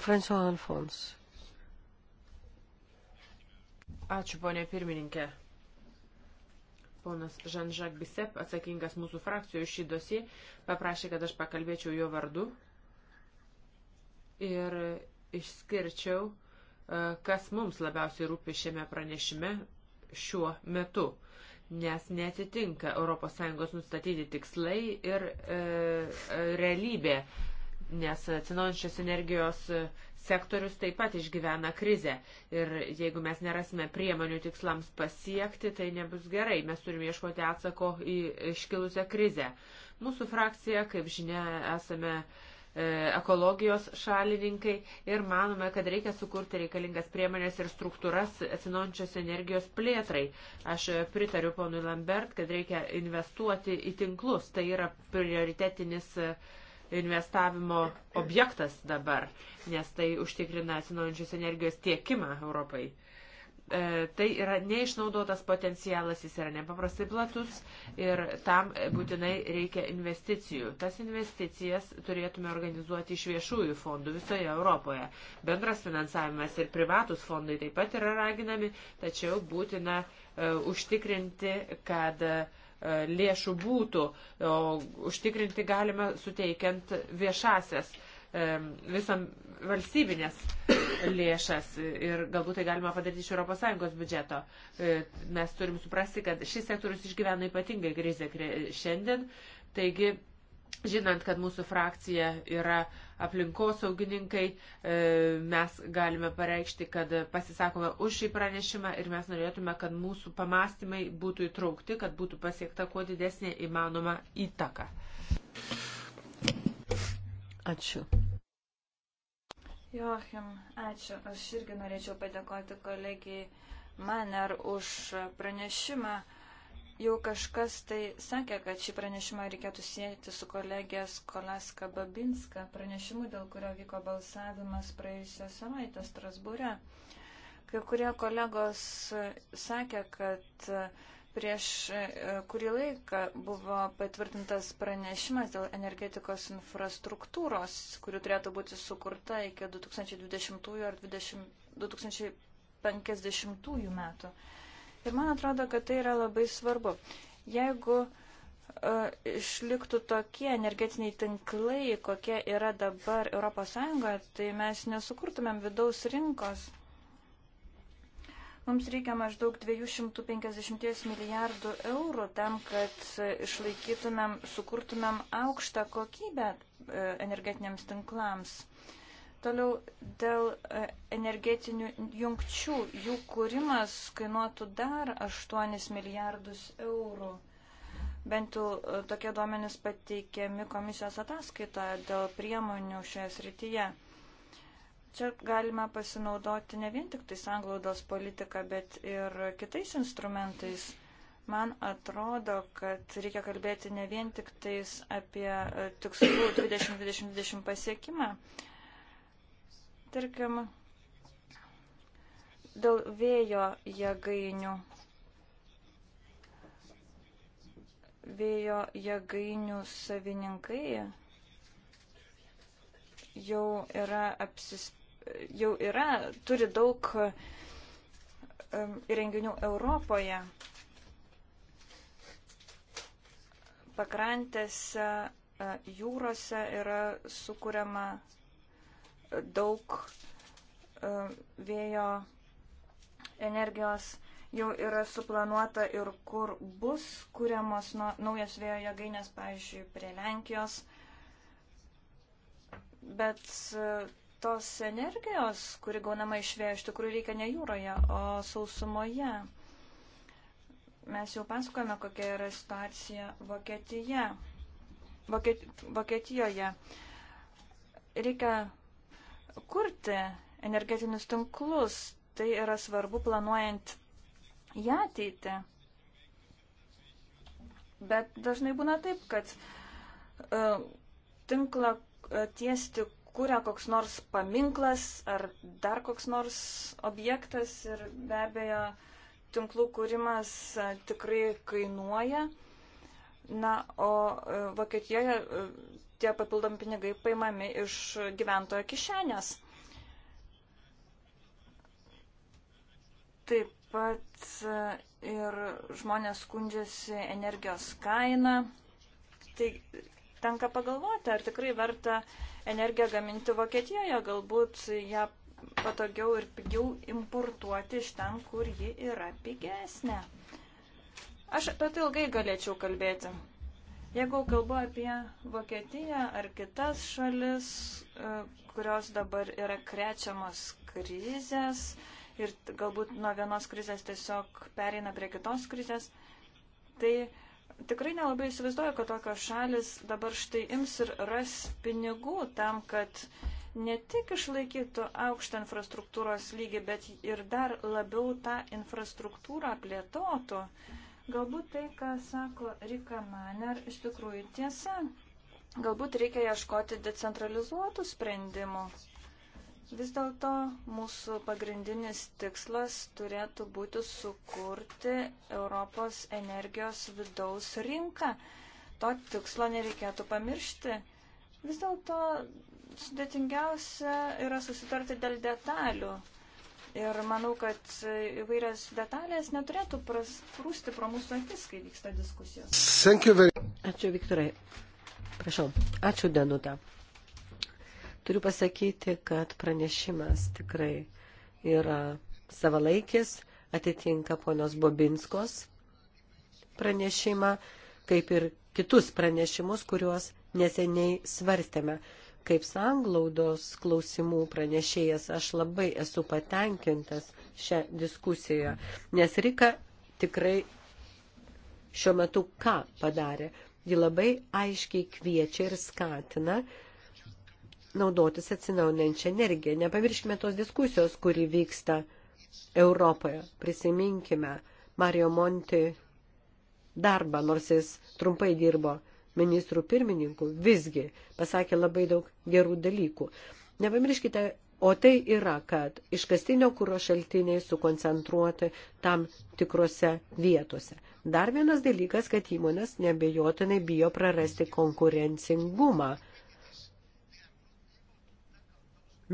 François Alfons. Ačiū, ponė pirmininkė. Ponas Žanžak Bisep, atsakingas mūsų frakcijų šį dosį, paprašė, kad aš pakalbėčiau jo vardu ir išskirčiau, e, kas mums labiausiai rūpi šiame pranešime šiuo metu, nes netitinka ES nustatyti tikslai ir e, e realybė nes atsinaujančios energijos sektorius taip pat išgyvena krizę. Ir jeigu mes nerasime priemonių tikslams pasiekti, tai nebus gerai. Mes turime ieškoti atsako į iškilusią krizę. Mūsų frakcija, kaip žinia, esame e, ekologijos šalininkai ir manome, kad reikia sukurti reikalingas priemonės ir struktūras atsinaujančios energijos plėtrai. Aš pritariu ponui Lambert, kad reikia investuoti į tinklus. Tai yra prioritetinis uh, investavimo objektas dabar, nes tai užtikrina atsinaujančios energijos tiekimą Europai. E, tai yra neišnaudotas potencialas, jis yra nepaprastai platus ir tam būtinai reikia investicijų. Tas investicijas turėtume organizuoti iš viešųjų fondų visoje Europoje. Bendras finansavimas ir privatus fondai taip pat yra raginami, tačiau būtina e, užtikrinti, kad e, E, lėšų būtų, o užtikrinti galime suteikiant viešasias e, visam valstybinės lėšas ir galbūt tai galima padaryti iš ES biudžeto. E, mes turim suprasti, kad šis sektorius išgyvena ypatingai krizę šiandien, taigi žinant, kad mūsų frakcija yra uh, aplinkosaugininkai, e, mes galime pareikšti, kad pasisakome už šį pranešimą ir mes norėtume, kad mūsų pamastymai būtų įtraukti, kad būtų pasiekta kuo didesnė įmanoma įtaka. Ačiū. Joachim, ačiū. Aš irgi norėčiau padėkoti kolegijai Maner už pranešimą. Jau kažkas tai sakė, kad šį pranešimą reikėtų sieti su kolegės Kolaska Babinska pranešimu, dėl kurio vyko balsavimas praėjusią savaitę Strasbūre. Kai kurie kolegos sakė, kad prieš e, kurį laiką buvo patvirtintas pranešimas dėl energetikos infrastruktūros, kuri turėtų būti sukurta iki 2020 ar 20, 2050 metų. Ir man atrodo, kad tai yra labai svarbu. Jeigu uh, išliktų tokie energetiniai tinklai, kokie yra dabar ES, tai mes nesukurtumėm vidaus rinkos. Mums reikia maždaug 250 milijardų eurų tam, kad išlaikytumėm, sukurtumėm aukštą kokybę e, energetiniams tinklams. Uh, Toliau dėl e, energetinių jungčių. Jų kūrimas kainuotų dar 8 milijardus eurų. Bent jau e, tokie duomenys pateikiami komisijos ataskaitoje dėl priemonių šioje srityje. Čia galime pasinaudoti ne vien tik tai sanglaudos politiką, bet ir kitais instrumentais. Man atrodo, kad reikia kalbėti ne vien tik tais apie e, tikslų 2020-2020 pasiekimą. -20 Tarkim, dėl vėjo jėgainių. Vėjo jėgainių savininkai jau yra apsis, jau yra, turi daug įrenginių Europoje. Pakrantėse, e, jūrose yra sukūriama daug e, vėjo energijos jau yra suplanuota ir kur bus kuriamos naujos vėjo jėgainės, pavyzdžiui, prie Lenkijos. Bet e, tos energijos, kuri gaunama iš vėjo, iš tikrųjų reikia ne jūroje, o sausumoje. Mes jau pasakojame, kokia yra situacija Vokietija. Vokiet... Vokietijoje. Reikia kurti energetinius tinklus. Tai yra svarbu planuojant į ateitį. Bet dažnai būna taip, kad uh, tinklą uh, tiesti kūrė koks nors paminklas ar dar koks nors objektas ir be abejo tinklų kūrimas e, tikrai kainuoja. Na, o Vokietijoje tie papildomi pinigai paimami iš gyventojo kišenės. Taip pat ir žmonės skundžiasi energijos kainą. Tai tenka pagalvoti, ar tikrai verta energiją gaminti Vokietijoje, galbūt ją patogiau ir pigiau importuoti iš ten, kur ji yra pigesnė. Aš apie tai ilgai galėčiau kalbėti. Jeigu kalbu apie Vokietiją ar kitas šalis, e, kurios dabar yra krečiamos krizės ir galbūt nuo vienos krizės tiesiog pereina prie kitos krizės, tai tikrai nelabai įsivaizduoju, kad tokios šalis dabar štai ims ir ras pinigų tam, kad ne tik išlaikytų aukštą infrastruktūros lygį, bet ir dar labiau tą infrastruktūrą plėtotų. Uh, Galbūt tai, ką sako Rika Maner, iš tikrųjų tiesa. Galbūt reikia ieškoti decentralizuotų sprendimų. Vis dėlto mūsų pagrindinis tikslas turėtų būti sukurti Europos energijos vidaus rinką. To tikslo nereikėtų pamiršti. Vis dėlto sudėtingiausia yra susitarti dėl detalių. Ir manau, kad įvairias detalės neturėtų prūsti pro mūsų akis, kai vyksta diskusijos. Ačiū, Viktorai. Prašau. Ačiū, Danuta. Turiu pasakyti, kad pranešimas tikrai yra savalaikis, atitinka ponios Bobinskos pranešimą, kaip ir kitus pranešimus, kuriuos neseniai svarstėme. Kaip sanglaudos klausimų pranešėjas aš labai esu patenkintas šią diskusiją, nes Rika tikrai šiuo metu ką padarė. Ji labai aiškiai kviečia ir skatina naudotis atsinaunančią energiją. Nepamirškime tos diskusijos, kuri vyksta Europoje. Prisiminkime Mario Monti darbą, nors jis trumpai dirbo ministrų pirmininkų visgi pasakė labai daug gerų dalykų. Nepamirškite, o tai yra, kad iškastinio kūro šaltiniai sukoncentruoti tam tikrose vietose. Dar vienas dalykas, kad įmonės nebejotinai bijo prarasti konkurencingumą,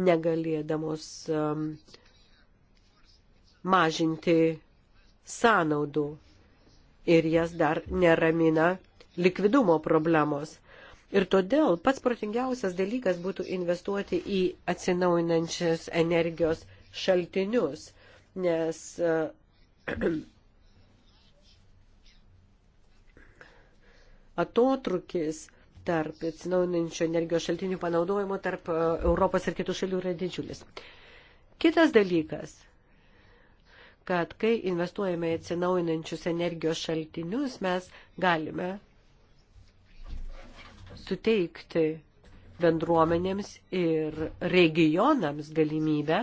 negalėdamos um, mažinti sąnaudų ir jas dar neramina likvidumo problemos. Ir todėl pats protingiausias dalykas būtų investuoti į atsinaujinančius energijos šaltinius, nes eh, atotrukis tarp atsinaujinančio energijos šaltinių panaudojimo tarp eh, Europos ir kitų šalių yra didžiulis. Kitas dalykas, kad kai investuojame į atsinaujinančius energijos šaltinius, mes galime suteikti bendruomenėms ir regionams galimybę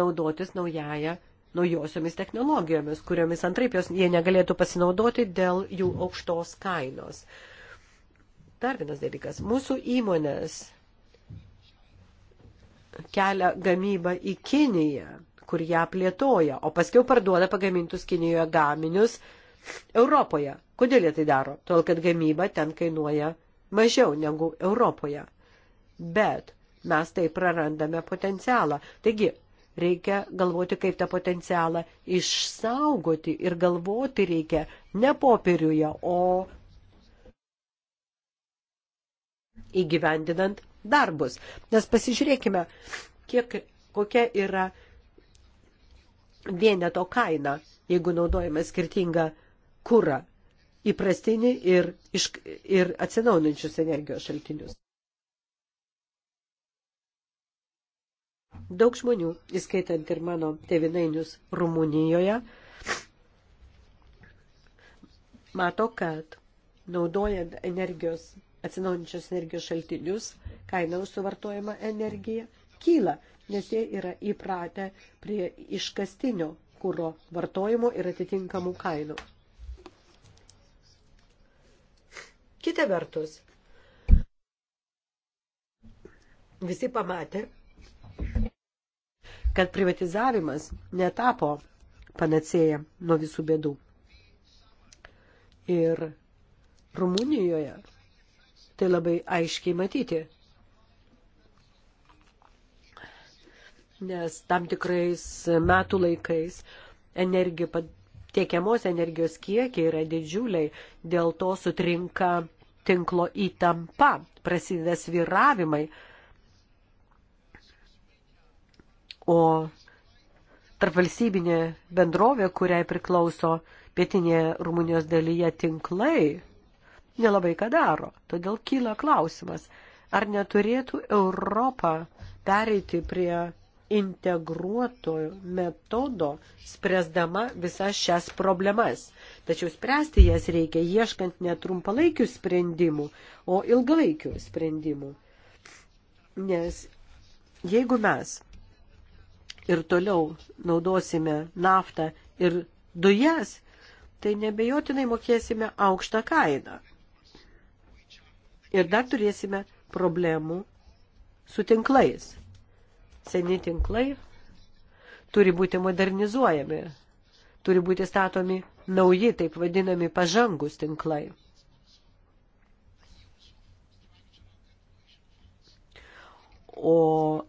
naudotis naująją naujosiomis technologijomis, kuriomis antraip jos jie negalėtų pasinaudoti dėl jų aukštos kainos. Dar vienas dalykas. Mūsų įmonės kelia gamybą į Kiniją, kur ją plėtoja, o paskiau parduoda pagamintus Kinijoje gaminius Europoje. Kodėl jie tai daro? Tol, kad gamyba ten kainuoja mažiau negu Europoje. Bet mes tai prarandame potencialą. Taigi, reikia galvoti, kaip tą potencialą išsaugoti ir galvoti reikia ne popieriuje, o įgyvendinant darbus. Nes pasižiūrėkime, kiek, kokia yra vieneto kaina, jeigu naudojame skirtingą kūrą įprastinį ir, iš, ir atsinaunančius energijos šaltinius. Daug žmonių, įskaitant ir mano tevinainius Rumunijoje, mato, kad naudojant energijos, atsinaujančios energijos šaltinius, kaina už suvartojama energija kyla, nes jie yra įpratę prie iškastinio kūro vartojimo ir atitinkamų kainų. Kita vertus, visi pamatė, kad privatizavimas netapo panacėja nuo visų bėdų. Ir Rumunijoje tai labai aiškiai matyti. Nes tam tikrais metų laikais energija tiekiamos energijos kiekiai yra didžiuliai, dėl to sutrinka tinklo įtampa, prasideda sviravimai. O tarpvalstybinė bendrovė, kuriai priklauso pietinėje Rumunijos dalyje tinklai, nelabai ką daro. Todėl kyla klausimas, ar neturėtų Europą pereiti prie integruoto metodo, spręsdama visas šias problemas. Tačiau spręsti jas reikia ieškant netrumpalaikių sprendimų, o ilgalaikių sprendimų. Nes jeigu mes ir toliau naudosime naftą ir dujas, tai nebejotinai mokėsime aukštą kainą. Ir dar turėsime problemų su tinklais seni tinklai turi būti modernizuojami, turi būti statomi nauji, taip vadinami, pažangus tinklai. O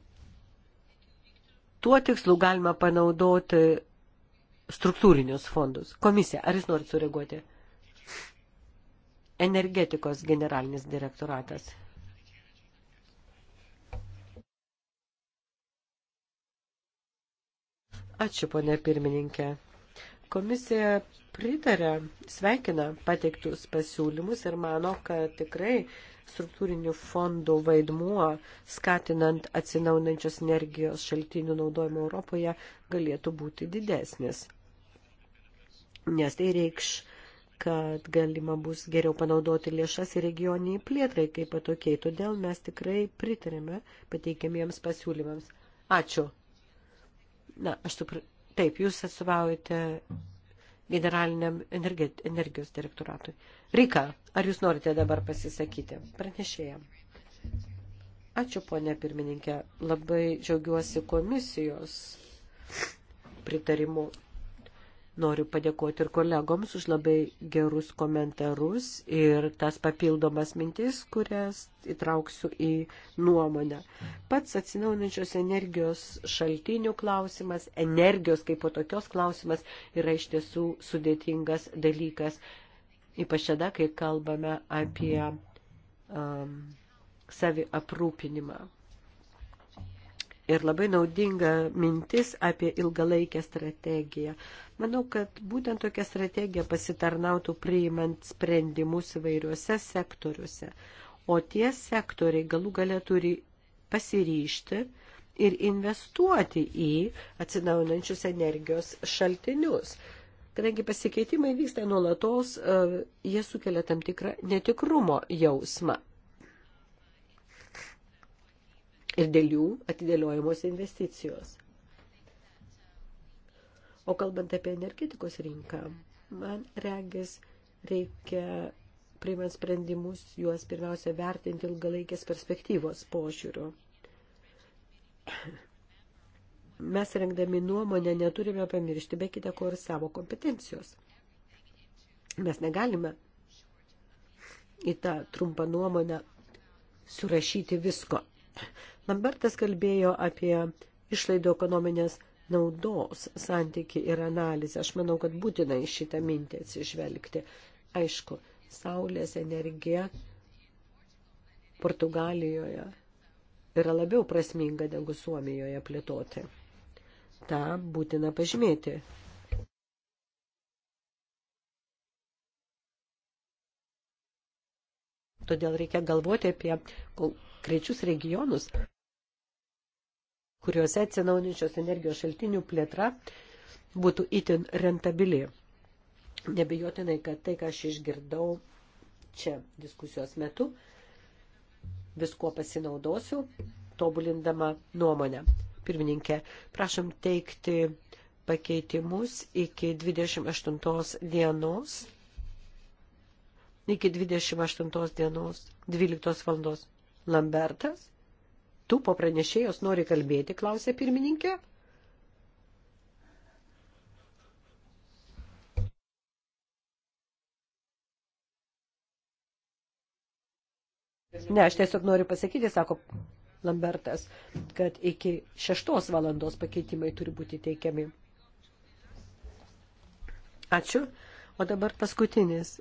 tuo tikslu galima panaudoti struktūrinius fondus. Komisija, ar jūs norit sureaguoti? Energetikos generalinis direktoratas. Ačiū, ponė pirmininkė. Komisija pritarė, sveikina pateiktus pasiūlymus ir mano, kad tikrai struktūrinių fondų vaidmuo, skatinant atsinaunančios energijos šaltinių naudojimą Europoje, galėtų būti didesnis. Nes tai reikš, kad galima bus geriau panaudoti lėšas ir regioniniai plėtrai kaip patokiai. Todėl mes tikrai pritarėme pateikiamiems pasiūlymams. Ačiū. Na, aš suprantu. Taip, jūs atstovaujate generaliniam energijos direktoratui. Rika, ar jūs norite dabar pasisakyti? Pranešėjam. Ačiū, ponė pirmininkė. Labai džiaugiuosi komisijos pritarimu Noriu padėkoti ir kolegoms už labai gerus komentarus ir tas papildomas mintis, kurias įtrauksiu į nuomonę. Pats atsinaujančios energijos šaltinių klausimas, energijos kaip po tokios klausimas yra iš tiesų sudėtingas dalykas, ypač tada, kai kalbame apie um, savi aprūpinimą ir labai naudinga mintis apie ilgalaikę strategiją. Manau, kad būtent tokia strategija pasitarnautų priimant sprendimus įvairiuose sektoriuose, o tie sektoriai galų gale turi pasiryšti ir investuoti į atsinaujinančius energijos šaltinius. Kadangi pasikeitimai vyksta nuolatos, e, jie sukelia tam tikrą netikrumo jausmą. ir dėl jų atidėliojamos investicijos. O kalbant apie energetikos rinką, man regis reikia priimant sprendimus, juos pirmiausia vertinti ilgalaikės perspektyvos požiūrių. Mes rengdami nuomonę neturime pamiršti be kita ko ir savo kompetencijos. Mes negalime į tą trumpą nuomonę surašyti visko. Lambertas kalbėjo apie išlaidų ekonominės naudos santyki ir analizę. Aš manau, kad būtina į šitą mintį atsižvelgti. Aišku, saulės energija Portugalijoje yra labiau prasminga negu Suomijoje plėtoti. Ta būtina pažymėti. Todėl reikia galvoti apie konkrečius regionus kuriuose atsinaujinančios energijos šaltinių plėtra būtų itin rentabili. Nebejotinai, kad tai, ką aš išgirdau čia diskusijos metu, viskuo pasinaudosiu, tobulindama nuomonę. Pirmininkė, prašom teikti pakeitimus iki 28 dienos iki 28 dienos 12 valandos. Lambertas tu po pranešėjos nori kalbėti, klausė pirmininkė. Ne, aš tiesiog noriu pasakyti, sako Lambertas, kad iki šeštos valandos pakeitimai turi būti teikiami. Ačiū. O dabar paskutinis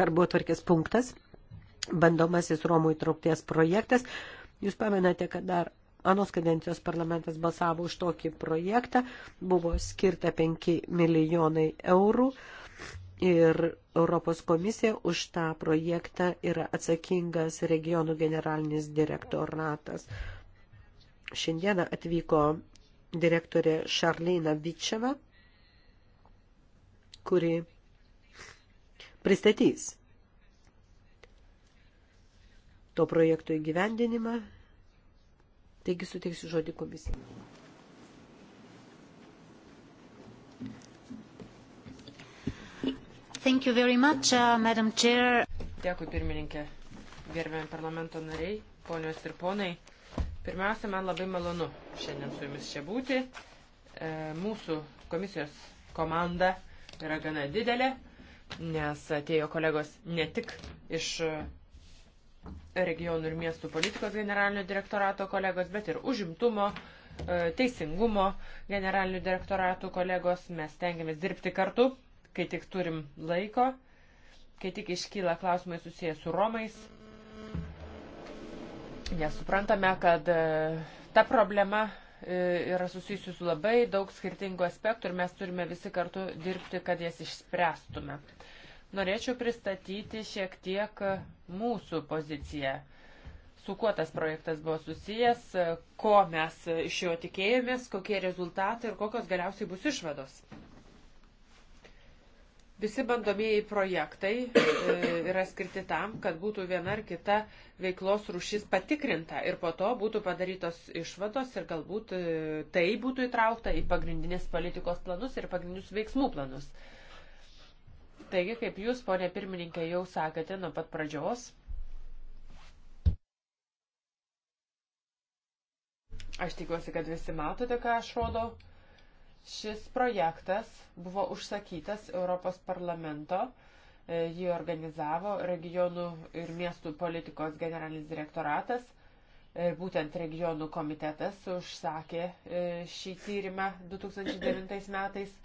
darbo tvarkės punktas – bandomasis Romų įtraukties projektas. Jūs pamenate, kad dar anos kadencijos parlamentas balsavo už tokį projektą, buvo skirta 5 milijonai eurų ir Europos komisija už tą projektą yra atsakingas regionų generalinis direktoratas. Šiandieną atvyko direktorė Šarlina Vyčeva, kuri pristatys to projekto įgyvendinimą. Taigi suteiksiu žodį komisijai. Thank you very much, uh, Madam Chair. Dėkui pirmininkė, gerbėjami parlamento nariai, ponios ir ponai. Pirmiausia, man labai malonu šiandien su jumis čia būti. E, mūsų komisijos komanda yra gana didelė, nes atėjo kolegos ne tik iš regionų ir miestų politikos generalinio direktorato kolegos, bet ir užimtumo, e, teisingumo generalinių direktoratų kolegos. Mes tengiamės dirbti kartu, kai tik turim laiko, kai tik iškyla klausimai susijęs su Romais. Nesuprantame, kad e, ta problema e, yra susijusi su labai daug skirtingų aspektų ir mes turime visi kartu dirbti, kad jas išspręstume. Norėčiau pristatyti šiek tiek mūsų poziciją, su kuo tas projektas buvo susijęs, ko mes iš jo tikėjomės, kokie rezultatai ir kokios galiausiai bus išvados. Visi bandomieji projektai e, yra skirti tam, kad būtų viena ar kita veiklos rušis patikrinta ir po to būtų padarytos išvados ir galbūt e, tai būtų įtraukta į pagrindinės politikos planus ir pagrindinius veiksmų planus. Taigi, kaip jūs, ponė pirmininkė, jau sakėte nuo pat pradžios, aš tikiuosi, kad visi matote, ką aš rodau. Šis projektas buvo užsakytas Europos parlamento, e, jį organizavo regionų ir miestų politikos generalinis direktoratas, e, būtent regionų komitetas užsakė e, šį tyrimą 2009 metais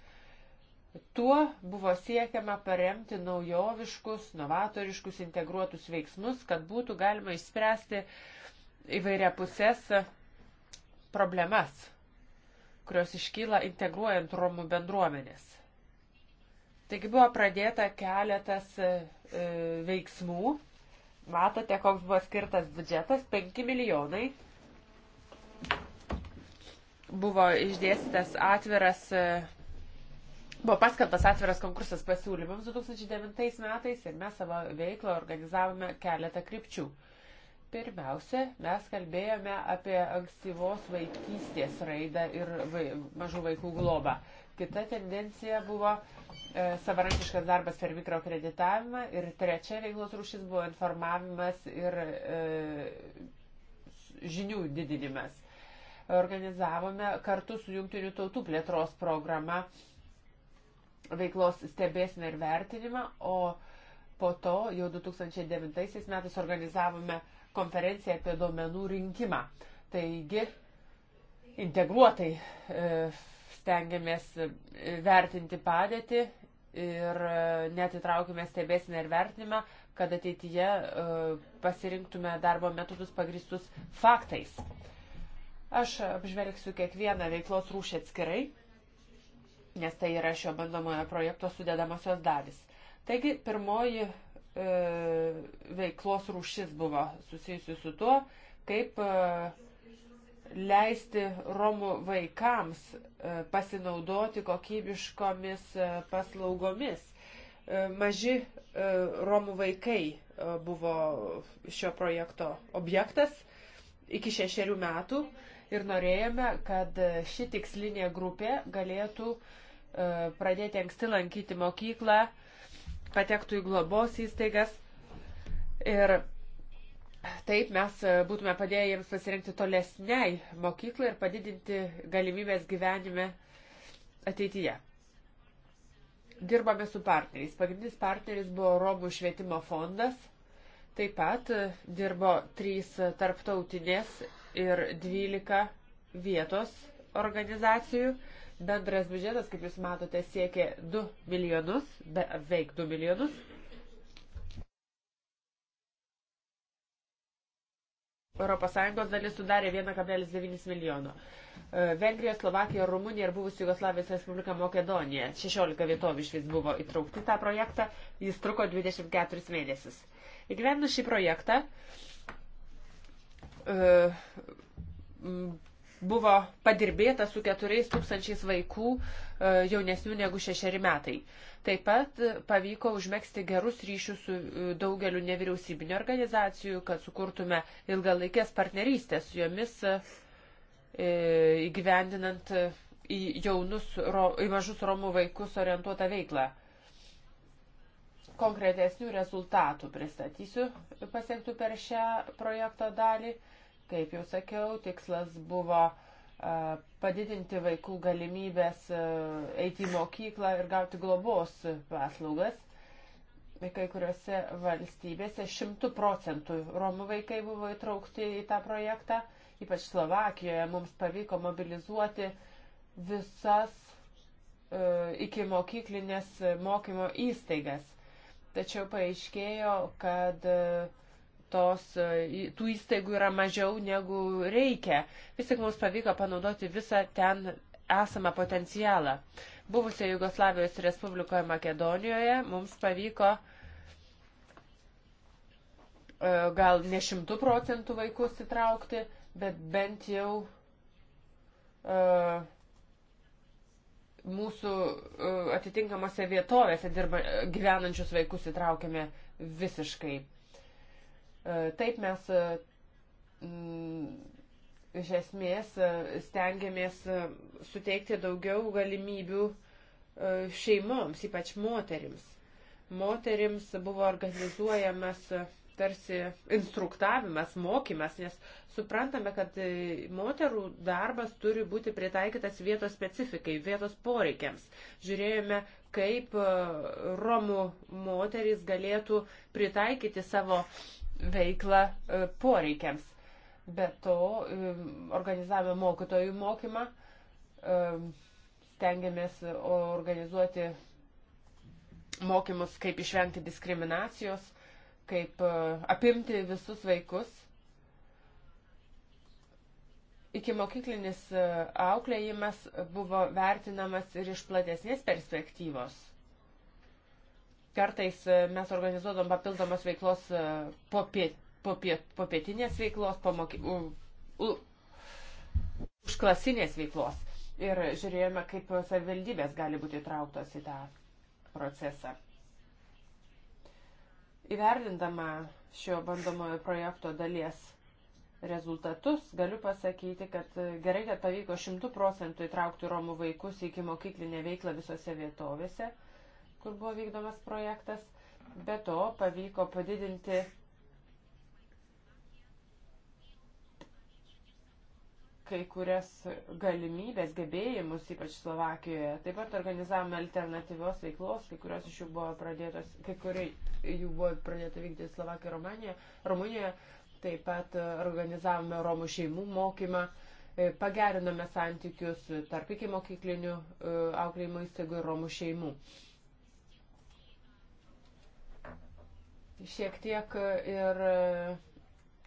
Tuo buvo siekiama paremti naujoviškus, novatoriškus, integruotus veiksmus, kad būtų galima išspręsti įvairia pusės problemas, kurios iškyla integruojant Romų bendruomenės. Taigi buvo pradėta keletas e, e veiksmų. Matote, koks buvo skirtas biudžetas - 5 milijonai. Buvo išdėstytas atviras e, Buvo paskaltas atviras konkursas pasiūlymams 2009 metais ir mes savo veiklą organizavome keletą krypčių. Pirmiausia, mes kalbėjome apie ankstyvos vaikystės raidą ir vai, mažų vaikų globą. Kita tendencija buvo e, savarankiškas darbas per mikrokreditavimą ir trečia veiklos rūšis buvo informavimas ir e, žinių didinimas. Organizavome kartu su Junktinių tautų plėtros programa e, veiklos stebėsime ir vertinimą, o po to jau 2009 metais organizavome konferenciją apie duomenų rinkimą. Taigi, integruotai e, stengiamės e, vertinti padėtį ir e, net įtraukime stebėsinę ir vertinimą, kad ateityje pasirinktume darbo metodus pagristus faktais. Aš apžvelgsiu kiekvieną veiklos rūšį atskirai nes tai yra šio bandomojo projekto sudedamosios dalis. Taigi pirmoji e, veiklos rūšis buvo susijusi su tuo, kaip e, leisti Romų vaikams e, pasinaudoti kokybiškomis e, paslaugomis. E, maži Romų vaikai buvo šio projekto objektas iki šešerių metų ir norėjome, kad ši tikslinė grupė galėtų uh, E, pradėti anksti lankyti mokyklą, patektų į globos įstaigas. Ir taip mes e, būtume padėję jiems pasirinkti tolesniai mokyklai ir padidinti galimybės gyvenime ateityje. Dirbame su partneriais. Pagrindinis partneris buvo Romų švietimo fondas. Taip pat e, dirbo trys tarptautinės ir dvylika vietos organizacijų. Bendras biudžetas, kaip jūs matote, siekia 2 milijonus, beveik 2 milijonus. ES dalis sudarė 1,9 milijono. E, Vengrija, Slovakija, Rumunija ir buvusi Jugoslavijos Respublika Makedonija. 16 vietovių iš vis buvo įtraukti tą projektą. Jis truko 24 mėnesius. Įgyvendus šį projektą, e, buvo padirbėta su 4000 vaikų e, jaunesnių negu šešeri metai. Taip pat pavyko užmėgsti gerus ryšius su e, daugeliu nevyriausybinio organizacijų, kad sukurtume ilgalaikės partnerystės su jomis e, įgyvendinant į jaunus, į mažus romų vaikus orientuotą veiklą. Konkretesnių rezultatų pristatysiu pasiektų per šią projekto dalį. Kaip jau sakiau, tikslas buvo e, padidinti vaikų galimybės e, eiti į mokyklą ir gauti globos paslaugas. Kai kuriuose valstybėse šimtų procentų Romų vaikai buvo įtraukti į tą projektą, ypač Slovakijoje mums pavyko mobilizuoti visas e, iki mokyklinės mokymo įstaigas. Tačiau paaiškėjo, kad uh, tos, e, tų įstaigų yra mažiau negu reikia. Vis tik mums pavyko panaudoti visą ten esamą potencialą. Buvusioje Jugoslavijos Respublikoje Makedonijoje mums pavyko e, gal ne šimtų procentų vaikus įtraukti, bet bent jau uh, mūsų uh, atitinkamose vietovėse dirba, gyvenančius vaikus įtraukėme visiškai. E, taip mes e, iš esmės e, stengiamės suteikti daugiau galimybių šeimoms, ypač moterims. Moterims buvo organizuojamas tarsi instruktavimas, mokymas, nes suprantame, kad moterų darbas turi būti pritaikytas vietos specifikai, vietos poreikiams. Žiūrėjome, kaip Romų moterys galėtų pritaikyti savo veiklą e, poreikiams. Be to, e, organizavome mokytojų mokymą, e, stengiamės organizuoti mokymus, kaip išvengti diskriminacijos, kaip apimti visus vaikus. Iki mokyklinis auklėjimas buvo vertinamas ir iš platesnės perspektyvos – Kartais e, mes organizuodom papildomos veiklos e, po, piet, po, piet, po pietinės veiklos, po moky, u, u, užklasinės veiklos. Ir žiūrėjome, kaip savivaldybės gali būti įtrauktos į tą procesą. Įvertindama šio bandomojo projekto dalies rezultatus, galiu pasakyti, kad e, gerai, kad pavyko šimtų procentų įtraukti Romų vaikus į mokyklinę veiklą visose vietovėse kur buvo vykdomas projektas. Be to pavyko padidinti kai kurias galimybės, gebėjimus, ypač Slovakijoje. Taip pat organizavome alternatyvios veiklos, kai kurios iš jų buvo pradėtos, kai kuriai jų buvo pradėta vykdyti Slovakijoje, Romanijoje, Rumunijoje. Taip pat organizavome Romų šeimų mokymą, e, pagerinome santykius tarp iki mokyklinių e, auklėjimo įstaigų ir Romų šeimų. Šiek tiek ir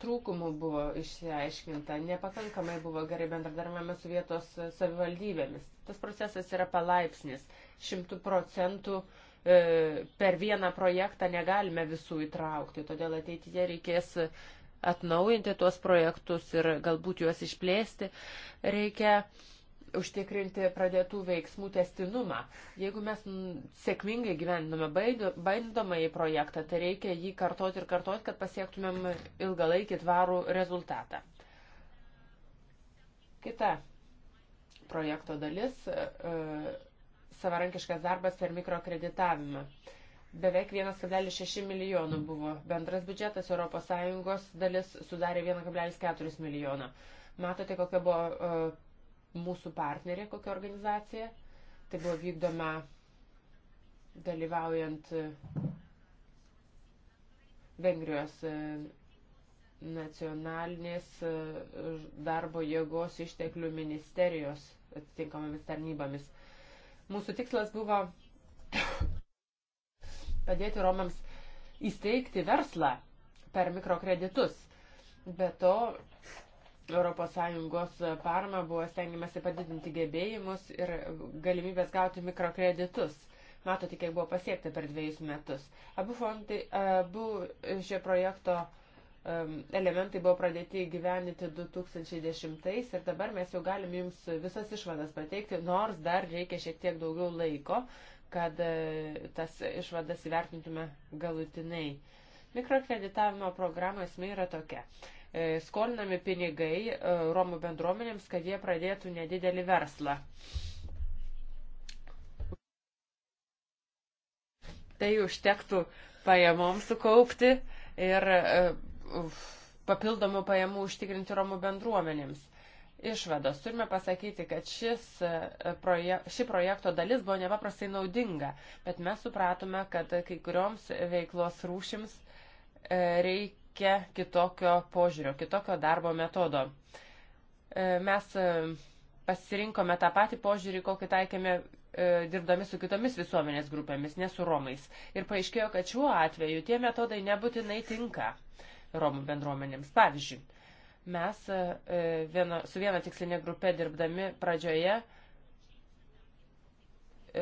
trūkumų buvo išsiaiškinta, nepakankamai buvo gerai bendradarbiavame su vietos savivaldybėmis. Tas procesas yra palaipsnis. Šimtų procentų e, per vieną projektą negalime visų įtraukti, todėl ateityje reikės atnaujinti tuos projektus ir galbūt juos išplėsti. Reikia uh, užtikrinti pradėtų veiksmų testinumą. Jeigu mes sėkmingai gyvendome bandomąjį projektą, tai reikia jį kartoti ir kartoti, kad pasiektumėm ilgalaikį tvarų rezultatą. Kita projekto dalis e, - e, savarankiškas darbas per mikrokreditavimą. Beveik 1,6 milijonų buvo. Bendras biudžetas ES dalis sudarė 1,4 milijoną. Matote, kokia buvo e, mūsų partnerė, kokia organizacija. Tai buvo vykdoma dalyvaujant e, Vengrijos e, nacionalinės e, darbo jėgos išteklių ministerijos atitinkamomis tarnybomis. Mūsų tikslas buvo (coughs) padėti Romams įsteigti verslą per mikrokreditus. Be to ES parama buvo stengiamasi padidinti gebėjimus ir galimybės gauti mikrokreditus. Matote, kiek buvo pasiekta per dviejus metus. Abu, fondai, abu šio projekto elementai buvo pradėti gyveninti 2010 ir dabar mes jau galim jums visas išvadas pateikti, nors dar reikia šiek tiek daugiau laiko, kad e, tas išvadas įvertintume galutinai. Mikrokreditavimo programa esmė yra tokia. E, skolinami pinigai e, Romų bendruomenėms, kad jie pradėtų nedidelį verslą. Tai užtektų pajamoms sukaupti ir e, papildomų pajamų užtikrinti Romų bendruomenėms. Išvados. Turime pasakyti, kad šis, proje, ši projekto dalis buvo nepaprastai naudinga, bet mes supratome, kad kai kurioms veiklos rūšims reikia reikia kitokio požiūrio, kitokio darbo metodo. E, mes e, pasirinkome tą patį požiūrį, kokį taikėme e, dirbdami su kitomis visuomenės grupėmis, ne su Romais. Ir paaiškėjo, kad šiuo atveju tie metodai nebūtinai tinka Romų bendruomenėms. Pavyzdžiui, mes vieno, su viena tikslinė grupė dirbdami pradžioje uh, E,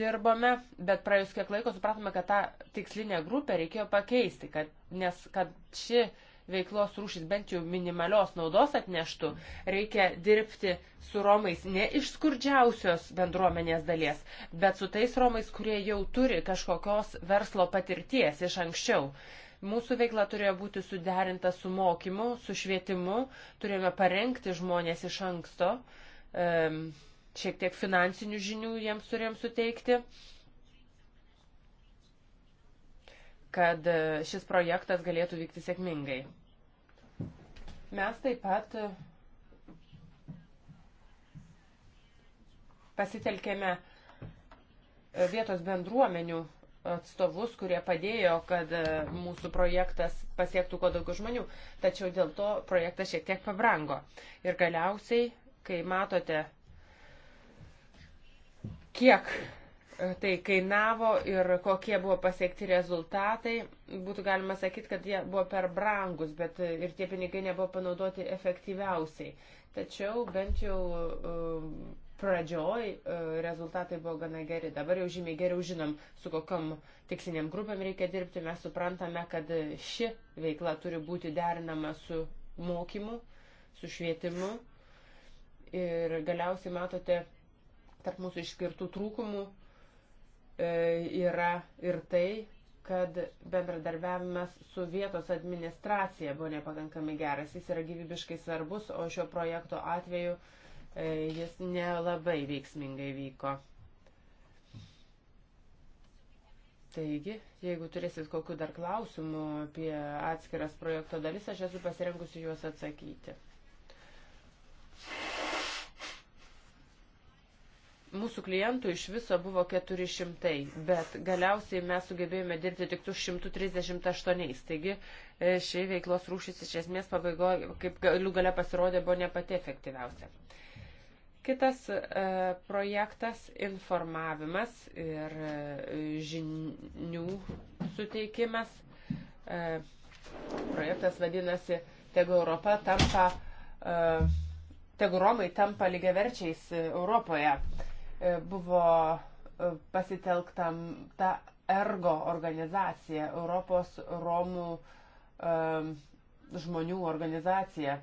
dirbome, bet praėjus kiek laiko supratome, kad tą tikslinę grupę reikėjo pakeisti, kad, nes kad ši veiklos rūšis bent jau minimalios naudos atneštų, reikia dirbti su Romais ne iš skurdžiausios bendruomenės dalies, bet su tais Romais, kurie jau turi kažkokios verslo patirties iš anksčiau. Mūsų veikla turėjo būti suderinta su mokymu, su švietimu, turėjome parengti žmonės iš anksto. Um, e, šiek tiek finansinių žinių jiems turėjom suteikti, kad e, šis projektas galėtų vykti sėkmingai. Mes taip pat e, pasitelkėme e, vietos bendruomenių atstovus, kurie padėjo, kad mūsų projektas pasiektų kuo daugiau žmonių, tačiau dėl to projektas šiek tiek pabrango. Ir galiausiai, kai matote kiek e, tai kainavo ir kokie buvo pasiekti rezultatai. Būtų galima sakyti, kad jie buvo per brangus, bet e, ir tie pinigai nebuvo panaudoti efektyviausiai. Tačiau bent jau e, pradžioj rezultatai buvo gana geri. Dabar jau žymiai geriau žinom, su kokiam tiksliniam grupėm reikia dirbti. Mes suprantame, kad ši veikla turi būti derinama su mokymu, su švietimu. Ir galiausiai matote tarp mūsų išskirtų trūkumų e, yra ir tai, kad bendradarbiavimas su vietos administracija buvo nepakankamai geras. Jis yra gyvybiškai svarbus, o šio projekto atveju e, jis nelabai veiksmingai vyko. Taigi, jeigu turėsit kokiu dar klausimu apie atskiras projekto dalis, aš esu pasirengusi juos atsakyti mūsų klientų iš viso buvo 400, bet galiausiai mes sugebėjome dirbti tik su 138. Taigi e, ši veiklos rūšis iš esmės pabaigoje, kaip galiu gale pasirodė, buvo ne pati efektyviausia. Kitas e, projektas - informavimas ir e, žinių suteikimas. E, projektas vadinasi Tegu Europa tampa. E, tegu Romai tampa lygiaverčiais e, Europoje. E, E, buvo e, pasitelktam ta ergo organizacija, Europos Romų um, žmonių organizacija.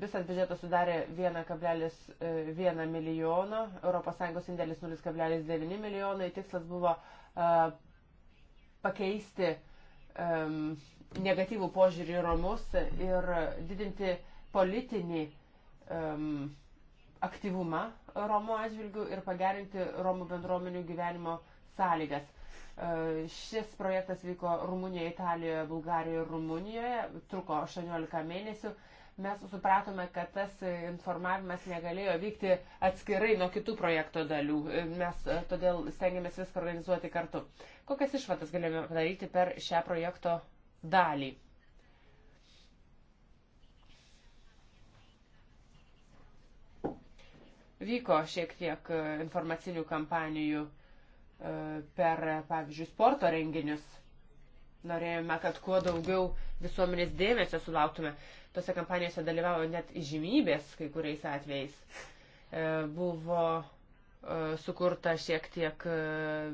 Visas biudžetas sudarė 1,1 milijono, ES indėlis 0,9 milijonai. Tikslas buvo uh, pakeisti um, negatyvų požiūrį į Romus ir didinti politinį um, aktyvumą Romų atžvilgių ir pagerinti Romų bendruomenių gyvenimo sąlygas. E, šis projektas vyko Rumunijoje, Italijoje, Bulgarijoje ir Rumunijoje, truko 18 mėnesių. Mes supratome, kad tas informavimas negalėjo vykti atskirai nuo kitų projekto dalių. E, mes e, todėl stengiamės viską organizuoti kartu. Kokias išvadas galėjome padaryti per šią projekto dalį? Vyko šiek tiek e, informacinių kampanijų e, per, pavyzdžiui, sporto renginius. Norėjome, kad kuo daugiau visuomenės dėmesio sulauktume. Tose kampanijose dalyvavo net įžymybės kai kuriais atvejais. E, buvo sukurta šiek tiek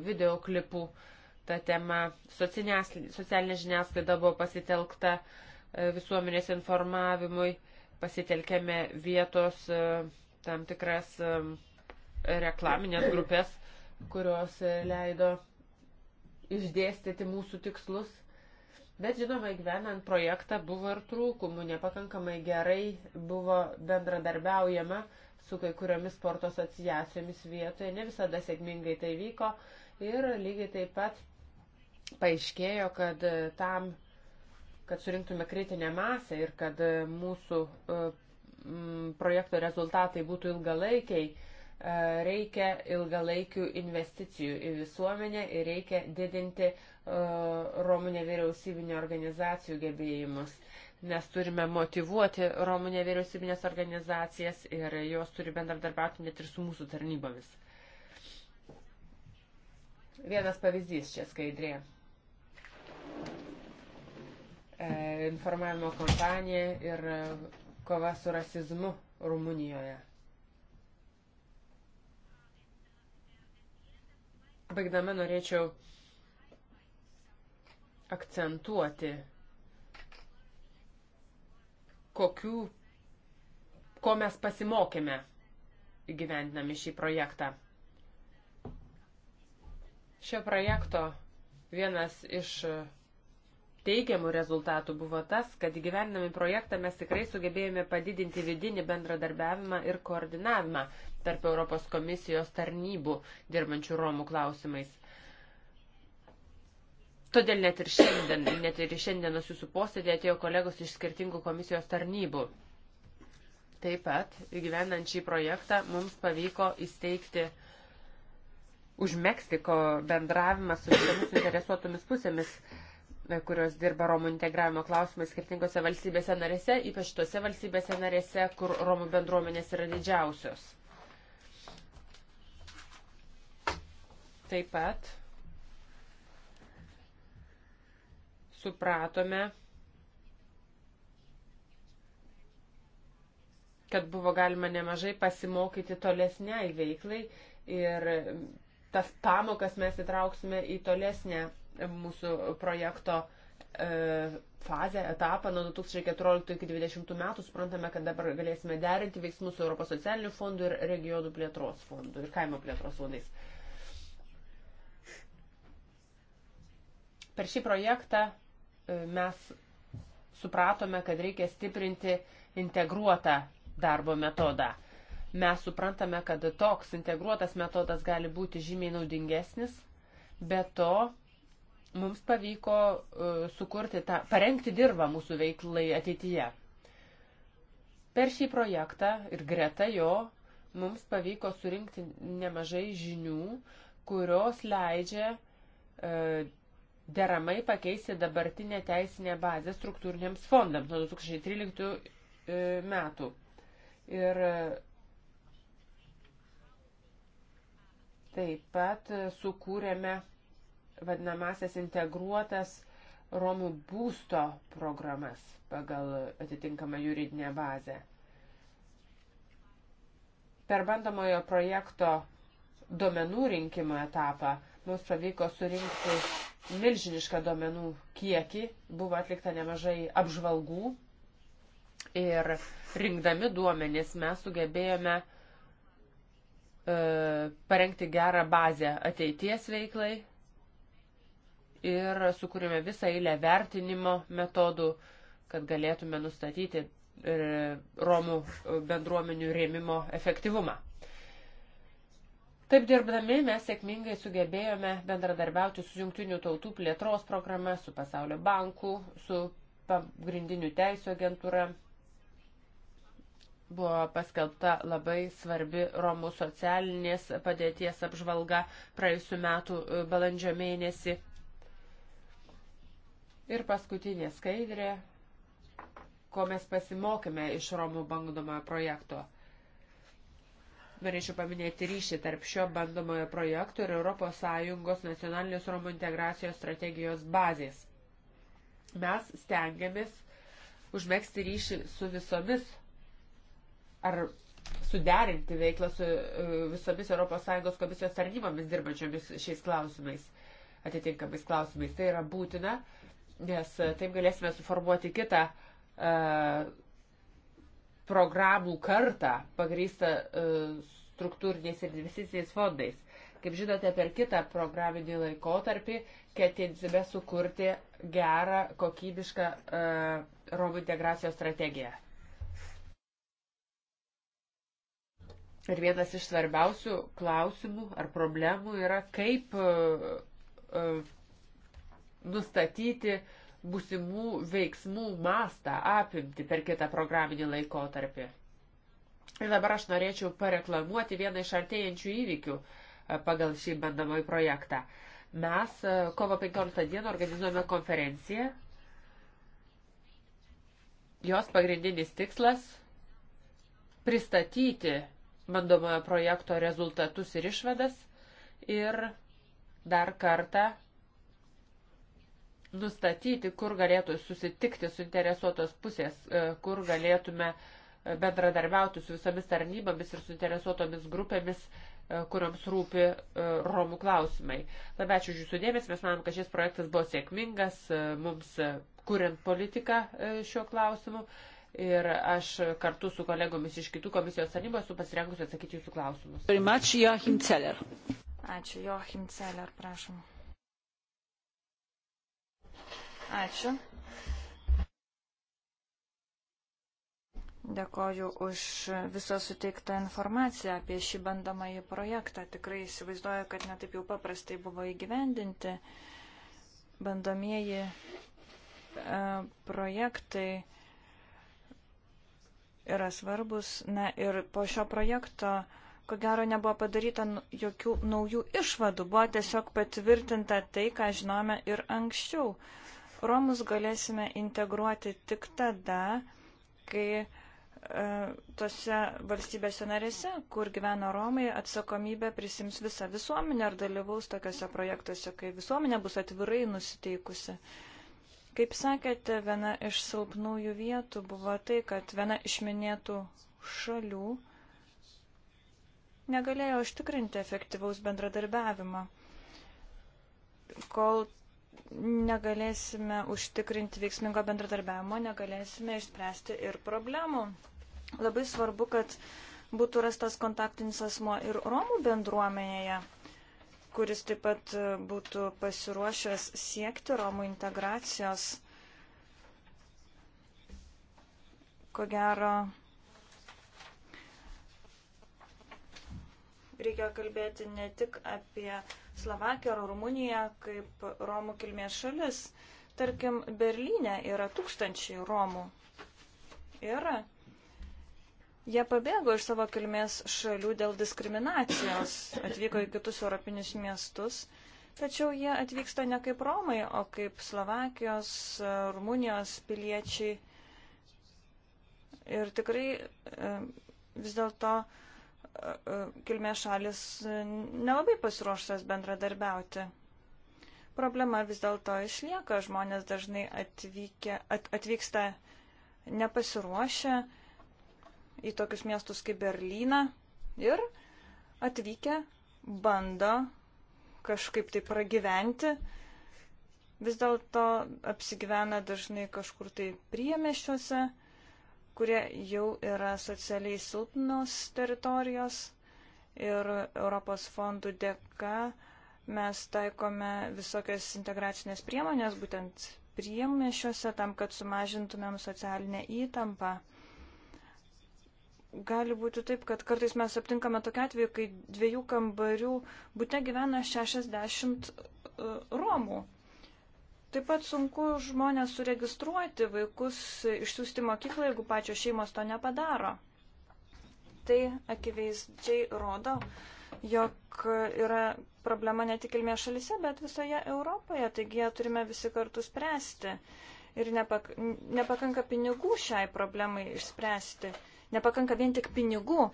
videoklipų ta tema, socialinė žiniasklaida buvo pasitelkta visuomenės informavimui, pasitelkėme vietos tam tikras reklaminės grupės, kurios e, leido išdėstyti mūsų tikslus. Bet žinoma, gyvenant projektą buvo ir trūkumų, nepakankamai gerai buvo bendradarbiaujama su kai kuriomis sporto asociacijomis vietoje, ne visada sėkmingai tai vyko ir lygiai taip pat paaiškėjo, kad e, tam, kad surinktume kritinę masę ir kad e, mūsų Mm, projekto rezultatai būtų ilgalaikiai, e, reikia ilgalaikių investicijų į visuomenę ir reikia didinti e, Romų nevyriausybinio organizacijų gebėjimus, nes turime motivuoti Romų nevyriausybinės organizacijas ir jos turi bendradarbiauti net ir su mūsų tarnybomis. Vienas pavyzdys čia skaidrė. E, informavimo kompanija ir kova su rasizmu Rumunijoje. Baigdama norėčiau akcentuoti, kokių, ko mes pasimokėme įgyvendinami šį projektą. Šio projekto vienas iš teigiamų rezultatų buvo tas, kad gyvenami projektą mes tikrai sugebėjome padidinti vidinį bendradarbiavimą ir koordinavimą tarp Europos komisijos tarnybų dirbančių Romų klausimais. Todėl net ir šiandien, net ir šiandienos jūsų posėdė atėjo kolegos iš skirtingų komisijos tarnybų. Taip pat, gyvenant šį projektą, mums pavyko įsteigti užmėgsti bendravimą su visomis interesuotomis pusėmis E, kurios dirba Romų integravimo klausimais skirtingose valstybėse narėse, ypač tose valstybėse narėse, kur Romų bendruomenės yra didžiausios. Taip pat supratome, kad buvo galima nemažai pasimokyti tolesniai veiklai ir tas pamokas mes įtrauksime į tolesnę mūsų projekto e, fazę, etapą nuo 2014 iki 2020 metų. Suprantame, kad dabar galėsime derinti veiksmus su Europos socialiniu fondu ir regionų plėtros fondu ir kaimo plėtros fondais. Per šį projektą e, mes supratome, kad reikia stiprinti integruotą darbo metodą. Mes suprantame, kad toks integruotas metodas gali būti žymiai naudingesnis, bet to mums pavyko e, sukurti tą, parengti dirbą mūsų veiklai ateityje. Per šį projektą ir greta jo mums pavyko surinkti nemažai žinių, kurios leidžia e, deramai pakeisti dabartinę teisinę bazę struktūriniams fondams nuo 2013 e, metų. Ir e, taip pat e, sukūrėme vadinamasias integruotas Romų būsto programas pagal atitinkamą juridinę bazę. Per bandomojo projekto duomenų rinkimo etapą mums pavyko surinkti milžinišką duomenų kiekį, buvo atlikta nemažai apžvalgų ir rinkdami duomenis mes sugebėjome e, parengti gerą bazę ateities veiklai ir sukūrėme visą eilę vertinimo metodų, kad galėtume nustatyti e, Romų e, bendruomenių rėmimo efektyvumą. Taip dirbdami mes sėkmingai sugebėjome bendradarbiauti su Junktinių tautų plėtros programa, su Pasaulio banku, su pagrindinių teisų agentūra. Buvo paskelbta labai svarbi Romų socialinės padėties apžvalga praėjusiu metu e, balandžio mėnesį. Ir paskutinė skaidrė, ko mes pasimokėme iš Romų bandomojo projekto. Norėčiau paminėti ryšį tarp šio bandomojo projekto ir ES nacionalinės Romų integracijos strategijos bazės. Mes stengiamės užmėgsti ryšį su visomis ar suderinti veiklą su e, visomis ES komisijos tarnybomis dirbančiomis šiais klausimais, atitinkamais klausimais. Tai yra būtina, nes e, taip galėsime suformuoti kitą uh, programų kartą pagrįstą uh, struktūriniais ir investiciniais fondais. Kaip žinote, per kitą programinį laikotarpį ketinsime sukurti gerą, kokybišką uh, Romų integracijos strategiją. Ir vienas iš svarbiausių klausimų ar problemų yra, kaip uh, uh, nustatyti būsimų veiksmų mastą, apimti per kitą programinį laikotarpį. Ir dabar aš norėčiau pareklamuoti vieną iš artėjančių įvykių e, pagal šį bandamąjį projektą. Mes e, kovo 15 dieną organizuojame konferenciją. Jos pagrindinis tikslas - pristatyti bandomojo projekto rezultatus ir išvadas ir dar kartą nustatyti, kur galėtų susitikti suinteresuotos pusės, e, kur galėtume e, bendradarbiauti su visomis tarnybomis ir suinteresuotomis grupėmis, e, kuriams rūpi Romų klausimai. Labai ačiū už jūsų dėmesį, mes manom, kad šis projektas buvo sėkmingas mums kuriant politiką šiuo klausimu. Ir aš kartu su kolegomis iš kitų komisijos tarnybos esu pasirengusi atsakyti jūsų klausimus. Ačiū, Joachim Celler. Ačiū, Joachim Celler, prašom. Ačiū. Dėkoju už visą suteiktą informaciją apie šį bandomąjį projektą. Tikrai įsivaizduoju, kad netaip jau paprastai buvo įgyvendinti bandomieji e, projektai yra svarbus. Na ir po šio projekto, ko gero, nebuvo padaryta jokių naujų išvadų. Buvo tiesiog patvirtinta tai, ką žinome ir anksčiau. E, Romus galėsime integruoti tik tada, kai e, tose valstybėse narėse, kur gyvena Romai, atsakomybę prisims visa visuomenė ar dalyvaus tokiuose projektuose, kai visuomenė bus atvirai nusiteikusi. Kaip sakėte, viena iš silpnųjų vietų buvo tai, kad viena iš minėtų šalių negalėjo užtikrinti efektyvaus bendradarbiavimo. Kol negalėsime užtikrinti veiksmingo bendradarbiavimo, negalėsime išspręsti ir problemų. Labai svarbu, kad būtų rastas kontaktinis asmo ir Romų bendruomenėje, kuris taip pat būtų pasiruošęs siekti Romų integracijos. Ko gero, reikia kalbėti ne tik apie Slovakiją ar Rumuniją kaip Romų kilmės šalis. Tarkim, Berlyne yra tūkstančiai Romų. Ir jie pabėgo iš savo kilmės šalių dėl diskriminacijos, atvyko į kitus europinius miestus. Tačiau jie atvyksta ne kaip Romai, o kaip Slovakijos, Rumunijos piliečiai. Ir tikrai e, vis dėlto uh, kilmės šalis nelabai pasiruoštas bendradarbiauti. Problema vis dėlto išlieka, žmonės dažnai atvykia, at, atvyksta nepasiruošę į tokius miestus kaip Berlyną ir atvykę bando kažkaip tai pragyventi, vis dėlto apsigyvena dažnai kažkur tai priemeščiuose kurie jau yra socialiai silpnos teritorijos ir Europos fondų dėka mes taikome visokias integracinės priemonės, būtent priemešiuose, tam, kad sumažintumėm socialinę įtampą. Gali būti taip, kad kartais mes aptinkame tokia atveju, kai dviejų kambarių būte gyvena 60 uh, e, romų. Taip pat sunku žmonės suregistruoti vaikus išsiųsti mokyklą, jeigu pačios šeimos to nepadaro. Tai akivaizdžiai rodo, jog yra problema ne tik kilmės šalise, bet visoje Europoje. Taigi ją turime visi kartu spręsti. Ir nepak nepakanka pinigų šiai problemai išspręsti. Nepakanka vien tik pinigų,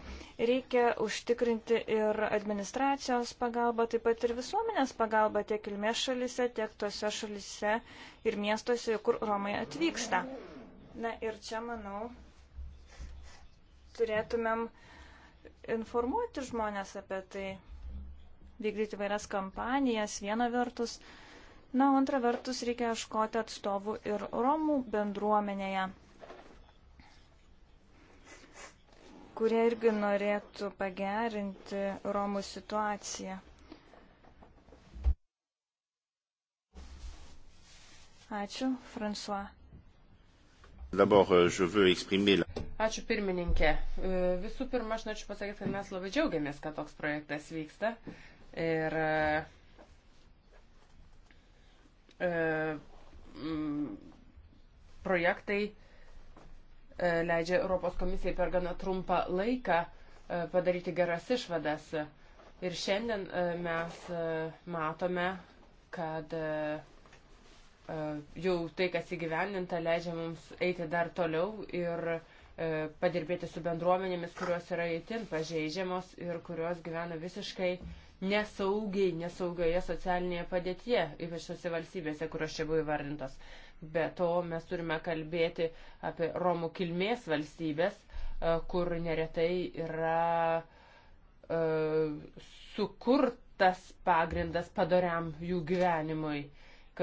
reikia užtikrinti ir administracijos pagalbą, taip pat ir visuomenės pagalbą tiek kilmės šalise, tiek tose šalise ir miestuose, kur Romai atvyksta. Na ir čia, manau, turėtumėm informuoti žmonės apie tai, vykdyti vairias kampanijas, viena vertus. Na, antra vertus, reikia ieškoti atstovų ir Romų bendruomenėje. kurie irgi norėtų pagerinti Romų situaciją. Ačiū, François. Euh, Ačiū pirmininkė. E, visų pirma, aš norėčiau pasakyti, kad mes labai džiaugiamės, kad toks projektas vyksta. Ir e, e, projektai E, leidžia Europos komisijai per gana trumpą laiką e, padaryti geras išvadas. Ir šiandien e, mes matome, kad jau tai, kas įgyvendinta, leidžia mums eiti dar toliau ir padirbėti su bendruomenėmis, kurios yra įtin pažeidžiamos ir kurios gyvena visiškai nesaugiai, nesaugioje socialinėje padėtyje, ypač tose valstybėse, kurios čia buvo įvardintos. Be to mes turime kalbėti apie Romų kilmės valstybės, e, kur neretai yra e, sukurtas pagrindas padariam jų gyvenimui,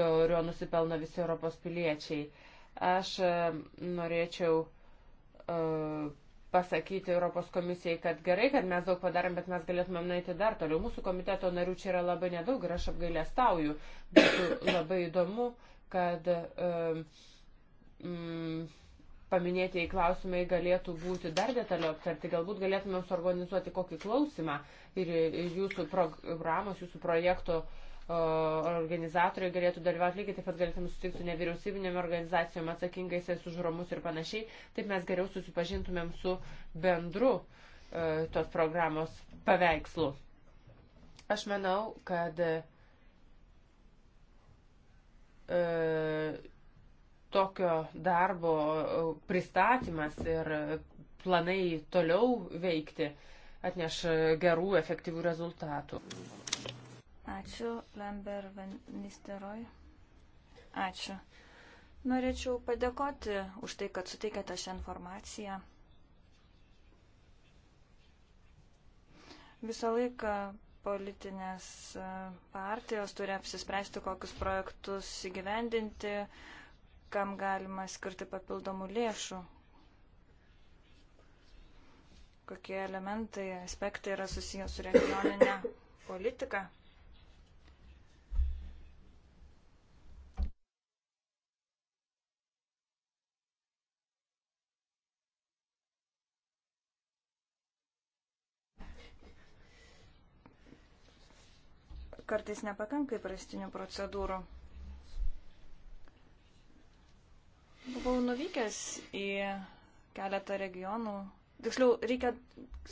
kurio nusipelno visi Europos piliečiai. Aš e, norėčiau pasakyti Europos komisijai, kad gerai, kad mes daug padarėm, bet mes galėtumėm nueiti dar toliau. Mūsų komiteto narių čia yra labai nedaug ir aš apgailę stauju. Būtų (coughs) labai įdomu uh, kad mm, paminėtieji klausimai galėtų būti dar detaliau aptarti. Galbūt galėtume suorganizuoti kokį klausimą ir jūsų programos, jūsų projekto organizatoriai galėtų dalyvauti lygiai taip pat galėtume sutikti su nevyriausybinėm organizacijom atsakingais už romus ir panašiai. Taip mes geriau susipažintumėm su bendru e, tos programos paveikslu. Aš manau, kad E, tokio darbo e, pristatymas ir planai toliau veikti atneš gerų, efektyvių rezultatų. Ačiū, Lambert Van Nisteroj. Ačiū. Norėčiau padėkoti už tai, kad suteikėte šią informaciją. Visą laiką politinės e, partijos turi apsispręsti, kokius projektus įgyvendinti, kam galima skirti papildomų lėšų, kokie elementai, aspektai yra susijęs su regioninė politika. kartais nepakanka įprastinių procedūrų. Buvau nuvykęs į keletą regionų. Tiksliau, reikia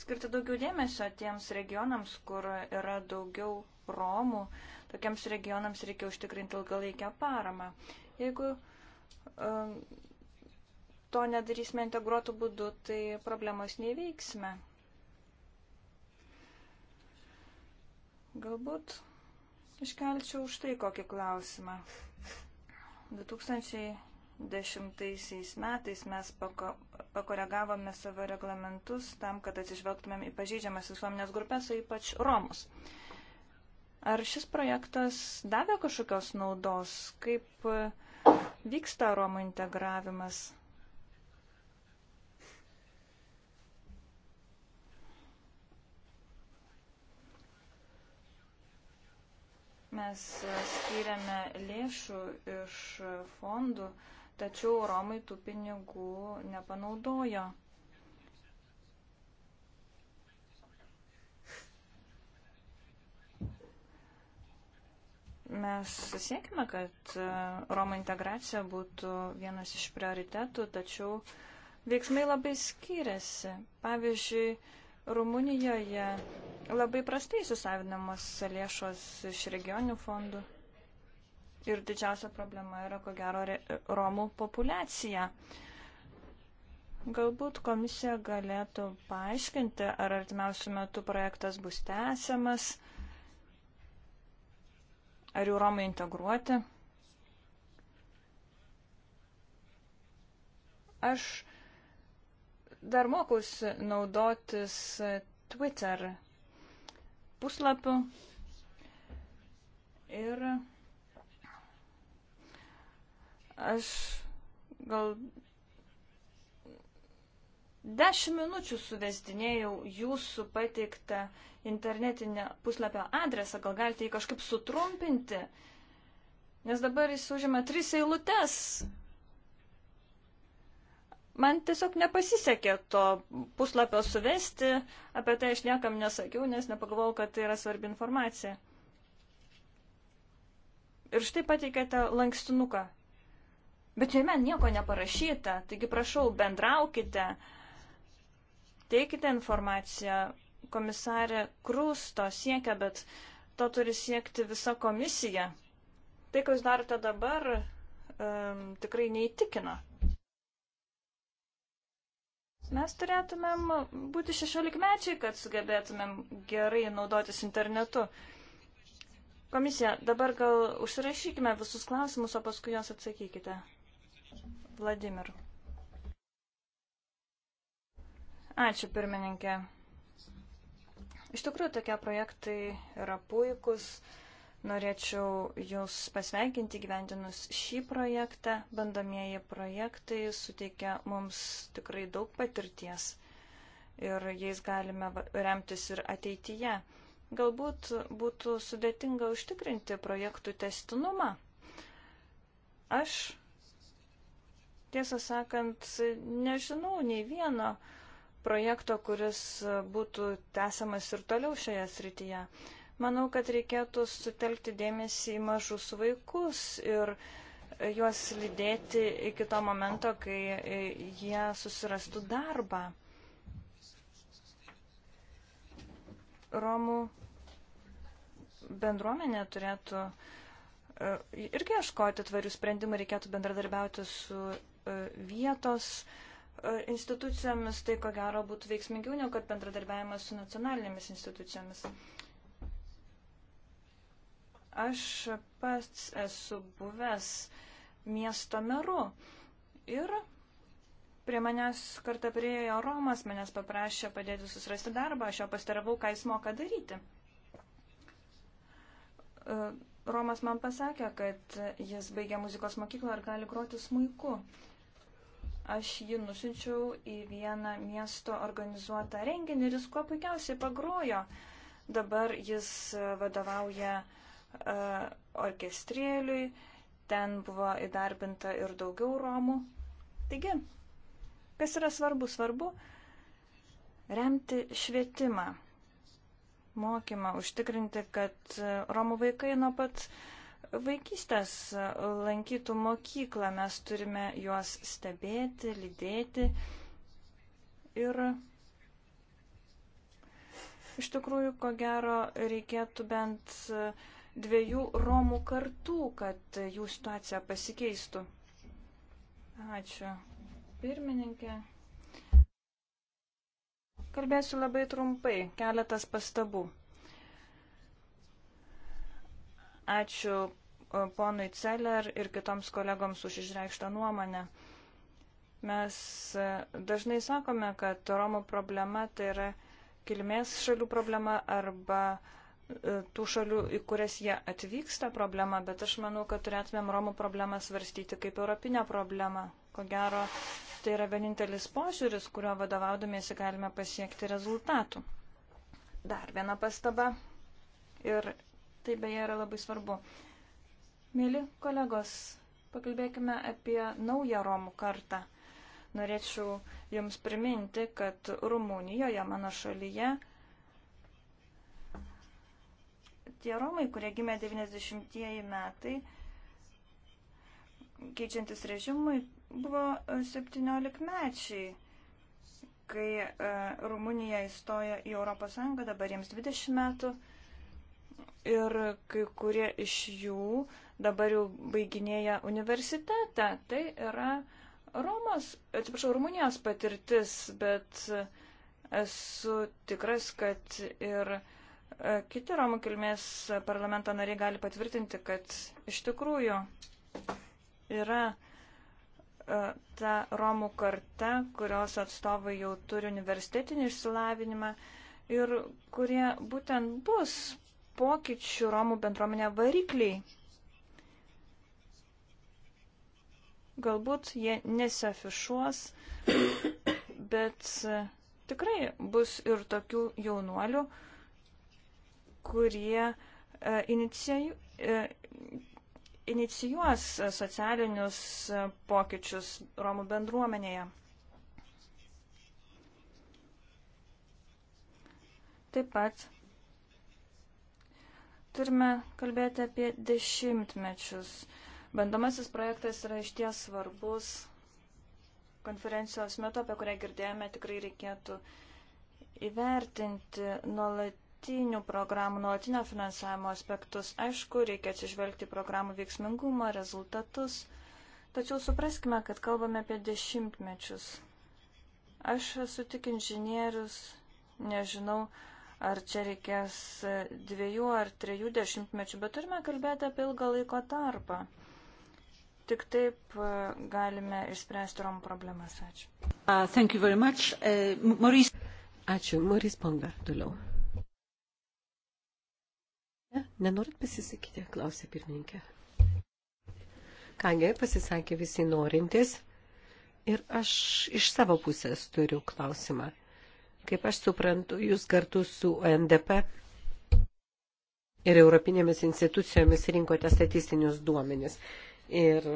skirti daugiau dėmesio tiems regionams, kur yra daugiau Romų. Tokiems regionams reikia užtikrinti ilgalaikę paramą. Jeigu um, to nedarysime integruotų būdų, tai problemos neveiksime. Galbūt Iškelčiau štai kokį klausimą. 2010 metais mes pako, pakoregavome savo reglamentus tam, kad atsižvelgtumėm į pažeidžiamas visuomenės grupės, o ypač Romus. Ar šis projektas davė kažkokios naudos? Kaip vyksta Romų integravimas? Mes skiriame lėšų iš fondų, tačiau Romai tų pinigų nepanaudojo. Mes siekime, kad e, Romų integracija būtų vienas iš prioritetų, tačiau veiksmai labai skiriasi. Pavyzdžiui, Rumunijoje Labai prastai susavinamos lėšos iš regionių fondų. Ir didžiausia problema yra, ko gero, Romų populiacija. Galbūt komisija galėtų paaiškinti, ar artimiausių metų projektas bus tęsiamas, ar jų Romai integruoti. Aš dar mokausi naudotis Twitter puslapių. Ir aš gal dešimt minučių suvestinėjau jūsų pateiktą internetinę puslapio adresą, gal galite jį kažkaip sutrumpinti, nes dabar jis užima tris eilutes Man tiesiog nepasisekė to puslapio suvesti, apie tai aš niekam nesakiau, nes nepagalvojau, kad tai yra svarbi informacija. Ir štai pateikėte lankstinuką. Bet jame nieko neparašyta, taigi prašau, bendraukite, teikite informaciją. Komisarė Krus to siekia, bet to turi siekti visa komisija. Tai, ką jūs darote dabar, um, tikrai neįtikina. Mes turėtumėm būti šešiolikmečiai, kad sugebėtumėm gerai naudotis internetu. Komisija, dabar gal užsirašykime visus klausimus, o paskui juos atsakykite. Vladimir. Ačiū, pirmininkė. Iš tikrųjų, tokie projektai yra puikus. Uh, Norėčiau Jūs pasveikinti gyvendinus šį projektą. Bandomieji projektai suteikia mums tikrai daug patirties ir jais galime remtis ir ateityje. Galbūt būtų sudėtinga užtikrinti projektų testinumą. Aš, tiesą sakant, nežinau nei vieno projekto, kuris būtų tęsiamas ir toliau šioje srityje. Manau, kad reikėtų sutelkti dėmesį į mažus vaikus ir juos lydėti iki to momento, kai jie susirastų darbą. Romų bendruomenė turėtų e, irgi ieškoti tvarių sprendimų, reikėtų bendradarbiauti su e, vietos e, institucijomis, tai ko gero būtų veiksmingiau, negu kad bendradarbiavimas su nacionalinėmis institucijomis. Aš pats esu buvęs miesto meru ir prie manęs kartą priejo Romas, manęs paprašė padėti susirasti darbą, aš jo pastaravau, ką jis moka daryti. E, Romas man pasakė, kad jis baigė muzikos mokyklą ir gali groti smuiku. Aš jį nusinčiau į vieną miesto organizuotą renginį ir jis kuo puikiausiai pagrojo. Dabar jis vadovauja uh, E, orkestrėliui, ten buvo įdarbinta ir daugiau Romų. Taigi, kas yra svarbu? Svarbu remti švietimą, mokymą, užtikrinti, kad Romų vaikai nuo pat vaikystės lankytų mokyklą, mes turime juos stebėti, lydėti ir iš tikrųjų, ko gero, reikėtų bent uh, dviejų Romų kartų, kad jų situacija pasikeistų. Ačiū. Pirmininkė. Kalbėsiu labai trumpai, keletas pastabų. Ačiū e, ponui Celer ir kitoms kolegoms už išreikštą nuomonę. Mes e, dažnai sakome, kad Romų problema tai yra kilmės šalių problema arba uh, E, tų šalių, į kurias jie atvyksta problema, bet aš manau, kad turėtumėm Romų problemą svarstyti kaip europinę problemą. Ko gero, tai yra vienintelis požiūris, kurio vadovaudomėsi galime pasiekti rezultatų. Dar viena pastaba. Ir tai beje yra labai svarbu. Mėly kolegos, pakalbėkime apie naują Romų kartą. Norėčiau Jums priminti, kad Rumunijoje, mano šalyje, tie Romai, kurie gimė 90-ieji metai, keičiantis režimui, buvo 17 e, mečiai, kai e, Rumunija įstojo į ES, dabar jiems 20 metų. Ir kai kurie iš jų dabar jau baiginėja universitetą. Tai yra Romos, atsiprašau, Rumunijos patirtis, bet e, esu tikras, kad ir uh, E, kiti Romų kilmės parlamento nariai gali patvirtinti, kad iš tikrųjų yra e, ta Romų karta, kurios atstovai jau turi universitetinį išsilavinimą ir kurie būtent bus pokyčių Romų bendruomenė varikliai. Galbūt jie nesiafišuos, bet tikrai bus ir tokių jaunuolių, kurie e, e, inicijuos socialinius pokyčius Romų bendruomenėje. Taip pat turime kalbėti apie dešimtmečius. Bandomasis projektas yra išties svarbus. Konferencijos metu, apie kurią girdėjome, tikrai reikėtų įvertinti nuolat nuolatinių programų, nuolatinio finansavimo aspektus. Aišku, reikia atsižvelgti programų veiksmingumą, rezultatus, tačiau supraskime, kad kalbame apie dešimtmečius. Aš esu tik inžinierius, nežinau, ar čia reikės dviejų ar trijų dešimtmečių, bet turime kalbėti apie ilgą laiko tarpą. Tik taip e, galime išspręsti Romų problemas. Ačiū. Uh, uh Ačiū. Maurice Ponga toliau. Ne, nenorit pasisakyti, klausė pirmininkė. Kągi, pasisakė visi norintys. Ir aš iš savo pusės turiu klausimą. Kaip aš suprantu, jūs kartu su UNDP ir Europinėmis institucijomis rinkote statistinius duomenis. Ir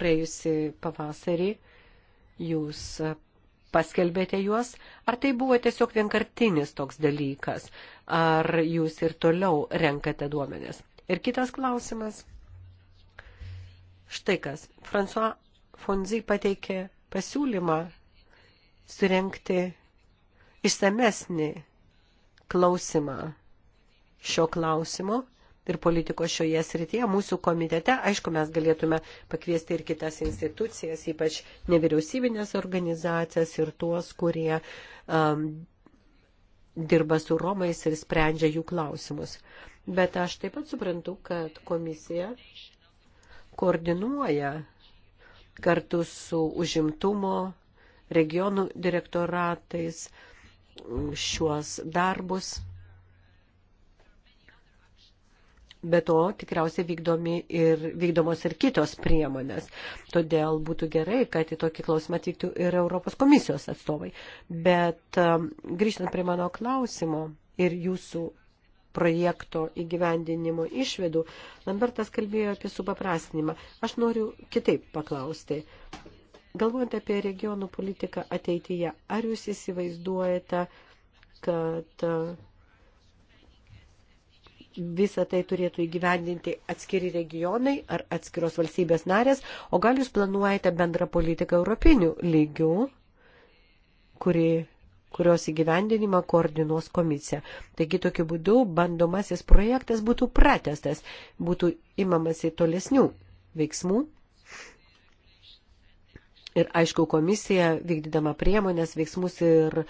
praėjusi pavasarį jūs paskelbėte juos, ar tai buvo tiesiog vienkartinis toks dalykas, ar jūs ir toliau renkate duomenės. Ir kitas klausimas. Štai kas. François Fonzy pateikė pasiūlymą surenkti išsamesnį klausimą šio klausimo ir politikos šioje srityje. Mūsų komitete, aišku, mes galėtume pakviesti ir kitas institucijas, ypač nevyriausybinės organizacijas ir tuos, kurie um, dirba su Romais ir sprendžia jų klausimus. Bet aš taip pat suprantu, kad komisija koordinuoja kartu su užimtumo regionų direktoratais mm, šiuos darbus Be to, tikriausiai vykdomi ir, vykdomos ir kitos priemonės. Todėl būtų gerai, kad į tokį klausimą atvyktų ir Europos komisijos atstovai. Bet um, grįžtant prie mano klausimo ir jūsų projekto įgyvendinimo išvedų, Lambertas kalbėjo apie supaprastinimą. Aš noriu kitaip paklausti. Galvojant apie regionų politiką ateityje, ar jūs įsivaizduojate, kad visą tai turėtų įgyvendinti atskiri regionai ar atskiros valstybės narės, o gal jūs planuojate bendrą politiką europinių lygių, kuri kurios įgyvendinimą koordinuos komisija. Taigi tokiu būdu bandomasis projektas būtų pratestas, būtų imamasi tolesnių veiksmų. Ir aišku, komisija, vykdydama priemonės, veiksmus ir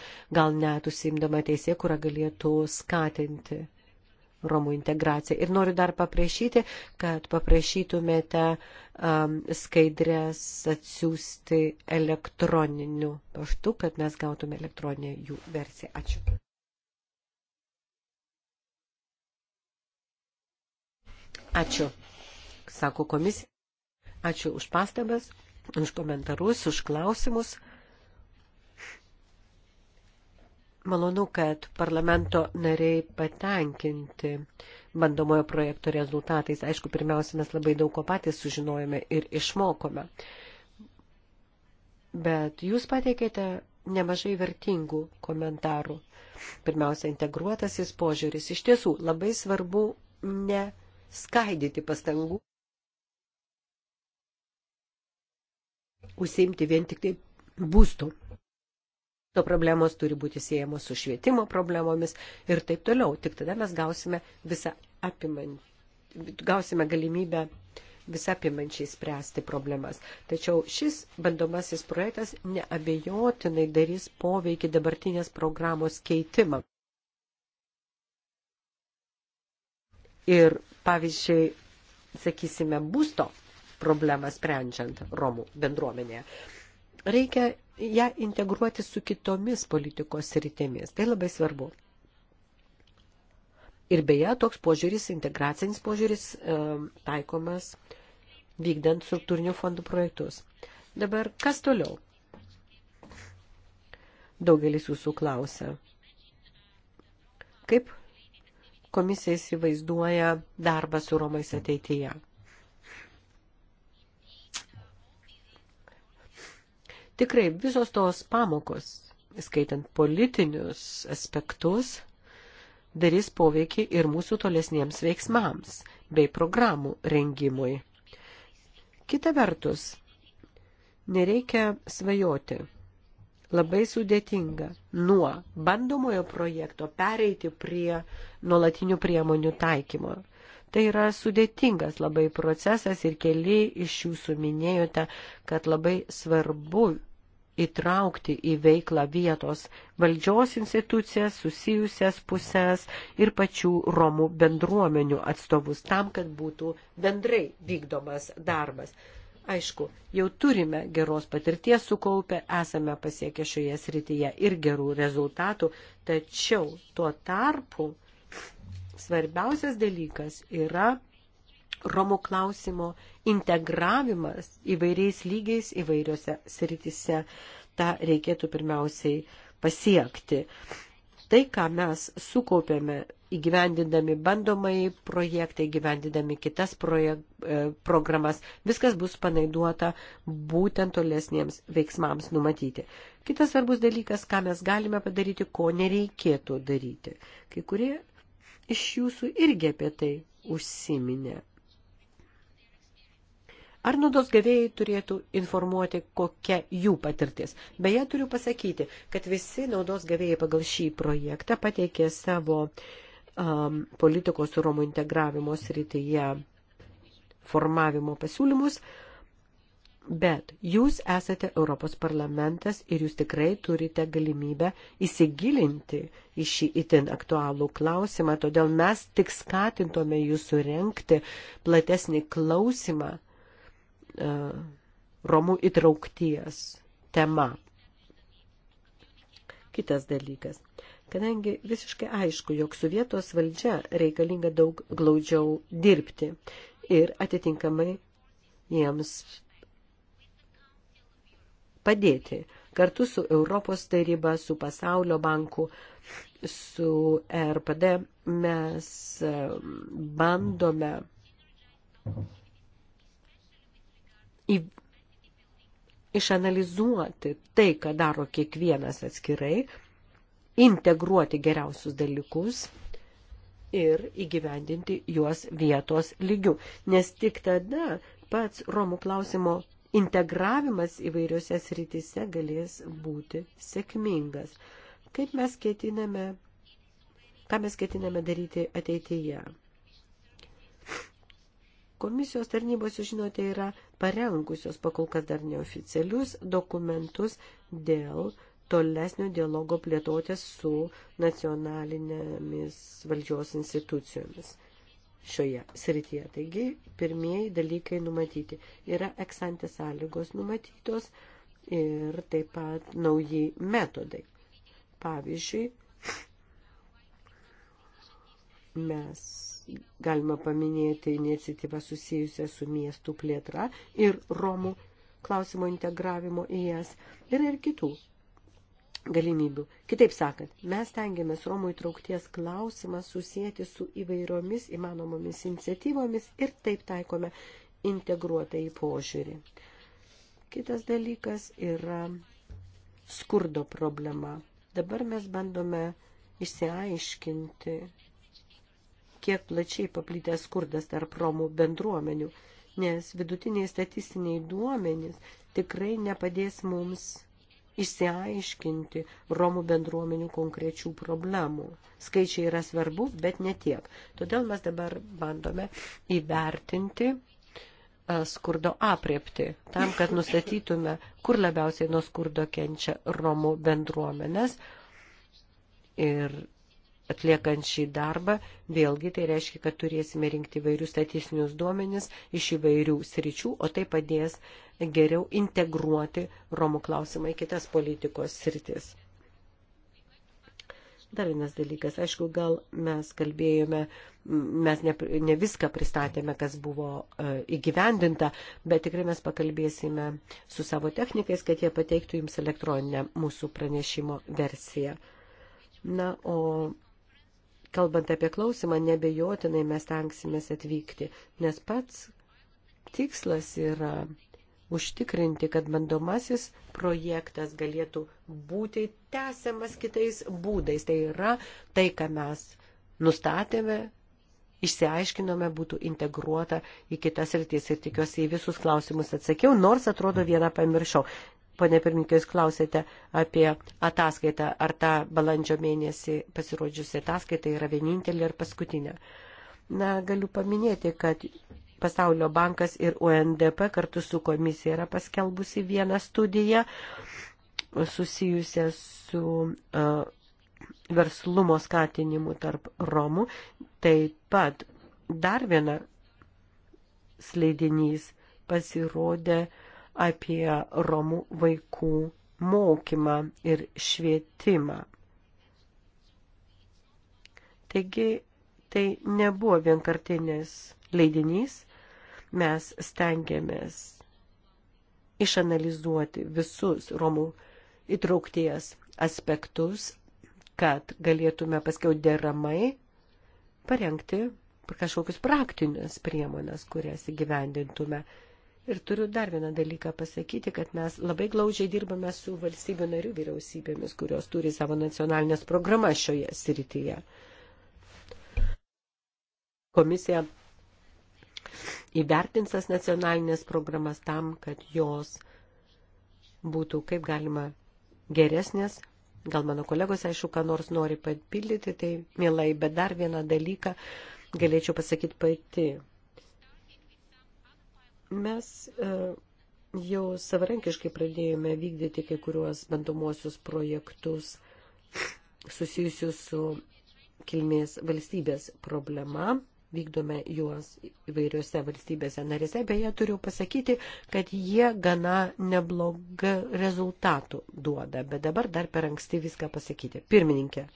gal net užsimdama teisė, kurą galėtų skatinti Romų integraciją. Ir noriu dar paprašyti, kad paprašytumėte um, skaidrės atsiųsti elektroniniu paštu, kad mes gautume elektroninę jų versiją. Ačiū. Ačiū, sako komisija. Ačiū už pastabas, už komentarus, už klausimus. Malonu, kad parlamento nariai patenkinti bandomojo projekto rezultatais. Aišku, pirmiausia, mes labai daug ko patys sužinojome ir išmokome. Bet jūs pateikėte nemažai vertingų komentarų. Pirmiausia, integruotasis požiūris. Iš tiesų, labai svarbu neskaidyti pastangų, užsiimti vien tik tai būstų to problemos turi būti siejamos su švietimo problemomis ir taip toliau. Tik tada mes gausime visą apimant, gausime galimybę visapimančiai spręsti problemas. Tačiau šis bandomasis projektas neabejotinai darys poveikį dabartinės programos keitimą. Ir pavyzdžiui, sakysime, būsto problemą sprendžiant Romų bendruomenėje. Reikia ją integruoti su kitomis politikos rytėmis. Tai labai svarbu. Ir beje, toks požiūris, integracinis požiūris e, taikomas vykdant struktūrinių fondų projektus. Dabar kas toliau? Daugelis jūsų klausia. Kaip komisija įsivaizduoja darbą su Romais ateityje? Tikrai visos tos pamokos, skaitant politinius aspektus, darys poveikį ir mūsų tolesniems veiksmams bei programų rengimui. Kita vertus, nereikia svajoti. Labai sudėtinga nuo bandomojo projekto pereiti prie nuolatinių priemonių taikymo. Tai yra sudėtingas labai procesas ir keli iš jūsų minėjote, kad labai svarbu įtraukti į veiklą vietos valdžios institucijas, susijusias pusės ir pačių Romų bendruomenių atstovus tam, kad būtų bendrai vykdomas darbas. Aišku, jau turime geros patirties sukaupę, esame pasiekę šioje srityje ir gerų rezultatų, tačiau tuo tarpu svarbiausias dalykas yra Romų klausimo integravimas įvairiais lygiais įvairiose sritise. Ta reikėtų pirmiausiai pasiekti. Tai, ką mes sukaupėme įgyvendindami bandomai projektai, įgyvendindami kitas projek, e, programas, viskas bus panaiduota būtent tolesniems veiksmams numatyti. Kitas svarbus dalykas, ką mes galime padaryti, ko nereikėtų daryti. Kai kurie iš jūsų irgi apie tai užsiminė. Ar naudos gavėjai turėtų informuoti, kokia jų patirtis? Beje, turiu pasakyti, kad visi naudos gavėjai pagal šį projektą pateikė savo um, politikos ir Romų integravimo srityje formavimo pasiūlymus, bet jūs esate Europos parlamentas ir jūs tikrai turite galimybę įsigilinti į šį itin aktualų klausimą, todėl mes tik skatintume jūs surenkti platesnį klausimą E, Romų įtraukties tema. Kitas dalykas. Kadangi visiškai aišku, jog su vietos valdžia reikalinga daug glaudžiau dirbti ir atitinkamai jiems padėti kartu su Europos taryba, su pasaulio banku, su RPD mes e, bandome į, išanalizuoti tai, ką daro kiekvienas atskirai, integruoti geriausius dalykus ir įgyvendinti juos vietos lygių. Nes tik tada pats Romų klausimo integravimas įvairiose srityse galės būti sėkmingas. Kaip mes ketiname, ką mes ketiname daryti ateityje? Komisijos tarnybos, jūs žinote, yra parengusios pakol kas dar neoficialius dokumentus dėl tolesnio dialogo plėtotės su nacionalinėmis valdžios institucijomis šioje srityje. Taigi, pirmieji dalykai numatyti. Yra eksantės sąlygos numatytos ir taip pat nauji metodai. Pavyzdžiui, mes galima paminėti iniciatyvą susijusią su miestų plėtra ir Romų klausimo integravimo į jas ir, ir kitų galimybių. Kitaip sakant, mes tengiamės Romų įtraukties klausimą susijęti su įvairiomis įmanomomis iniciatyvomis ir taip taikome integruotą į požiūrį. Kitas dalykas yra skurdo problema. Dabar mes bandome išsiaiškinti, kiek plačiai paplitęs skurdas tarp Romų bendruomenių, nes vidutiniai statistiniai duomenys tikrai nepadės mums išsiaiškinti Romų bendruomenių konkrečių problemų. Skaičiai yra svarbu, bet ne tiek. Todėl mes dabar bandome įvertinti e, skurdo apriepti, tam, kad nustatytume, kur labiausiai nuo skurdo kenčia Romų bendruomenės ir atliekant šį darbą, vėlgi tai reiškia, kad turėsime rinkti įvairių statistinius duomenis iš įvairių sričių, o tai padės geriau integruoti Romų klausimą į kitas politikos sritis. Dar vienas dalykas, aišku, gal mes kalbėjome, mes ne, ne viską pristatėme, kas buvo uh, įgyvendinta, bet tikrai mes pakalbėsime su savo technikais, kad jie pateiktų jums elektroninę mūsų pranešimo versiją. Na, o Kalbant apie klausimą, nebejotinai mes tenksimės atvykti, nes pats tikslas yra užtikrinti, kad bandomasis projektas galėtų būti tęsiamas kitais būdais. Tai yra tai, ką mes nustatėme, išsiaiškinome, būtų integruota į kitas rytis. Ir tikiuosi, į visus klausimus atsakiau, nors atrodo vieną pamiršau. Pane pirmininkė, jūs klausėte apie ataskaitą, ar ta balandžio mėnesį pasirodžiusi ataskaita yra vienintelė ir paskutinė. Na, galiu paminėti, kad Pasaulio bankas ir UNDP kartu su komisija yra paskelbusi vieną studiją susijusią su uh, verslumo skatinimu tarp Romų. Taip pat dar viena sleidinys pasirodė uh, apie Romų vaikų mokymą ir švietimą. Taigi tai nebuvo vienkartinis leidinys, mes stengiamės išanalizuoti visus Romų įtraukties aspektus, kad galėtume paskiau deramai parengti kažkokius praktinius priemonės, kurias įgyvendintume Ir turiu dar vieną dalyką pasakyti, kad mes labai glaudžiai dirbame su valstybių narių vyriausybėmis, kurios turi savo nacionalinės programas šioje srityje. Komisija įvertins tas nacionalinės programas tam, kad jos būtų kaip galima geresnės. Gal mano kolegos, aišku, ką nors nori papildyti, tai mielai, bet dar vieną dalyką galėčiau pasakyti pati. Mes e, jau savarankiškai pradėjome vykdyti kai kuriuos bandomuosius projektus susijusius su kilmės valstybės problema. Vykdome juos įvairiose valstybėse narėse. Beje, turiu pasakyti, kad jie gana neblogą rezultatų duoda, bet dabar dar per anksti viską pasakyti. Pirmininkė.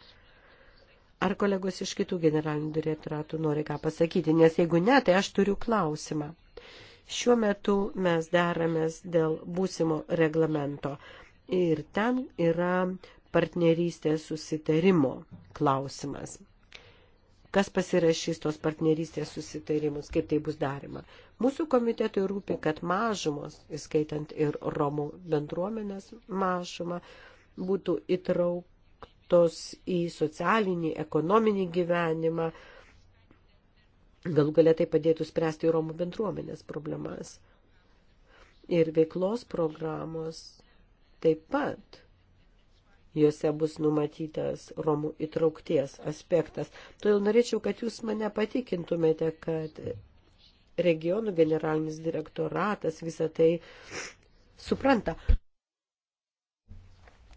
Ar kolegos iš kitų generalinių direktoratų nori ką pasakyti? Nes jeigu ne, tai aš turiu klausimą. Šiuo metu mes deramės dėl būsimo reglamento ir ten yra partnerystės susitarimo klausimas. Kas pasirašys tos partnerystės susitarimus, kaip tai bus darima. Mūsų komitetui rūpi, kad mažumos, įskaitant ir Romų bendruomenės mažumą, būtų įtrauktos į socialinį, ekonominį gyvenimą, Galų galia tai padėtų spręsti Romų bendruomenės problemas. Ir veiklos programos taip pat. Juose bus numatytas Romų įtraukties aspektas. Todėl norėčiau, kad jūs mane patikintumėte, kad regionų generalinis direktoratas visą tai supranta,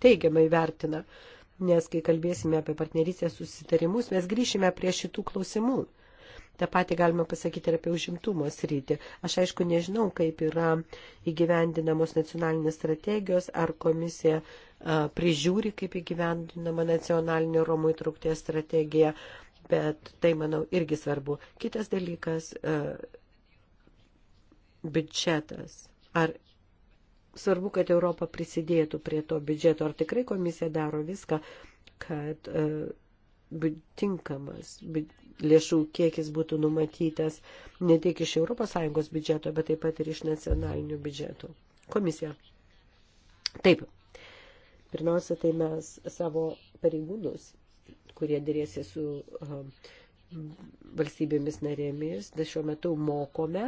teigiamai vertina, nes kai kalbėsime apie partnerystės susitarimus, mes grįšime prie šitų klausimų. Ta pati galima pasakyti ir apie užimtumo sritį. Aš aišku nežinau, kaip yra įgyvendinamos nacionalinės strategijos, ar komisija a, prižiūri, kaip įgyvendinama nacionalinė Romų įtraukties strategija, bet tai, manau, irgi svarbu. Kitas dalykas a, - biudžetas. Ar svarbu, kad Europa prisidėtų prie to biudžeto, ar tikrai komisija daro viską, kad a, tinkamas lėšų kiekis būtų numatytas ne tik iš ES biudžeto, bet taip pat ir iš nacionalinių biudžetų. Komisija. Taip. Pirmiausia, tai mes savo pareigūnus, kurie dėrėsi su uh, valstybėmis narėmis, da šiuo metu mokome,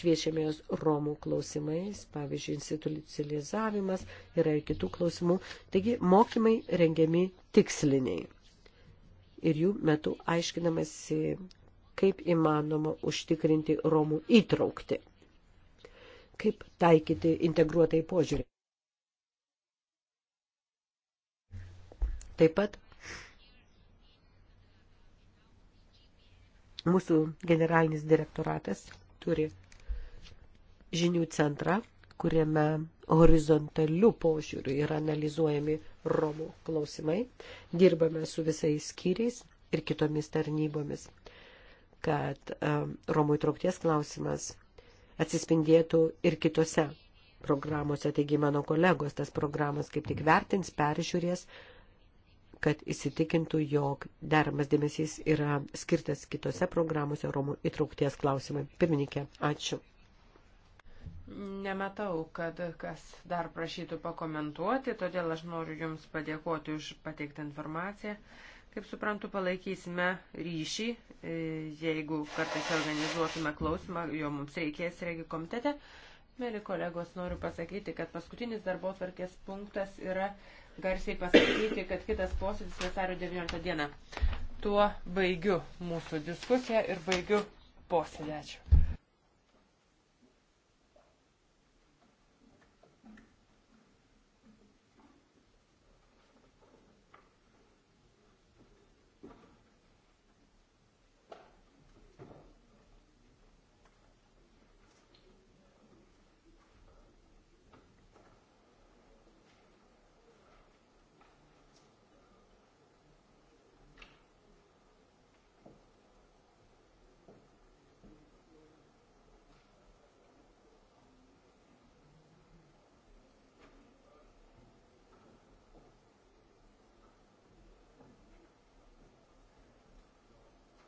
šviečiame jos Romų klausimais, pavyzdžiui, institucionalizavimas, yra ir kitų klausimų. Taigi, mokymai rengiami tiksliniai ir jų metu aiškinamasi, kaip įmanoma užtikrinti Romų įtraukti, kaip taikyti integruotai požiūrį. Taip pat mūsų generalinis direktoratas turi žinių centrą, kuriame horizontaliu požiūriu yra analizuojami Romų klausimai. Dirbame su visais skyriais ir kitomis tarnybomis, kad Romų įtraukties klausimas atsispindėtų ir kitose programuose. Taigi mano kolegos tas programas kaip tik vertins, peržiūrės, kad įsitikintų, jog deramas dėmesys yra skirtas kitose programuose Romų įtraukties klausimai. Pirmininkė, ačiū. Nematau, kad kas dar prašytų pakomentuoti, todėl aš noriu Jums padėkoti už pateiktą informaciją. Kaip suprantu, palaikysime ryšį, e, jeigu kartais organizuotume klausimą, jo mums reikės regi komitete. Mėly kolegos, noriu pasakyti, kad paskutinis darbo tvarkės punktas yra garsiai pasakyti, kad kitas posėdis vasario 19 dieną. Tuo baigiu mūsų diskusiją ir baigiu posėdį. Ačiū.